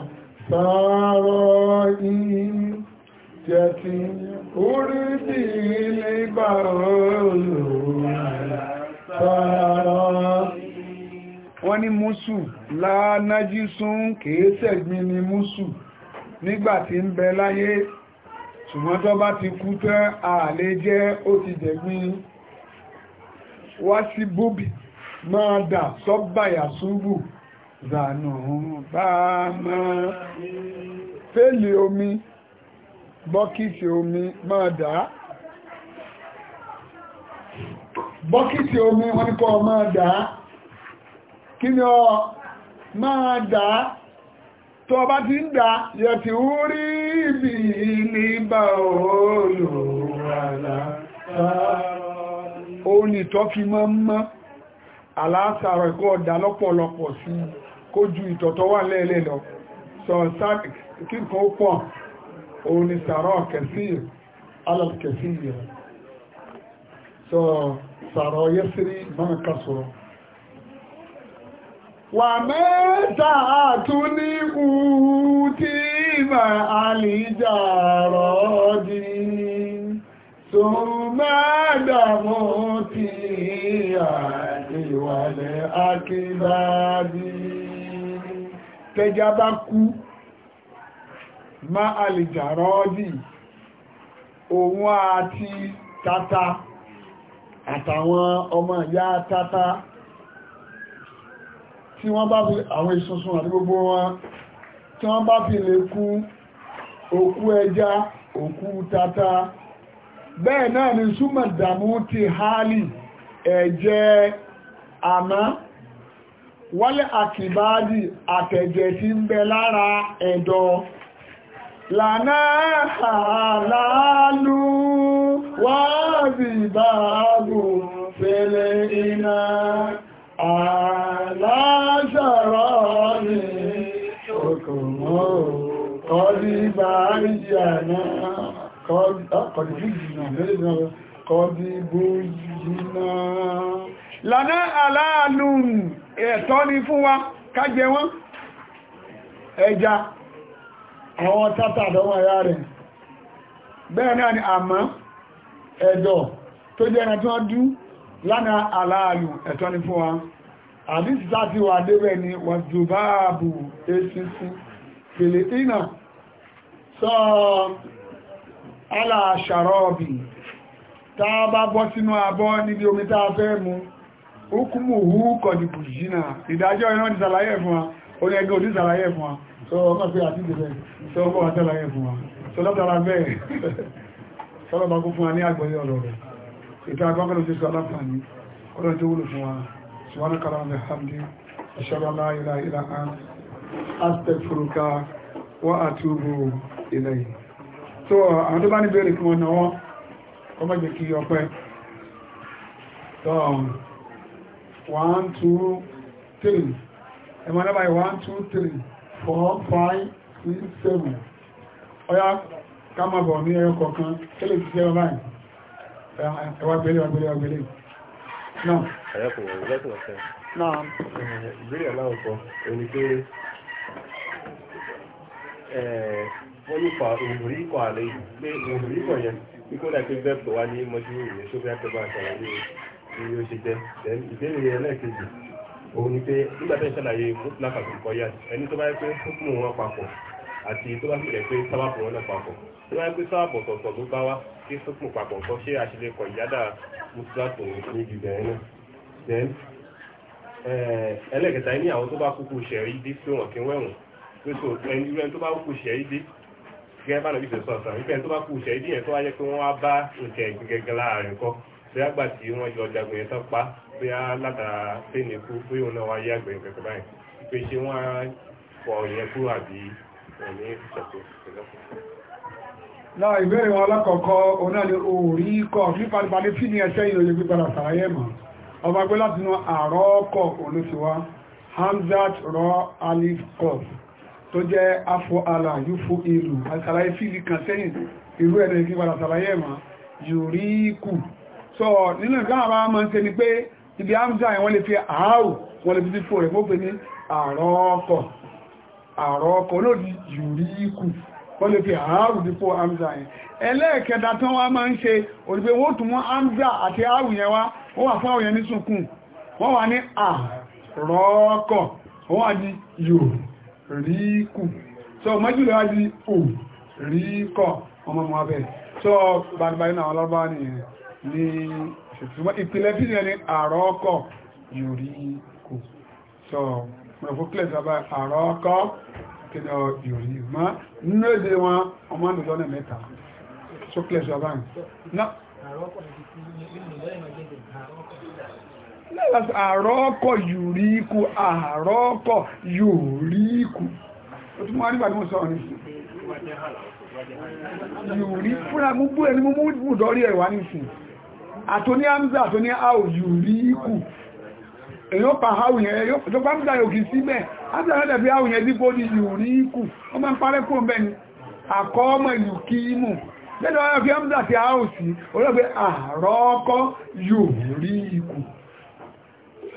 سرائي تكن أردي لبرل wọ́n ní múṣù lánájí sún kìí ṣẹ̀gbin ni múṣù nígbàtí ń bẹ láyé ṣùgbọ́n tó bá ti kú tán ààlé jẹ́ ó ti dẹ̀gbin wá sí bóbi máa dà sọ́bàyà súnbù zànù bá mọ́ fẹ́lì omi bọ́kìtì omi máa dá bọ́kìtì omi wọ́n ní kọ́ máa dá kí ni ọ máa dá tó ọba ti ń dá yẹ ti ibi ní bá olùwàlá ó ní tọ́kí mọ́ mọ́ aláàsàrọ̀ ẹ̀kọ́ ọ̀dá lọ́pọ̀lọpọ̀ sí i kó ju ìtọ̀tọ̀ wà lẹ́ẹ̀lẹ́ lọ sọ kí nǹkan pọ̀ òun ni sàrọ̀ kẹsìr alàkẹsìr sọ sàrọ̀ yẹsìrì
mọ́nà kásọ̀rọ̀
wà mẹ́ta àtún ní uhu tí mà dì tó máa tí àà wàlẹ̀ akébáàbí tẹja bá kú má alìjàrọ́dì òun àti tata àtàwọn ọmọ ìyá tata tí wọ́n bá fi àwọn ìsunsun àti gbogbo wọn tí wọ́n bá fi lè kú òkú ẹja òkú tata bẹ́ẹ̀ náà ni súnmọ̀ dàmú ti hálì ẹ̀jẹ̀ àmọ́ wọ́lẹ̀ àkìbáàdì àtẹ̀jẹ̀ tí ń bẹ lára ẹ̀dọ̀ lànà àlàálù wáàbì báàbù fẹ́lẹ̀ iná àlàáṣàrọ̀ ní ṣòkòmọ́ kọ́dí bá ìjà náà kọ́dí bú jìnà Lana aláàlù ẹ̀tọ́ ni fún wa ká jẹ wọ́n ẹja àwọn tátà lọ́wọ́ ara rẹ̀ bẹ́ẹ̀ náà ni àmọ́ ẹ̀dọ̀ tó jẹ́ ẹ̀nà tí wọ́n dú lánàá aláàlù ẹ̀tọ́ ni fún wa àdísì láti wà débẹ̀ ni wọ́n jù báàbù eṣinṣin pèlè ìnà sọ aláàṣàrọ̀ ọ̀bì tá bá bọ́ sínú abọ́ níbi omi tá fẹ́ mu hukumu hu kọ̀dìkù jìnà ìdájọ́ iná ti sàlàyé fún wa orí ẹgbẹ́ òdí sàlàyé fún wa tó ọkọ̀ sí àti ìdẹ̀bẹ̀ tó ọkọ̀ wà sàlàyé fún wa tó lọ́tara bẹ́ẹ̀ sọ́lọ́bà kú fún wa ní àgbọ́yé ọ̀rọ̀ rẹ̀ ìta agbákọ̀lù jésù aláfààní ọ̀rọ̀ tó wúlò fún wa ṣùgbọ́n kàrà ní hamdi ṣọ́lọ́lá ilá ilá an astaghfiruka wa atubu ilayhi tó àwọn tó bá ní bẹ́ẹ̀rẹ̀ kí wọ́n náwọ́ ọmọ jẹ́ kí ọpẹ́ one two three ẹ̀mọ náà báyìí one two three four five six seven ká máa bọ̀ ní ẹyọ kọ̀ọ̀kan kí lè ọ báyìí ẹwà gbélé ẹwà gbélé ẹwà gbélé náà.
ẹ̀yẹ́kùn ẹ̀yẹ́kùn ọ̀sẹ̀. náà. ìbéèrè aláwọ̀ kan pé wọ́n ní fa òmùrí ikọ̀ àlẹ́ yìí pé òmùrí èyí ó ṣe jẹ́ ìbéèrè ẹlẹ́ẹ̀kejì òun ni pé nígbà tẹ́ ṣàlàyé mutlak àti kọ́yà ẹni tó bá yẹ pé fúnkún wọn papọ̀ àti tó bá fìlẹ̀ pé sábàbù wọn náà papọ̀ tó bá yẹ pé sábàbù ọ̀tọ̀ọ̀tọ̀ ló bá wá kí fúnkún papọ̀ nǹkan ṣé àṣìlẹ̀ kọ̀ ìyádà mutlak òun níbi bẹ̀rẹ̀ náà then eh, ẹlẹ́ẹ̀kẹta ní àwọn tó bá kúkú ṣẹ̀rí dé sí wọn kí wẹ́wọ̀n pé bá kúkú ṣẹ̀rí sọ̀tàn wípé tó bá kúkú ṣẹ̀rí dé yẹn tó wáyé pé wọ́n wá bá nǹkan ẹ̀gbẹ̀gẹ̀gẹ̀ láàrin kọ́ bí àgbà tí wọ́n yọ jagun yẹn tán pa bí á látara tẹ́ni kú bí òun náà wá yé àgbẹ̀ yẹn kẹ̀kẹ́ báyìí pé ṣé wọ́n á fọ ìyẹn kú àbí ẹ̀mí ìṣẹ̀kù
náà ìbéèrè wọn alákọ̀ọ́kọ́ onáàlè orí kọ̀ nípalipalé tí ní ẹsẹ́ ìròyìn gbígbàdà sàráyé mọ̀ ọba gbé láti inú àrọ́ọ̀kọ̀ olóṣèwá hamzat rọ alif kọf tó jẹ́ afọ ala yúfo ìlú àṣàlàyé fíìlì kan sẹ́yìn irú ẹ̀rẹ́ gbígbàdà sàráyé mọ̀ yòríkù so nínú ìgbàmà bá mọ́ ṣe ni pé ibi amza wọ́n lè fi àárù wọ́n lè fi fò rẹ̀ fópe ní àrọ́ọ̀kọ̀ àrọ́ọ̀kọ̀ lòdì yùrí ikú wọ́n lè fi àárù dípò amza yẹn ẹlẹ́ẹ̀kẹta tán wá máa ń ṣe òdìpé wọ́n tún mú amza àti àárù yẹn wá wọ́n wà fáwọn yẹn ní sunkún wọ́n wà ní so mọ́júlẹ̀ wá di òríkọ̀ ọmọ mọ́ abẹ́ so bàbá iná ọlọ́bàá nìyẹn ní ṣùgbọ́n ìpìlẹ̀ fíjẹ̀ ní àrọ́ọ̀kọ̀ yóò rí kò sọ mọ̀fókílẹ̀ sábà àrọ́ọ̀kọ̀ kílọ̀ yóò rí ma nínú èdè wọn ọmọ ìdọ́nà mẹ́ta sókílẹ̀ sábà àrọ́ọ̀kọ̀ yóò rí kò àrọ́ọ̀kọ̀ yóò rí kò ó tún mọ́ nígbà tí mo sọ ní
yóò rí fúnra
gbogbo ẹni mú mú dọ́rí ẹ̀wà nísìnyí àtúní àmìsà àtúní àòyù rí ikú èyàn pa àwù yẹn yóò tó pàmìsà yóò kì í síbẹ̀ àmìsà rẹ̀ tẹ̀bí àwù yẹn dípò ní yóò rí ikú ó máa ń parẹ́ kó mẹ́ ni àkọ́ ọmọ ìlú kí mù lẹ́dọ̀ ọ̀rọ̀ fi àmìsà ti àwù sí olóògbé àrọ́ọ́kọ́ yóò rí ikú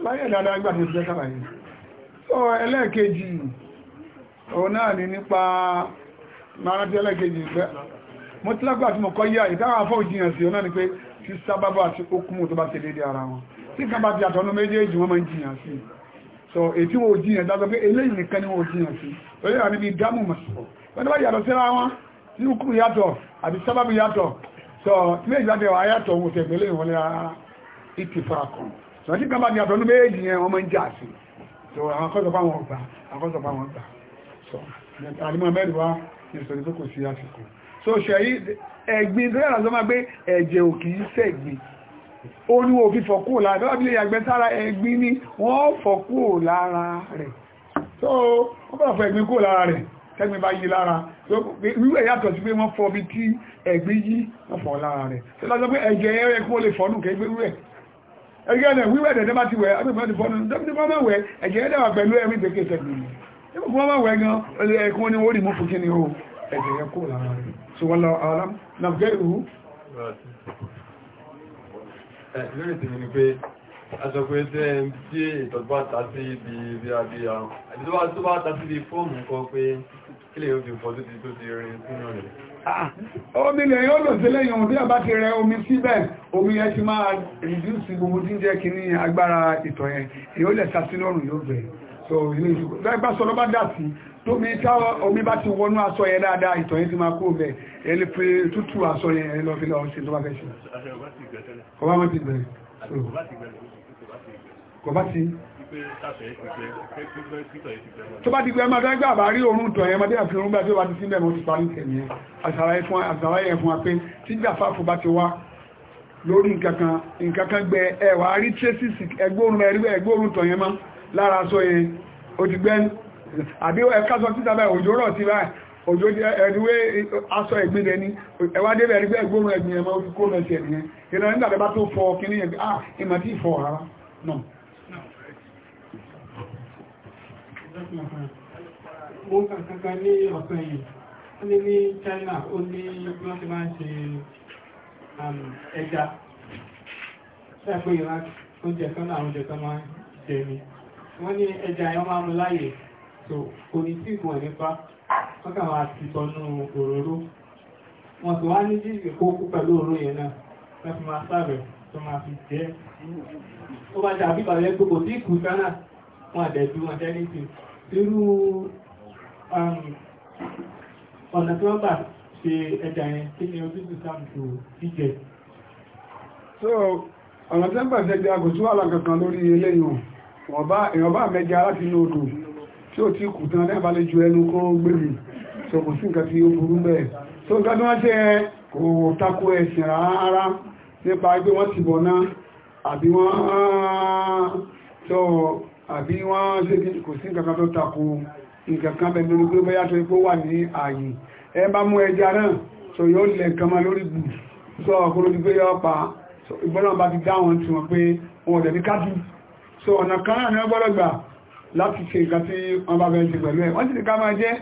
láyé dáadáa gbà tó jẹ́ kàwàyé so ẹlẹ́ẹ̀kejì òun náà ni nípa máa rántí ẹlẹ́ẹ̀kejì ìfẹ́ mo ti lágbà tí mo kọ́ yí àyíká àwọn afọ́ òjìyàn sí òun ni pé tí sábàbù àti okùnmù tó bá ṣe dédé ara wọn tí kan bá ti àtọ́nú méjèèjì wọ́n máa ń jiyàn sí so ètí wọn ò jiyàn dájọ́ pé eléyìí nìkan ni wọn ò jiyàn sí lórí àwọn ibi dámù mọ̀sùn wọ́n tó bá yàtọ̀ síra wọn tí okùnmù yàtọ̀ àti sábàbù yàtọ̀ so méjì bá tẹwà ayàtọ̀ wọn tẹ̀gbẹ̀lẹ̀ wọn lára ìtì farakùn so tí kan bá ti àtọ́nú méjèèjì yẹn wọ́n máa ń jà sí so àwọn akọ́sọ̀ pa wọn gbà akọ́sọ̀ pa wọn gbà so àdìmọ̀ mẹ́rin wá ní ìsọ̀rọ̀ tó kò sí àsìkò so ṣẹ̀rí ẹ̀gbin tó yàrá sọ́mọ́ pé ẹ̀jẹ̀ ò kìí ṣẹ̀gbin ó ní wọ́n fi fọ̀kú lára tó bí yàgbẹ́ sára ẹ̀gbin ni wọ́n fọ̀kú lára rẹ̀ so wọ́n bá fọ ẹ̀gbin kú lára rẹ̀ tẹ́gbin bá yí lára wíwẹ̀ yàtọ̀ sí pé wọ́n fọ bí tí ẹ̀gbin yí wọ́n fọ lára rẹ̀ tó lọ́jọ́ pé ẹ̀jẹ̀ ẹ̀rẹ́ kó lè fọ́nù kẹ́gbẹ́ wíwẹ̀ ẹgbẹ́ ẹ̀nà wíwẹ̀ ẹ̀dẹ̀ bá ti wẹ̀ agbègbè fọ́nù dẹ́bí bá máa wẹ̀ ẹ̀jẹ̀ ẹ̀dẹ̀ wà pẹ̀lú ẹ̀mí tẹ́kẹ́ tẹ́gbin ni ẹgbẹ́ fún wọn gan ẹ̀kún ni wọ́n rí mú fún kí ni ó ẹ̀jẹ̀ ẹ̀kú lára rẹ̀ so wallahu a'lam náà gẹ́rù hù
lórí tèmi ni pé aṣọ pé tẹ́ tí ìtọ̀gbà tàbí ibi ibi àbí àwọn àti tó bá tàbí ibi fóòmù kan pé kí lè yóò fi fọ́ tó ti tó ti rin sínú rẹ̀ ah, omi lè yóò
lò sí lẹ́yìn ohun tí a bá ti rẹ omi síbẹ̀ omi yẹn ti máa reduce gbogbo jíjẹ́ kí ní agbára ìtọ̀ èyí ó lẹ̀ sá sínú ọ̀rùn yóò bẹ̀ so ilé ìṣòkò bá sọ lọ sí tómi táwọn omi bá ti wọnú aṣọ yẹn dáadáa ìtọ̀ yẹn ti máa kó bẹ̀ ẹni pé tútù aṣọ yẹn ẹni lọ́fi lọ sí tó bá fẹ́ ṣe
tó
bá
ti gbẹ̀ máa dágbà bá rí oòrùn tọ̀ yẹn mọ́dé àfihàn gbà tí ó bá ti sí mẹ́mọ́ ti parí tẹ̀mí àṣàlàyé fún wa pé tí gbàfáàfù bá ti wá lórí nǹkankan nǹkankan ẹwà rí tracy ẹgbórun ẹgbórun tọ̀ mọ́ lára aṣọ yẹn ó ti gbẹ́nu àbí ẹ̀ká sọ títà báyìí òjò rọ̀ sí báyìí òjò ẹ̀ríwé aṣọ ẹ̀gbìnlẹ̀ ní ẹwà débẹ̀ rí bẹ́ẹ̀ gbóhùn ẹ̀gbìn ẹ̀mọ́ orí kó mẹ́sì ẹ̀dìyẹn ìrọ̀ nígbà tẹ́bá tó fọ kíní ẹ̀gbìn ah ìmọ̀ tí fọ rárá náà
mo kà kankan ní ọ̀pẹ́ yìí ó China ó ní bí wọ́n ti máa ń ṣe um, ẹja ṣẹ́pẹ́ ìrántí oúnjẹ kan náà oúnjẹ kan máa ń jẹ ni wọ́n ẹja yẹn máa ń láyè so kò ní tí ìmọ̀ nípa wọ́n kà máa ti tọ́nú òróró wọ́n tó wá ní bí ìkókú pẹ̀lú òróró yẹn náà wọ́n fi máa sáré tó máa fi jẹ́ ó bá dàbí bàbá ẹgbẹ́ kò sí ìkú sánà wọ́n àdẹ̀dú wọn jẹ́ nítì irú um, ọ̀nà tí wọ́n bà ṣe ẹja yẹn kí ni ojú tó sáàmù jíjẹ
so ọ̀nà tí wọ́n bà ṣe ẹja kò sí wàhálà kankan lórí eléyìí wọ̀n bá èèyàn bá mẹja odò tí ó ti kù tán lẹ́yìn bá lè ju ẹnu kó gbé mi so kò sí nǹkan tí ó burú bẹ́ẹ̀ so nǹkan tí wọ́n ṣe kò tako ẹ̀sìn rárá nípa pé wọ́n ti bọ̀ náà àbí wọ́n so àbí wọ́n ṣe kò sí nǹkan kan tó tako nǹkan kan bẹ̀ lórí pé bóyá tó ipò wà ní ààyè ẹ bá mú ẹja náà so yóò lẹ̀ nǹkan máa lórí bù so ọkùnrin ti gbé yọ pa ìgbọ́nà bá ti dá wọn pé wọn ò dẹ̀ ní kájú so ọ̀nà kan náà ni wọ́n gbọ́dọ̀ gbà láti ṣe nǹkan tí wọ́n bá bẹ̀rẹ̀ ṣe pẹ̀lú ẹ̀ wọ́n sì ní ká máa jẹ́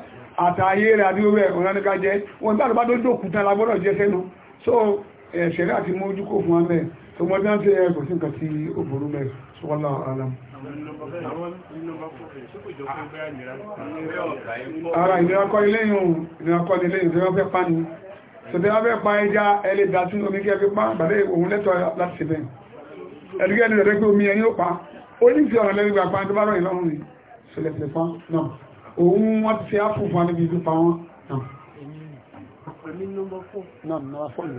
àtàyé rẹ̀ àbí owó ẹ̀ wọ́n ní ká jẹ́ wọ́n tàbí bá tó dòkú tán lágbọ́dọ̀ jẹ́ sẹ́nu so ṣẹ̀rẹ́ àti mú ojú kò fún amẹ́ tó mọ́ dáná sí ẹ̀ kò sí nǹkan tí ó burú mẹ́ sọ́kọ́lá alam ara ìnira kọ́ ilé yìí ìnira kọ́ ilé yìí ìnira fẹ́ pa ni tòtẹ́ wọ́n fẹ́ pa ẹja ẹlẹ́dàá sínú omi kí ẹ fi pa bàbá òun lẹ́tọ̀ọ́ láti ṣe bẹ́ẹ̀ ẹ̀dùkẹ́ ẹni rẹ̀ pé omi ẹni ó pa oníṣẹ́ ọ̀rọ̀ lẹ́nu gbàgbà tó bá rọ̀ ìlọ́run ni ṣẹlẹ̀pẹ̀ fún náà òun wọ́n ti ṣe ápù fún níbi ìlú pa wọ́n náà. Nam, náà fọ́
ìlú.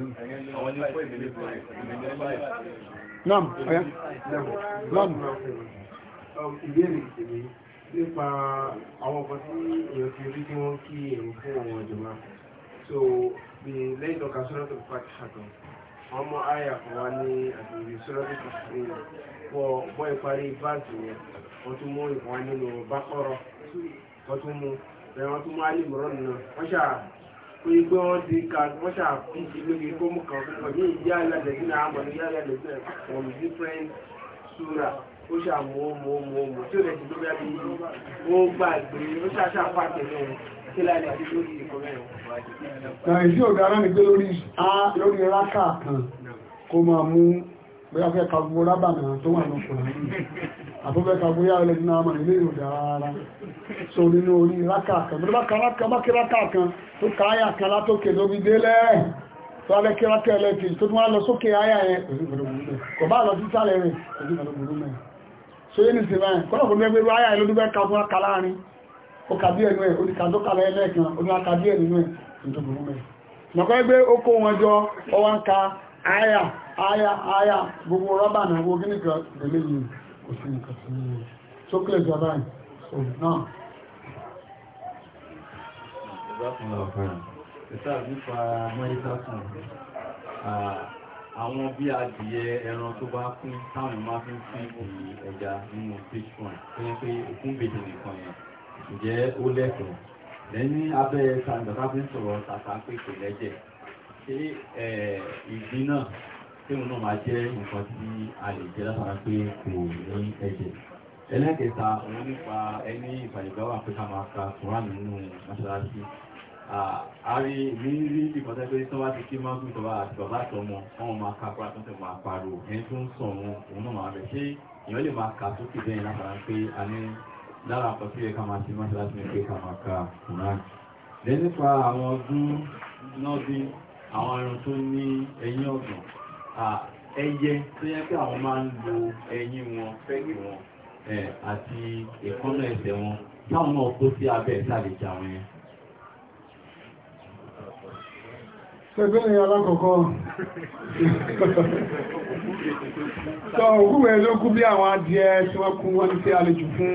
nípa àwọn ọkọ̀ tí èèyàn ti rí kí wọ́n kí èrò fún àwọn ìjọba. So, lẹ́yìn lọ́ka sọ́dọ̀ tó pàtàkì wọ́n mọ́ àyà fún wa ní àgbègbè sọ́lọ́dún kìsìn fọ bọ́ ìparí báàgì yẹn wọ́n tún mú ìwọ̀n nínú bákọ́rọ̀ wọ́n tún mú bẹ́ẹ̀ wọ́n tún mú alìmọ̀rọ̀ náà wọ́n ṣà pé pé wọ́n ti ka wọ́n ṣà fi ti lóge kó mú kan fún ọ̀gbìn ìyá alẹ́ ní àmọ̀ ní yá alẹ́ ní ọ̀m different sura ó ṣà mú mú mú mú tí ó lè tó bẹ́ẹ̀ bí ó gbàgbé ó ṣà ṣà pàtẹ́ Nàìjí ọ̀gára ní
pé lórí ah. lórí rákà kan kó máa mú bóyá fẹ́ kàgbó rábà náà tó wà ní ọkùnrin àtúnfẹ́ kàgbó yá ilẹ̀ ní àmà ilé ìrọ̀dára so nínú orí rákà kan bí rákà rákà kan tó ká áyà kan látókè lóbi délẹ̀ tó alẹ́ kí rákà ẹlẹ́kì tó tún wá lọ sókè áyà yẹn kò bá lọ sí sálẹ̀ rẹ̀ ó kàbí ẹnu ẹ̀ ó ti kà tó kà lẹ́yìn lẹ́ẹ̀kan ó ní wá kàbí ẹ̀ nínú ẹ̀ tó burú mẹ́. mọ̀kọ́ gbé ó kó wọn jọ ọ wá ń ka aya aya aya gbogbo rọ́bà náà gbogbo gíní kan lè yìí kò sí nǹkan sí i tó kílẹ̀ jọ báyìí so náà.
Àwọn bí adìyẹ ẹran tó bá kún táwọn máa fi ń fi ìròyìn ẹja nínú page one tó yẹ pé òkú bèdè nìkan yẹn ǹjẹ́ ó lẹ́tọ̀ọ́ lẹ́yìn abẹ́ sàǹdàbá fi ń sọ̀rọ̀ tàtà pé kò lẹ́jẹ̀ ṣé ìgbín náà tí òun náà máa jẹ́ nǹkan tí a lè jẹ́ látara pé kò ní ẹ̀jẹ̀ ẹlẹ́kẹta òun nípa ẹni ìfàyègbáwà pé ká máa ka kùránì nínú mọ́ṣáláṣí àárí mi rí ìkọ́tẹ́ pé tó bá ti kí máa ń gbìtọ́ àti bàbá àtọmọ wọn máa ka kúrá tó ń tẹ̀ máa pariwo ẹni tó ń sọ̀rọ̀ òun náà máa bẹ̀ ṣé ìyọ́n lè máa kà sókè bẹ́ẹ̀ látara pé a ní lára àpọ̀ tí ẹka máa ti máa láti mẹ́fẹ́ ká máa ka kùnrán lẹ nípa àwọn ọdún náà bí àwọn ẹran tó ní ẹyín ọ̀gbọ̀n ẹyẹ tó yẹ pé àwọn máa ń lo ẹyín wọn fẹ́ẹ̀kì wọn àti ìkọ́nà ẹsẹ̀ wọn táwọn náà kó sí abẹ́ ìsàlẹ̀
jà wọn yẹn. Ṣẹ̀bẹ̀rẹ̀ alákọ̀ọ́kọ́. Sọ
òkú rẹ̀ ló kú bí àwọn adìẹ tí wọ́n kú wọ́n ti àlejò fún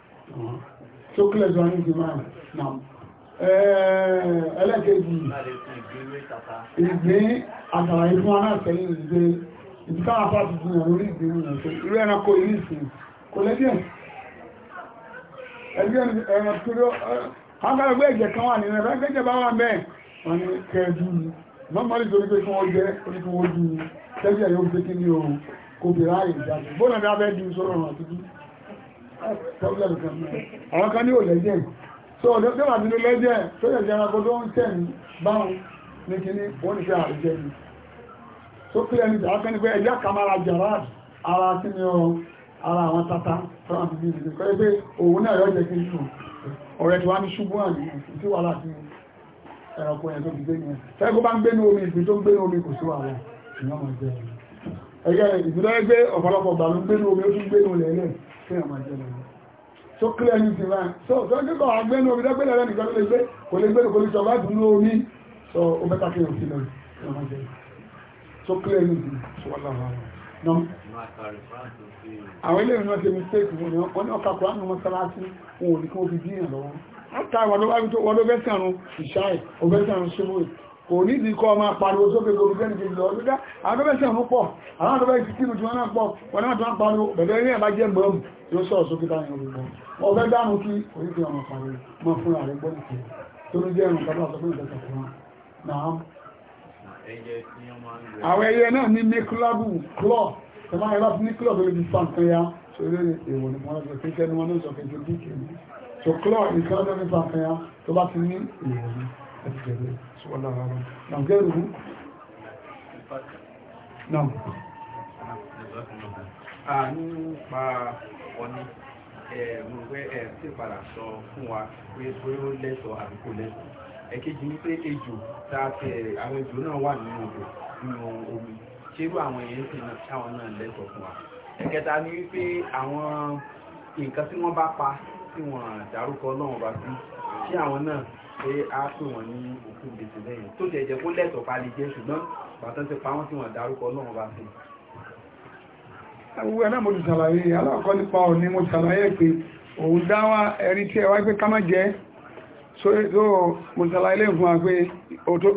tó kílẹ̀ jọ ní ìgbìmọ̀ náà ẹlẹ́kẹ̀ẹ́jì ìgbín àtàrà ìfún aláàtẹ̀lẹ̀ ìgbé ibi káwà pàtàkì jùlọ lórí ìgbín ìrìnàṣẹ́ irú ẹranko ìlú ìsìn kò lẹ́gbẹ̀ẹ́ ẹgbẹ́ ẹranko agbẹ́gbẹ́ ẹ̀jẹ̀ kan wà nínú ẹgbẹ́ ẹ̀jẹ̀ bá wà mẹ́ wọn ni kẹjú mọ́mọ́lì tó wípé fún ọjẹ́ oníkúwójú tẹ́jẹ̀ yóò fi kí ní ohun kò bèèrè àyè ìjáde bóòlù àwọn kan ní ò lẹ́jẹ̀ so ọ̀dọ́ tó wà nínú lẹ́jẹ̀ tó yẹ̀ jẹ́ ẹranko tó ń tẹ̀ ní báwọn ní kíní wọ́n ní fẹ́ àrẹ́jẹ́ ni so kílẹ̀ ní àwọn kan ní pé ẹ̀jẹ̀ kamara jarad ara kí ni ọ ara àwọn tata france bí ìdílé kọ́ pé òun náà yọ jẹ́ kí n sùn ọ̀rẹ́ tí wá ní ṣubú àní tí wà láti ẹranko yẹn tó ti gbé yẹn fẹ́ kó bá ń gbé ní omi ìpín tó ń gbé ní omi kò sí wàhálà ìyọ́mọ̀ jẹ́ ẹ̀yẹ ìgbìlẹ̀ gbé ọ̀pọ̀lọpọ̀ gbàlú gbé ní omi ó tún gbé ní kí ọmọ jẹ́ lọ́wọ́ tó kílẹ̀ ní ti máa so tó ń kíkọ̀ agbẹ́nu omi dẹ́gbẹ́lẹ̀ rẹ̀ nìkan lè gbé kò lè gbé kò lè sọ bá dùn ní omi so ó bẹ́ta kí ọmọ sílẹ̀ ọmọ jẹ́ tó kílẹ̀ ní ti ṣọlọ́wọ́ àwọn ilé ìrìnà ti mistake wọn wọ́n ní ọkà kùránù mọ́sálásí wọn ò ní kí wọ́n fi díyàn lọ́wọ́ kò ní ìdí kọ́ ọmọ pariwo sókè lórí fẹ́ ìdí lọ ọdún dá àádọ́bẹ̀sẹ̀ ọmọ pọ̀ àwọn àádọ́bẹ̀ ti kírù tí wọ́n náà pọ̀ wọ́n náà tó ń pariwo bẹ̀rẹ̀ ní ẹ̀bá jẹ́ mọ́ọ̀mù tí ó sọ̀rọ̀ sókè táyẹ̀ olùgbọ́ ọgbẹ́ dánú kí oríkì ọmọ pariwo mọ́ fún ààrẹ gbọ́ nìkẹ́ tó ní jẹ́ ẹ̀rùn kábà sọ́kùn ìtẹ́sẹ̀ fún wọn náà àwọn ẹyẹ náà ní ní kílọ́bù klọ́ tó máa yẹra fún ní kílọ́bù lóbi fà nǹkan ya sórí èèwọ̀ ni wọ́n lọ́sọ̀ kéjẹ́ ni wọ́n lọ́sọ̀ kéjẹ́ bí kìí so klọ́ ìkọ́lọ́bù lóbi fà nǹkan ya tó bá ti ní èèwọ̀ ni ẹ̀fẹ̀rẹ̀ sọ́lára rẹ̀ nàgẹ́rù
náà a nípa ọ̀ní ẹ̀rùn pé ẹ̀ tí padà sọ fún wa pé pé ó lẹ́tọ̀ àbí kò lẹ́tọ̀ ẹ̀kejì ní pé ejò tààtì àwọn ejò náà wà nínú odò nínú omi ṣerú àwọn èèyàn sì náà ṣáwọn náà lẹ́tọ̀ fún wa ẹ̀kẹta ní wípé àwọn nǹkan tí wọ́n bá pa tí wọ́n dárúkọ náà wá sí sí àwọn náà pé a pè wọ́n ní òkú gbèsè lẹ́yìn tó jẹ́ jẹ́ kó lẹ́tọ̀ọ́ pa lè jẹ́ ṣùgbọ́n bàtán ti pa wọ́n tí wọ́n dárúkọ náà bá fi.
àwọn náà mo ti ṣàlàyé alákọ̀ọ́ nípa òní mo ṣàlàyé pé òun dá wá ẹ̀rí tí ẹ wá pé ká má jẹ́ so mo ṣàlàyé lẹ́yìn fún wa pé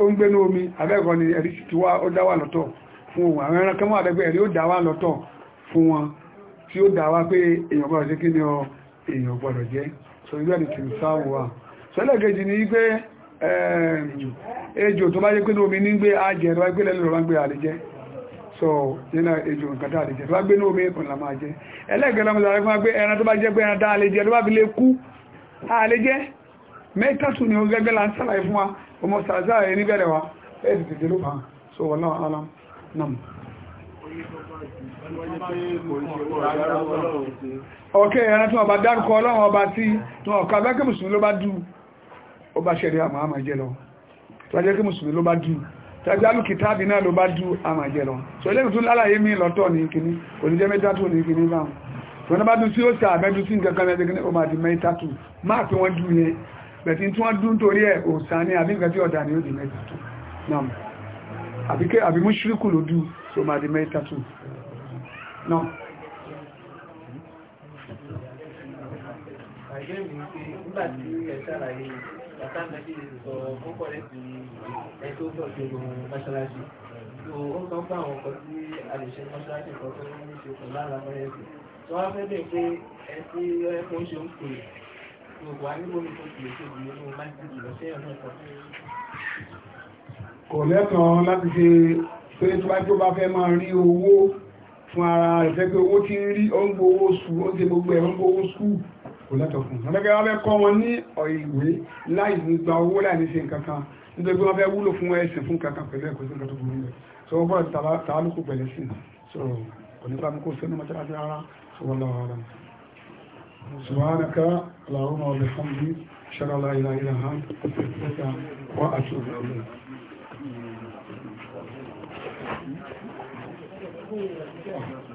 ó ń gbénú omi abẹ́ẹ̀kọ́ ni ẹ̀rí ti wá ó dá wà lọ́tọ̀ fún òun àwọn ẹran kan wà lẹ́gbẹ̀ẹ́ ẹ̀rí ó dá wà lọ́tọ̀ fún wọn tí ó dá wá pé èèyàn gbọ́dọ̀ jẹ́ kí ni èèyàn gbọ́dọ̀ jẹ́ so irú ẹ̀rí ti ń sáwọ́ wa sẹ́lẹ̀kejì ni wípé eh, ejò tó bá yẹ pé ní omi ní gbé ajẹ́ tó bá gbé lẹ́lẹ́ lọ́wọ́ gbé àlejẹ́ so nínú ejò nǹkan tá àlejẹ́ tó bá gbé ní omi ẹ̀kùn la máa jẹ́ ẹlẹ́gẹ̀ẹ́ lọ́mọ sàrẹ́ fún pé ẹran tó bá jẹ́ pé ẹran tá àlejẹ́ tó bá fi lè kú àlejẹ́ so wọ́n náà alam nam ok ẹran tí wọ́n bá dárúkọ ọlọ́run ọba tí wọ́n kọ mùsùlùmí ló bá dùn ó bá ṣẹ̀rí àmà àmà jẹ́ lọ tó jẹ́ kí mùsùlùmí ló bá dù tàbí alùkìtàbí náà ló bá dù àmà jẹ́ lọ so ilé ìtún lálàyé mi lọ́tọ̀ ní kìíní oníjẹ́ mẹ́tàtù ní kìíní báwọn wọn bá dùn sí ó sà mẹ́dù sí nǹkan kan mẹ́tàkì ó máa di mẹ́tàtù máa pé wọ́n dù yẹn bẹ̀tí tí wọ́n dù nítorí ẹ̀ òsà ní àbí nǹkan tí ọ̀dà ni ó di mẹ́tàtù náà àbí kẹ́ àbí mùṣírìkù ló
dù àtàmẹ́sì sọ̀rọ̀ fún kọ̀lẹ́sì ẹ̀tọ́ tọ́jú mọ́ṣáláṣí tó ó sọ fún àwọn ọkọ̀ tí a lè ṣe mọ́ṣáláṣí kan tó ní ṣe pẹ̀lú alámọ́yẹ̀sì tó wá fẹ́ bẹ̀ pé ẹtí ẹkùn ṣe ń pè gbogbo àníwò ní tó kìí ṣe ìlú nínú
májèlì lọ́sẹ̀ ọ̀nà ẹ̀kọ́.
kò lẹ́kàn láti ṣe pé tí wájú bá fẹ́ máa rí owó fún ara rẹ̀ fẹ́ pé owó ti ń rí ó ń gbowó ó ń gbogbo ẹ̀ ó ń gbowó kò lẹ́tọ̀ fún un lẹ́gbẹ́ wọn fẹ́ kọ́ wọn ní ìwé láì ní gba owó láì ní ṣe nǹkan kan nítorí pé wọ́n fẹ́ wúlò fún ẹ̀sìn fún kankan pẹ̀lú ẹ̀kọ́ sí nǹkan tó burú rẹ̀ so wọ́n fọ́n tààlùkù pẹ̀lú sí so kò ní sáàmù kó sẹ́nu mọ́tàlá sí ara so wọ́n lọ́wọ́ ara سبحانك اللهم وبحمدك اشهد ان لا اله الا
انت واتوب اليك